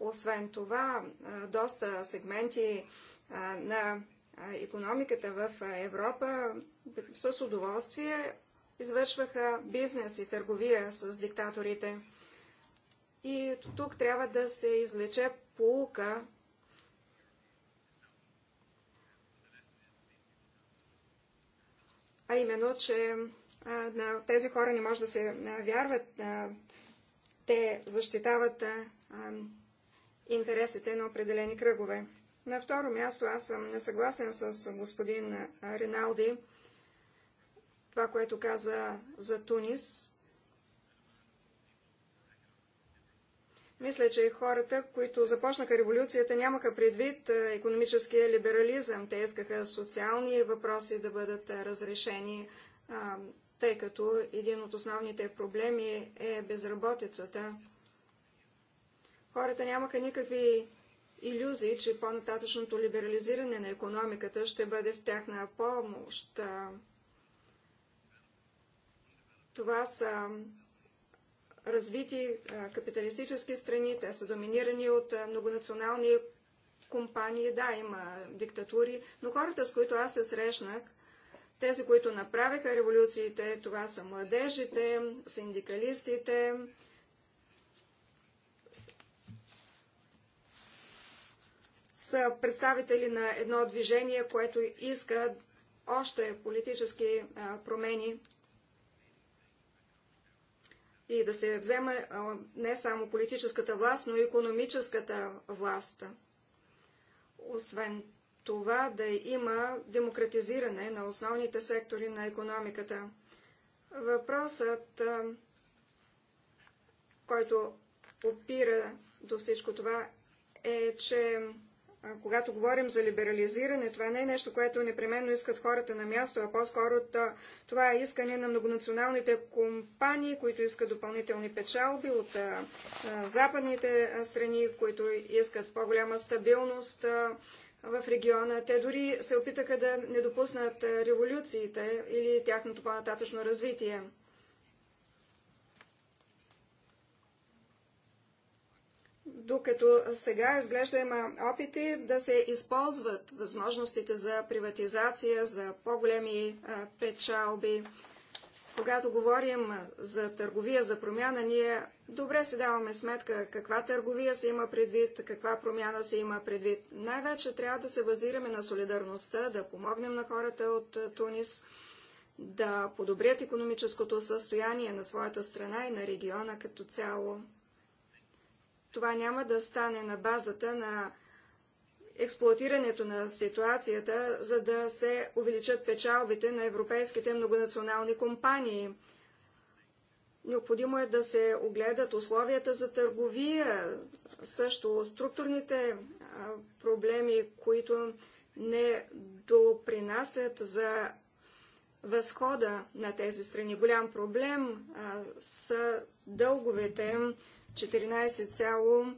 Освен това, доста сегменти на економиката в Европа с удоволствие извършваха бизнес и търговия с диктаторите. И тук трябва да се излече полука а именно, че на тези хора не може да се вярват. Те защитават интересите на определени кръгове. На второ място аз съм несъгласен с господин Риналди, това, което каза за Тунис. Мисля, че хората, които започнаха революцията, нямаха предвид е, економическия либерализъм. Те искаха социални въпроси да бъдат е, разрешени, тъй като един от основните проблеми е безработицата. Хората нямаха никакви иллюзии, че по-нататъчното либерализиране на економиката ще бъде в тяхна помощ. Това са развити капиталистически страни, те са доминирани от многонационални компании, да, има диктатури, но хората, с които аз се срещнах, тези, които направиха революциите, това са младежите, синдикалистите, са представители на едно движение, което иска още политически промени и да се вземе не само политическата власт, но и економическата власт. Освен това да има демократизиране на основните сектори на економиката. Въпросът, който опира до всичко това, е, че когато говорим за либерализиране, това не е нещо, което непременно искат хората на място, а по-скоро това е искане на многонационалните компании, които искат допълнителни печалби от западните страни, които искат по-голяма стабилност в региона. Те дори се опитаха да не допуснат революциите или тяхното по-нататъчно развитие. докато сега изглежда има опити да се използват възможностите за приватизация, за по-големи печалби. Когато говорим за търговия, за промяна, ние добре си даваме сметка каква търговия се има предвид, каква промяна се има предвид. Най-вече трябва да се базираме на солидарността, да помогнем на хората от Тунис да подобрят економическото състояние на своята страна и на региона като цяло това няма да стане на базата на експлуатирането на ситуацията, за да се увеличат печалбите на европейските многонационални компании. Необходимо е да се огледат условията за търговия, също структурните проблеми, които не допринасят за възхода на тези страни. Голям проблем а, са дълговете 14,5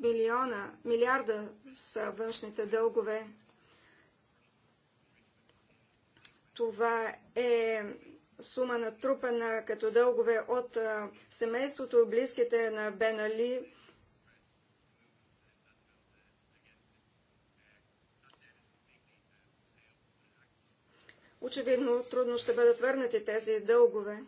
милиона, милиарда са външните дългове. Това е сума натрупана като дългове от семейството, близките на Бенали. Очевидно, трудно ще бъдат върнати тези дългове.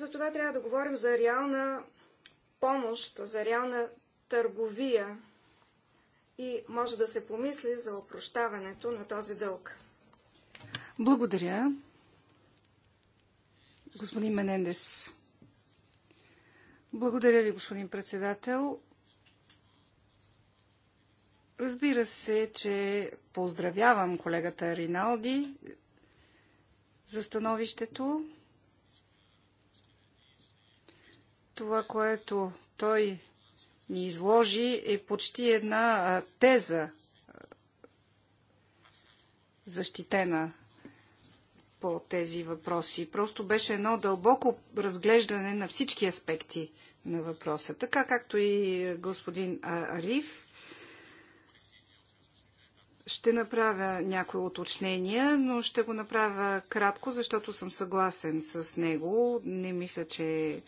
Затова трябва да говорим за реална помощ, за реална търговия и може да се помисли за опрощаването на този дълг.
Благодаря. Господин Менендес. Благодаря ви, господин председател. Разбира се, че поздравявам колегата Риналди за становището. Това, което той ни изложи, е почти една теза, защитена по тези въпроси. Просто беше едно дълбоко разглеждане на всички аспекти на въпроса. Така както и господин Ариф, ще направя някои уточнения, но ще го направя кратко, защото съм съгласен с него. Не мисля, че е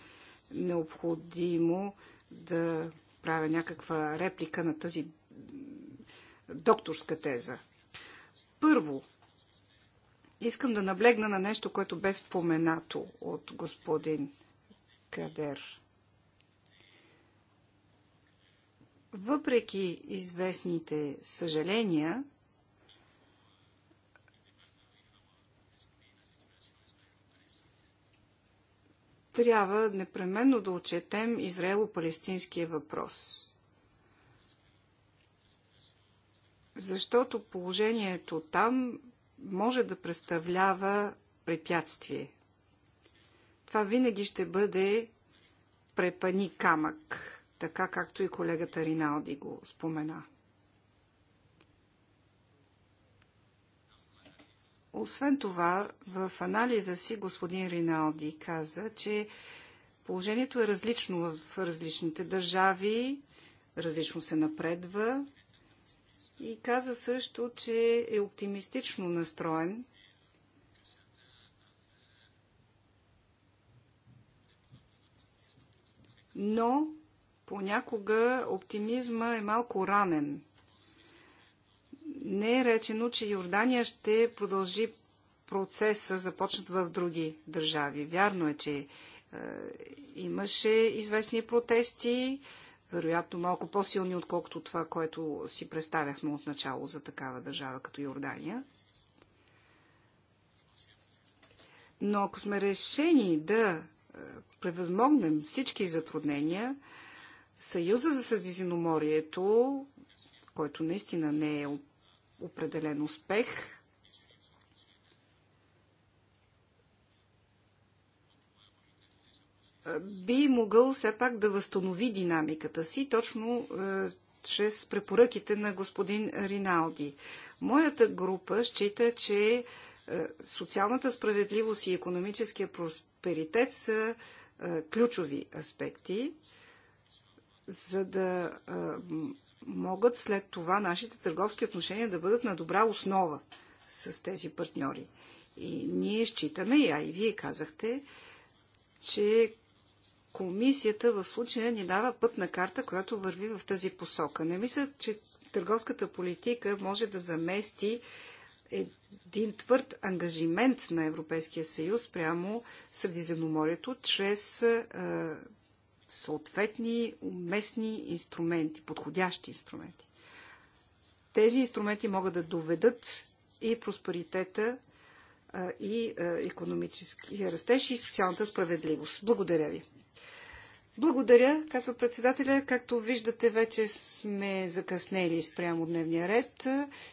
необходимо да правя някаква реплика на тази докторска теза. Първо, искам да наблегна на нещо, което бе споменато от господин Кадер. Въпреки известните съжаления, трябва непременно да отчетем израело-палестинския въпрос. Защото положението там може да представлява препятствие. Това винаги ще бъде препани камък, така както и колегата Риналди го спомена. Освен това, в анализа си господин Риналди каза, че положението е различно в различните държави, различно се напредва и каза също, че е оптимистично настроен но понякога оптимизма е малко ранен. Не е речено, че Йордания ще продължи процеса, започнат в други държави. Вярно е, че е, имаше известни протести, вероятно малко по-силни, отколкото това, което си представяхме от начало за такава държава като Йордания. Но ако сме решени да е, превъзмогнем всички затруднения, Съюза за Средиземноморието, който наистина не е определен успех. би могъл все пак да възстанови динамиката си, точно е, чрез препоръките на господин Риналди. Моята група счита, че е, социалната справедливост и економическия просперитет са е, ключови аспекти, за да могат след това нашите търговски отношения да бъдат на добра основа с тези партньори. И ние считаме, а и вие казахте, че комисията в случая ни дава пътна карта, която върви в тази посока. Не мисля, че търговската политика може да замести един твърд ангажимент на Европейския съюз прямо Средиземноморието чрез съответни уместни инструменти, подходящи инструменти. Тези инструменти могат да доведат и просперитета, и економически растеж и социалната справедливост. Благодаря ви. Благодаря, казва председателя. Както виждате, вече сме закъснели спрямо дневния ред.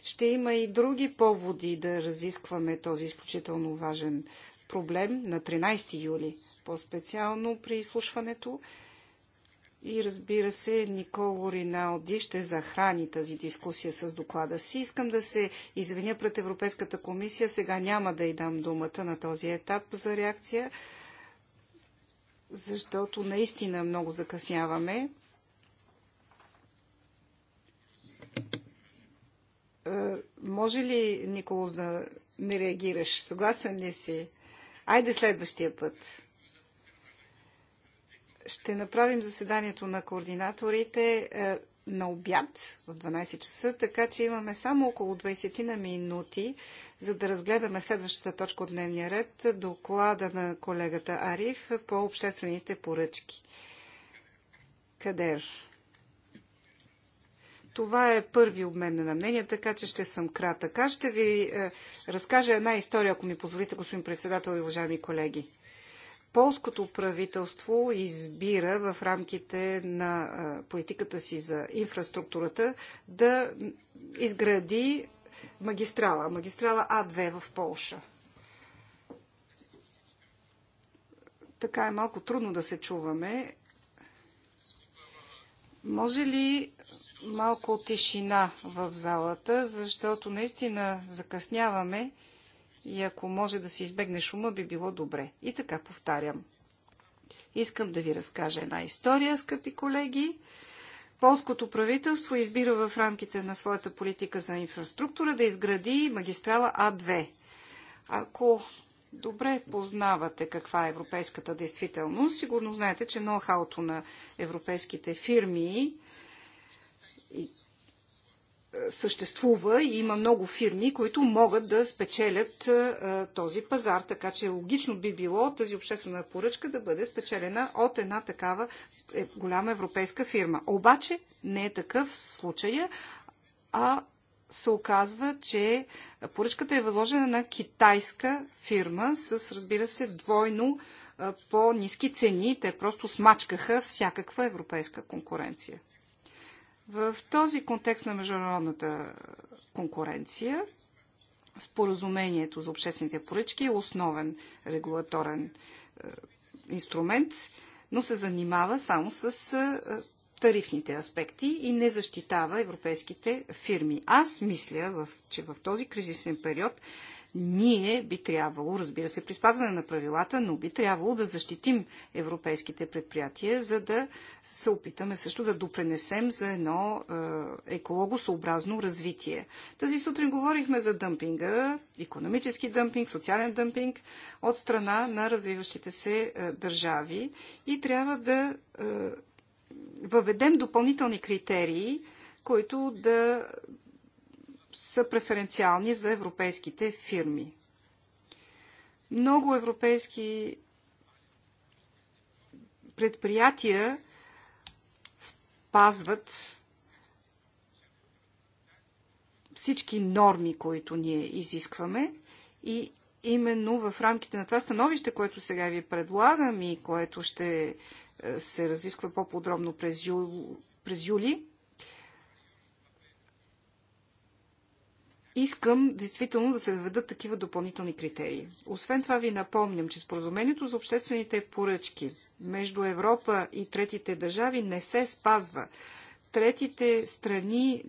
Ще има и други поводи да разискваме този изключително важен проблем на 13 юли, по-специално при изслушването. И разбира се, Никол Риналди ще захрани тази дискусия с доклада си. Искам да се извиня пред Европейската комисия. Сега няма да й дам думата на този етап за реакция, защото наистина много закъсняваме. Е, може ли, Николос, да не реагираш? Съгласен ли си? Айде следващия път. Ще направим заседанието на координаторите е, на обяд в 12 часа, така че имаме само около 20 на минути, за да разгледаме следващата точка от дневния ред, доклада на колегата Ариф по обществените поръчки. Кадер. Това е първи обмен на мнения, така че ще съм кратък. Аз ще ви е, разкажа една история, ако ми позволите, господин председател и уважаеми колеги полското правителство избира в рамките на политиката си за инфраструктурата да изгради магистрала, магистрала А2 в Полша. Така е малко трудно да се чуваме. Може ли малко тишина в залата, защото наистина закъсняваме и ако може да се избегне шума, би било добре. И така повтарям. Искам да ви разкажа една история, скъпи колеги. Полското правителство избира в рамките на своята политика за инфраструктура да изгради магистрала А2. Ако добре познавате каква е европейската действителност, сигурно знаете, че ноу-хауто на европейските фирми и съществува и има много фирми, които могат да спечелят този пазар. Така че логично би било тази обществена поръчка да бъде спечелена от една такава е, голяма европейска фирма. Обаче не е такъв случая, а се оказва, че поръчката е възложена на китайска фирма с, разбира се, двойно по-низки цени. Те просто смачкаха всякаква европейска конкуренция. В този контекст на международната конкуренция, споразумението за обществените поръчки е основен регулаторен е, инструмент, но се занимава само с е, тарифните аспекти и не защитава европейските фирми. Аз мисля, че в този кризисен период ние би трябвало, разбира се, при спазване на правилата, но би трябвало да защитим европейските предприятия, за да се опитаме също да допренесем за едно е, екологосъобразно развитие. Тази сутрин говорихме за дъмпинга, економически дъмпинг, социален дъмпинг от страна на развиващите се е, държави и трябва да е, въведем допълнителни критерии, които да са преференциални за европейските фирми. Много европейски предприятия спазват всички норми, които ние изискваме и именно в рамките на това становище, което сега ви предлагам и което ще е, се разисква по-подробно през, ю... през юли, искам действително да се въведат такива допълнителни критерии. Освен това ви напомням, че споразумението за обществените поръчки между Европа и третите държави не се спазва. Третите страни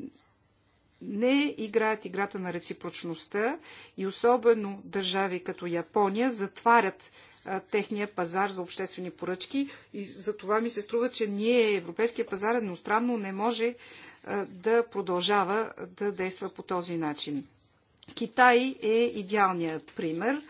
не играят играта на реципрочността и особено държави като Япония затварят техния пазар за обществени поръчки и за това ми се струва, че ние, европейския пазар, едностранно не може да продължава да действа по този начин. Китай е идеалният пример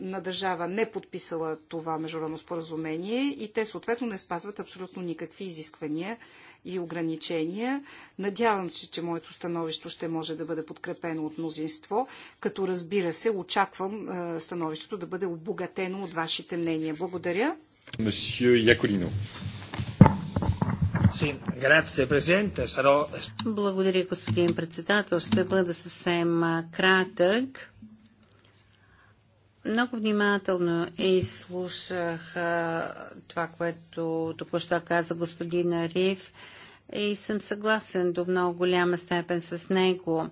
на държава не подписала това международно споразумение и те съответно не спазват абсолютно никакви изисквания и ограничения. Надявам се, че моето становище ще може да бъде подкрепено от мнозинство, като разбира се, очаквам становището да бъде обогатено от вашите мнения. Благодаря.
Мсье Яколино.
Благодаря, господин председател. Ще бъда съвсем кратък. Много внимателно изслушах това, което току-що каза господин Ариф и съм съгласен до много голяма степен с него.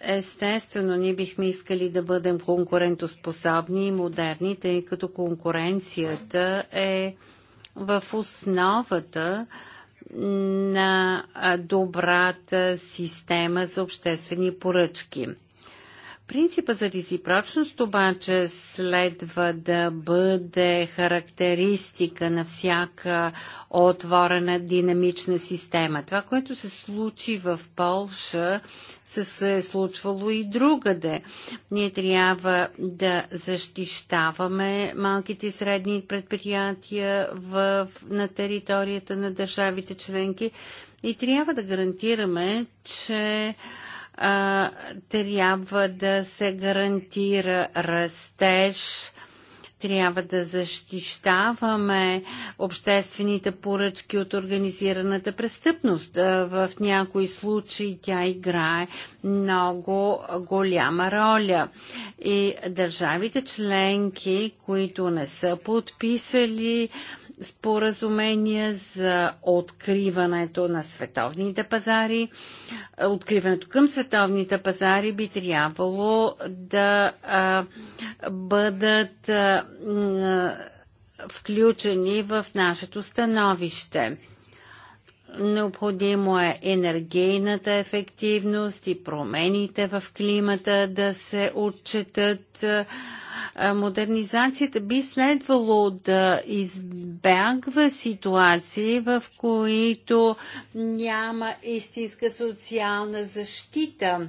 Естествено, ние бихме искали да бъдем конкурентоспособни и модерни, тъй като конкуренцията е в основата на добрата система за обществени поръчки. Принципа за реципрочност обаче следва да бъде характеристика на всяка отворена динамична система. Това, което се случи в Полша, се, се е случвало и другаде. Ние трябва да защищаваме малките и средни предприятия в, на територията на държавите членки и трябва да гарантираме, че а, трябва да се гарантира растеж, трябва да защищаваме обществените поръчки от организираната престъпност. В някои случаи тя играе много голяма роля. И държавите членки, които не са подписали споразумения за откриването на световните пазари. Откриването към световните пазари би трябвало да а, бъдат а, включени в нашето становище. Необходимо е енергийната ефективност и промените в климата да се отчетат. Е, е, модернизацията би следвало да избягва ситуации, в които няма истинска социална защита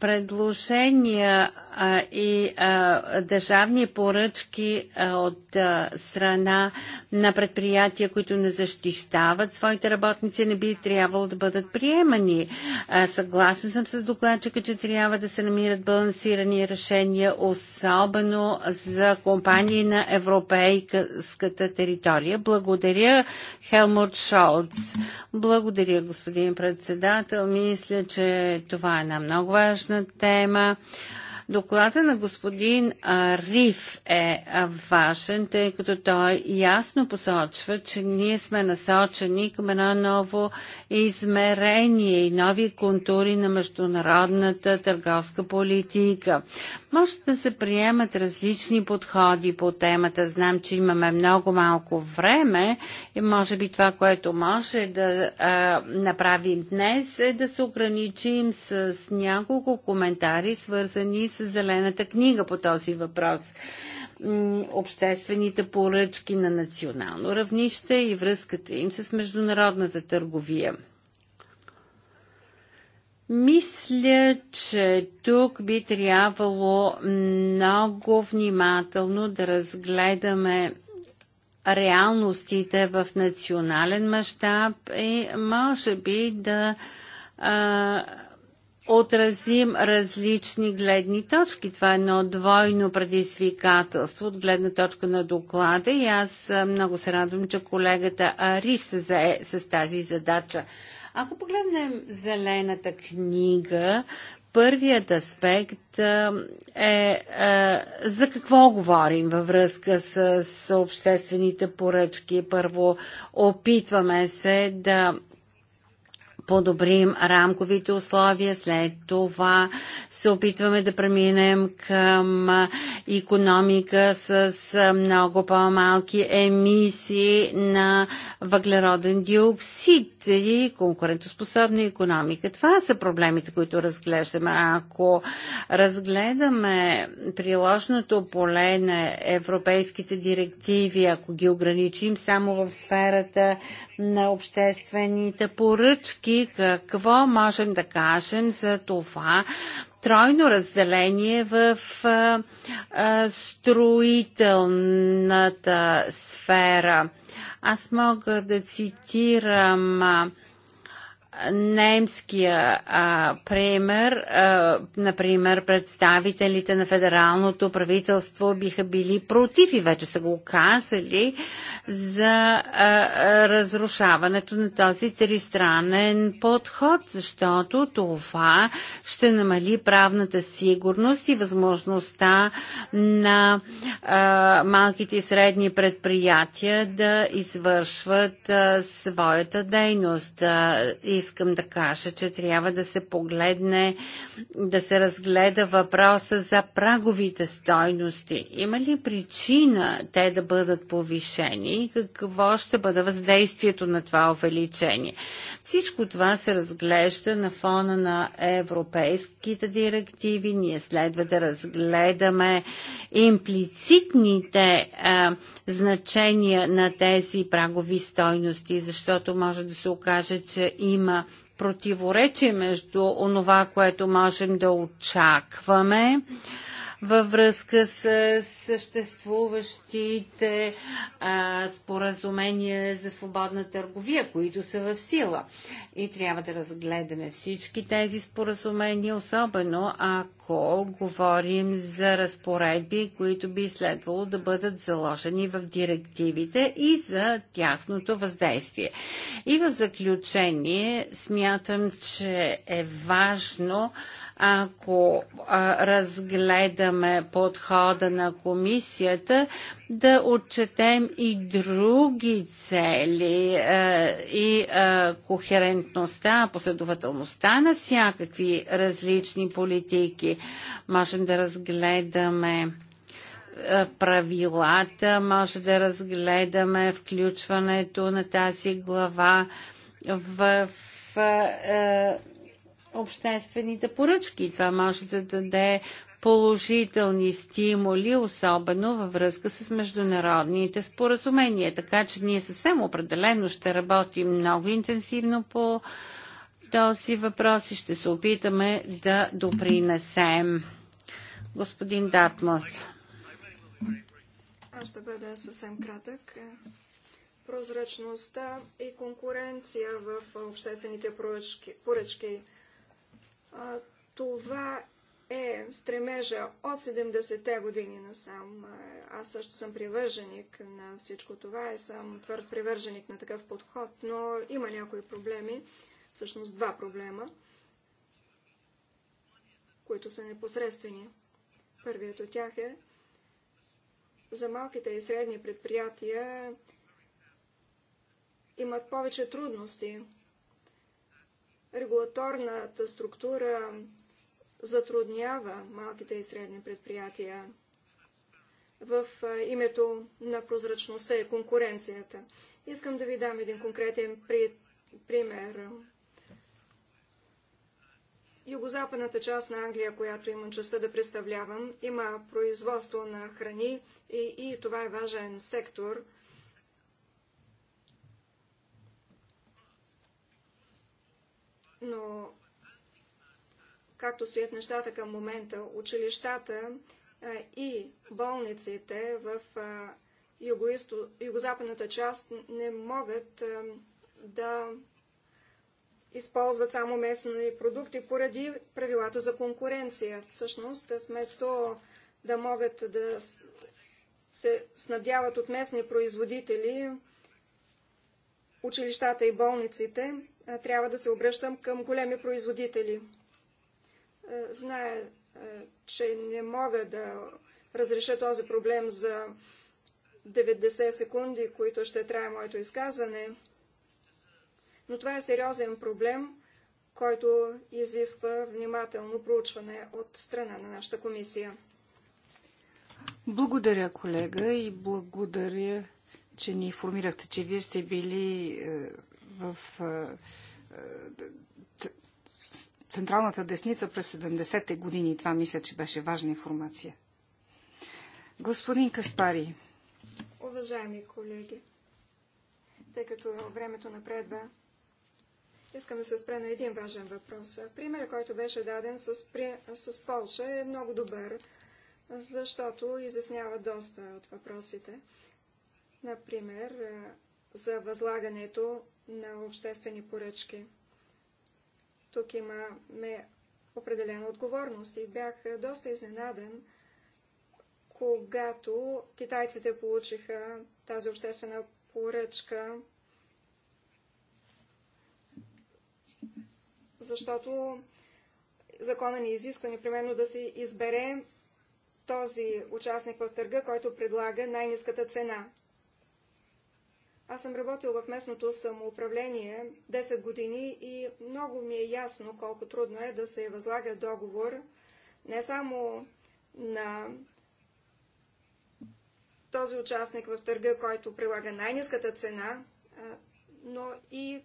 предложения а, и а, държавни поръчки а, от а, страна на предприятия, които не защищават своите работници, не би трябвало да бъдат приемани. А, съгласен съм с докладчика, че трябва да се намират балансирани решения, особено за компании на европейската територия. Благодаря, Хелмут Шолц. Благодаря, господин председател. Мисля, че това е една много важна днешна тема. Доклада на господин Риф е важен, тъй като той ясно посочва, че ние сме насочени към едно ново измерение и нови контури на международната търговска политика. Може да се приемат различни подходи по темата. Знам, че имаме много малко време и може би това, което може да а, направим днес е да се ограничим с, с няколко коментари, свързани с с зелената книга по този въпрос. Обществените поръчки на национално равнище и връзката им с международната търговия. Мисля, че тук би трябвало много внимателно да разгледаме реалностите в национален мащаб и може би да а, отразим различни гледни точки. Това е едно двойно предизвикателство от гледна точка на доклада и аз много се радвам, че колегата Ариф се зае с тази задача. Ако погледнем зелената книга, първият аспект е, е за какво говорим във връзка с, с обществените поръчки. Първо опитваме се да подобрим рамковите условия, след това се опитваме да преминем към економика с много по-малки емисии на въглероден диоксид и конкурентоспособна економика. Това са проблемите, които разглеждаме. Ако разгледаме приложното поле на европейските директиви, ако ги ограничим само в сферата на обществените поръчки. Какво можем да кажем за това тройно разделение в а, а, строителната сфера? Аз мога да цитирам а, немския а, пример, а, например, представителите на федералното правителство биха били против и вече са го казали за а, а, разрушаването на този тристранен подход, защото това ще намали правната сигурност и възможността на а, малките и средни предприятия да извършват а, своята дейност. А, искам да кажа, че трябва да се погледне, да се разгледа въпроса за праговите стойности. Има ли причина те да бъдат повишени и какво ще бъде въздействието на това увеличение? Всичко това се разглежда на фона на европейските директиви. Ние следва да разгледаме имплицитните а, значения на тези прагови стойности, защото може да се окаже, че има има противоречие между онова, което можем да очакваме във връзка с съществуващите а, споразумения за свободна търговия, които са в сила. И трябва да разгледаме всички тези споразумения, особено ако говорим за разпоредби, които би следвало да бъдат заложени в директивите и за тяхното въздействие. И в заключение смятам, че е важно ако а, разгледаме подхода на комисията, да отчетем и други цели а, и а, кохерентността, последователността на всякакви различни политики. Можем да разгледаме правилата, може да разгледаме включването на тази глава в, в обществените поръчки. Това може да даде положителни стимули, особено във връзка с международните споразумения. Така че ние съвсем определено ще работим много интенсивно по този въпрос и ще се опитаме да допринесем. Господин Дартмут.
Аз ще бъда съвсем кратък. Прозрачността и конкуренция в обществените поръчки. поръчки това е стремежа от 70-те години насам. Аз също съм привърженик на всичко това и съм твърд привърженик на такъв подход, но има някои проблеми, всъщност два проблема, които са непосредствени. Първият от тях е за малките и средни предприятия имат повече трудности регулаторната структура затруднява малките и средни предприятия в името на прозрачността и конкуренцията. Искам да ви дам един конкретен при... пример. Югозападната част на Англия, която имам честа да представлявам, има производство на храни и, и това е важен сектор – но както стоят нещата към момента, училищата и болниците в югозападната част не могат да използват само местни продукти поради правилата за конкуренция. Всъщност, вместо да могат да се снабдяват от местни производители, училищата и болниците трябва да се обръщам към големи производители. Зная, че не мога да разреша този проблем за 90 секунди, които ще трае моето изказване, но това е сериозен проблем, който изисква внимателно проучване от страна на нашата комисия.
Благодаря, колега, и благодаря, че ни информирахте, че вие сте били е, в централната десница през 70-те години. Това мисля, че беше важна информация. Господин Каспари.
Уважаеми колеги, тъй като времето напредва, искам да се спре на един важен въпрос. Пример, който беше даден с, с Полша е много добър, защото изяснява доста от въпросите. Например, за възлагането на обществени поръчки. Тук имаме определена отговорност и бях доста изненадан, когато китайците получиха тази обществена поръчка, защото закона ни изисква непременно да се избере този участник в търга, който предлага най-низката цена. Аз съм работил в местното самоуправление 10 години и много ми е ясно колко трудно е да се възлага договор не само на този участник в търга, който прилага най-низката цена, но и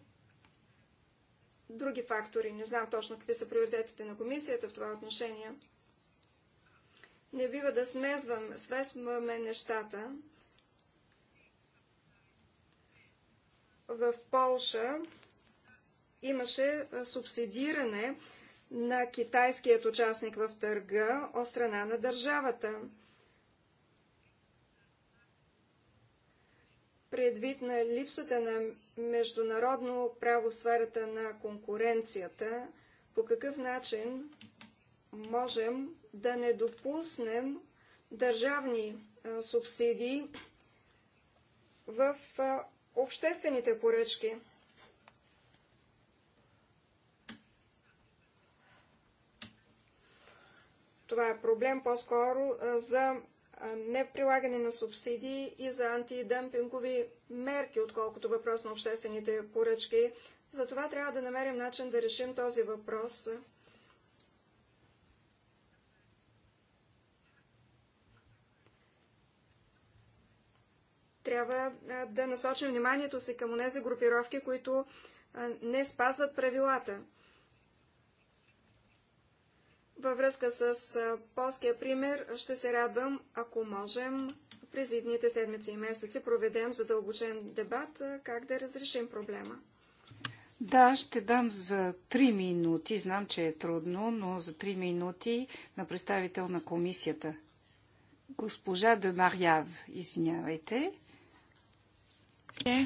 други фактори. Не знам точно какви са приоритетите на комисията в това отношение. Не бива да смезвам, смесваме нещата, в Полша имаше субсидиране на китайският участник в търга от страна на държавата. Предвид на липсата на международно право в сферата на конкуренцията, по какъв начин можем да не допуснем държавни субсидии в обществените поръчки. Това е проблем по-скоро за неприлагане на субсидии и за антидъмпингови мерки, отколкото въпрос на обществените поръчки. Затова трябва да намерим начин да решим този въпрос. трябва да насочим вниманието си към тези групировки, които не спазват правилата. Във връзка с полския пример ще се радвам, ако можем през едните седмици и месеци проведем задълбочен дебат как да разрешим проблема.
Да, ще дам за три минути. Знам, че е трудно, но за три минути на представител на комисията. Госпожа де извинявайте. Uh,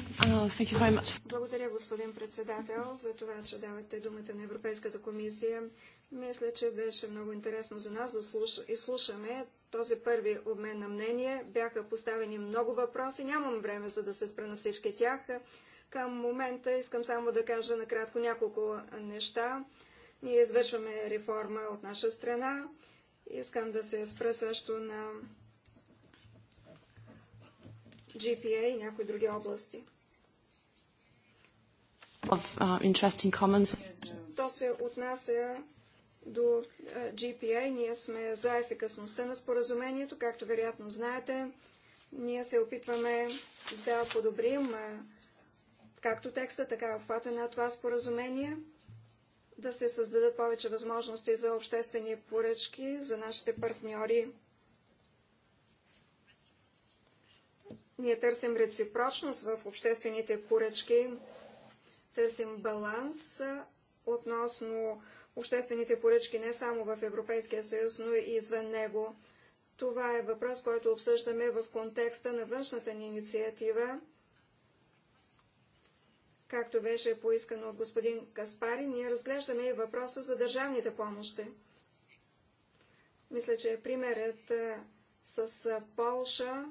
Благодаря, господин председател, за това, че давате думата на Европейската комисия. Мисля, че беше много интересно за нас да изслушаме този първи обмен на мнение. Бяха поставени много въпроси. Нямам време, за да се спра на всички тях. Към момента искам само да кажа накратко няколко неща. Ние извършваме реформа от наша страна. Искам да се спра също на GPA и някои други области.
Uh,
То се отнася до uh, GPA. Ние сме за ефикасността на споразумението. Както вероятно знаете, ние се опитваме да подобрим uh, както текста, така и обхвата на това споразумение, да се създадат повече възможности за обществени поръчки за нашите партньори Ние търсим реципрочност в обществените поръчки, търсим баланс относно обществените поръчки не само в Европейския съюз, но и извън него. Това е въпрос, който обсъждаме в контекста на външната ни инициатива. Както беше поискано от господин Каспари, ние разглеждаме и въпроса за държавните помощи. Мисля, че примерът с Полша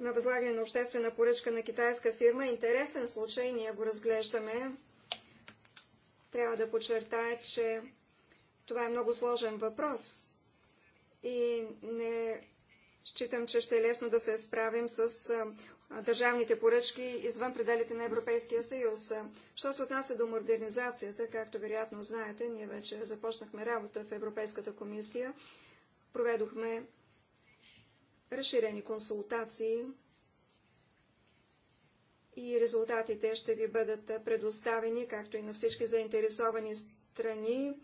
на възлагане на обществена поръчка на китайска фирма. Интересен случай, ние го разглеждаме. Трябва да подчертая, че това е много сложен въпрос и не считам, че ще е лесно да се справим с държавните поръчки извън пределите на Европейския съюз. Що се отнася до модернизацията, както вероятно знаете, ние вече започнахме работа в Европейската комисия, проведохме разширени консултации и резултатите ще ви бъдат предоставени, както и на всички заинтересовани страни,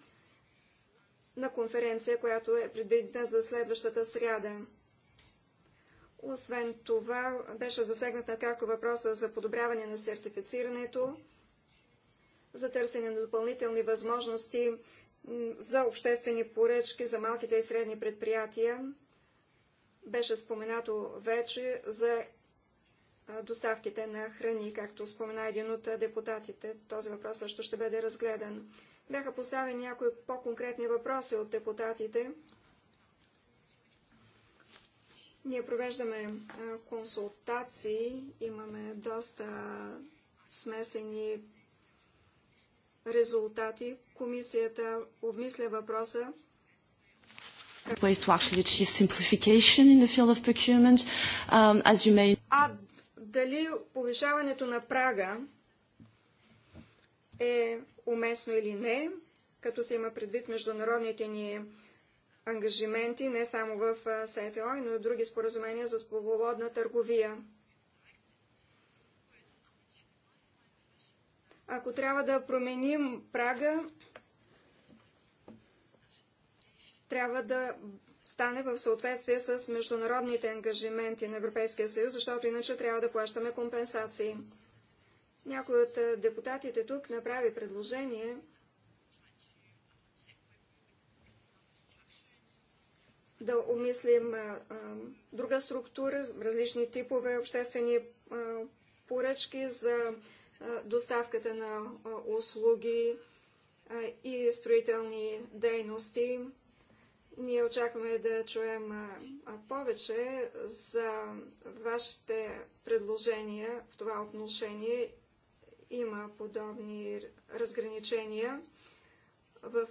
на конференция, която е предвидена за следващата сряда. Освен това, беше засегнат накратко въпроса за подобряване на сертифицирането, за търсене на допълнителни възможности за обществени поръчки за малките и средни предприятия, беше споменато вече за доставките на храни, както спомена един от депутатите. Този въпрос също ще бъде разгледан. Бяха поставени някои по-конкретни въпроси от депутатите. Ние провеждаме консултации, имаме доста смесени резултати. Комисията обмисля въпроса
ways to actually achieve simplification in the field of procurement, um, as you may...
А дали повишаването на прага е уместно или не, като се има предвид международните ни ангажименти, не само в СТО, но и други споразумения за свободна търговия. Ако трябва да променим прага, трябва да стане в съответствие с международните ангажименти на Европейския съюз, защото иначе трябва да плащаме компенсации. Някой от е, депутатите тук направи предложение да умислим а, е, а, е, друга структура, различни типове обществени а, поръчки за доставката на услуги и строителни дейности. Ние очакваме да чуем повече за вашите предложения в това отношение. Има подобни разграничения в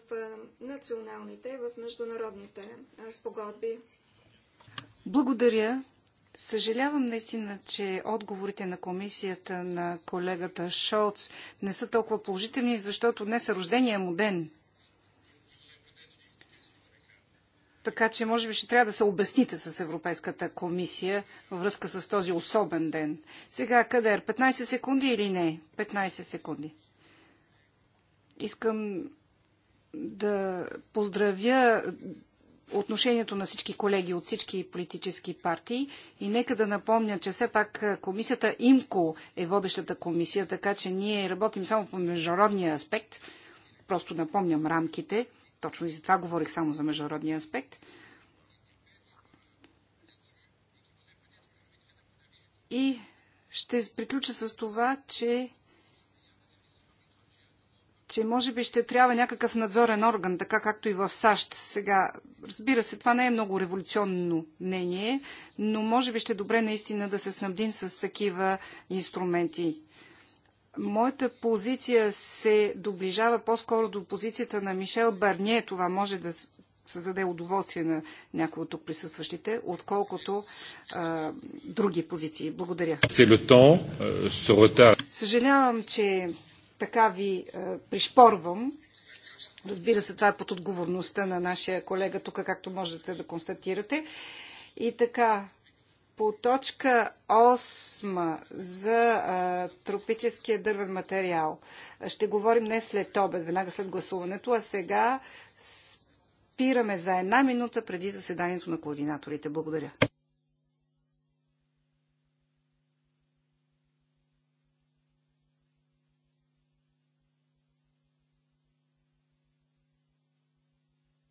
националните и в международните спогодби.
Благодаря. Съжалявам наистина, че отговорите на комисията на колегата Шолц не са толкова положителни, защото днес е рождения му ден – Така че, може би, ще трябва да се обясните с Европейската комисия във връзка с този особен ден. Сега, Кадер, 15 секунди или не? 15 секунди. Искам да поздравя отношението на всички колеги от всички политически партии и нека да напомня, че все пак комисията ИМКО е водещата комисия, така че ние работим само по международния аспект. Просто напомням рамките – точно и за това говорих само за международния аспект. И ще приключа с това, че че може би ще трябва някакъв надзорен орган, така както и в САЩ сега. Разбира се, това не е много революционно мнение, но може би ще е добре наистина да се снабдим с такива инструменти. Моята позиция се доближава по-скоро до позицията на Мишел Барние. Това може да създаде удоволствие на някои от тук присъстващите, отколкото а, други позиции. Благодаря.
Euh,
Съжалявам, че така ви а, пришпорвам. Разбира се, това е под отговорността на нашия колега тук, както можете да констатирате. И така, по точка 8 за а, тропическия дървен материал ще говорим не след обед, веднага след гласуването, а сега спираме за една минута преди заседанието на координаторите. Благодаря.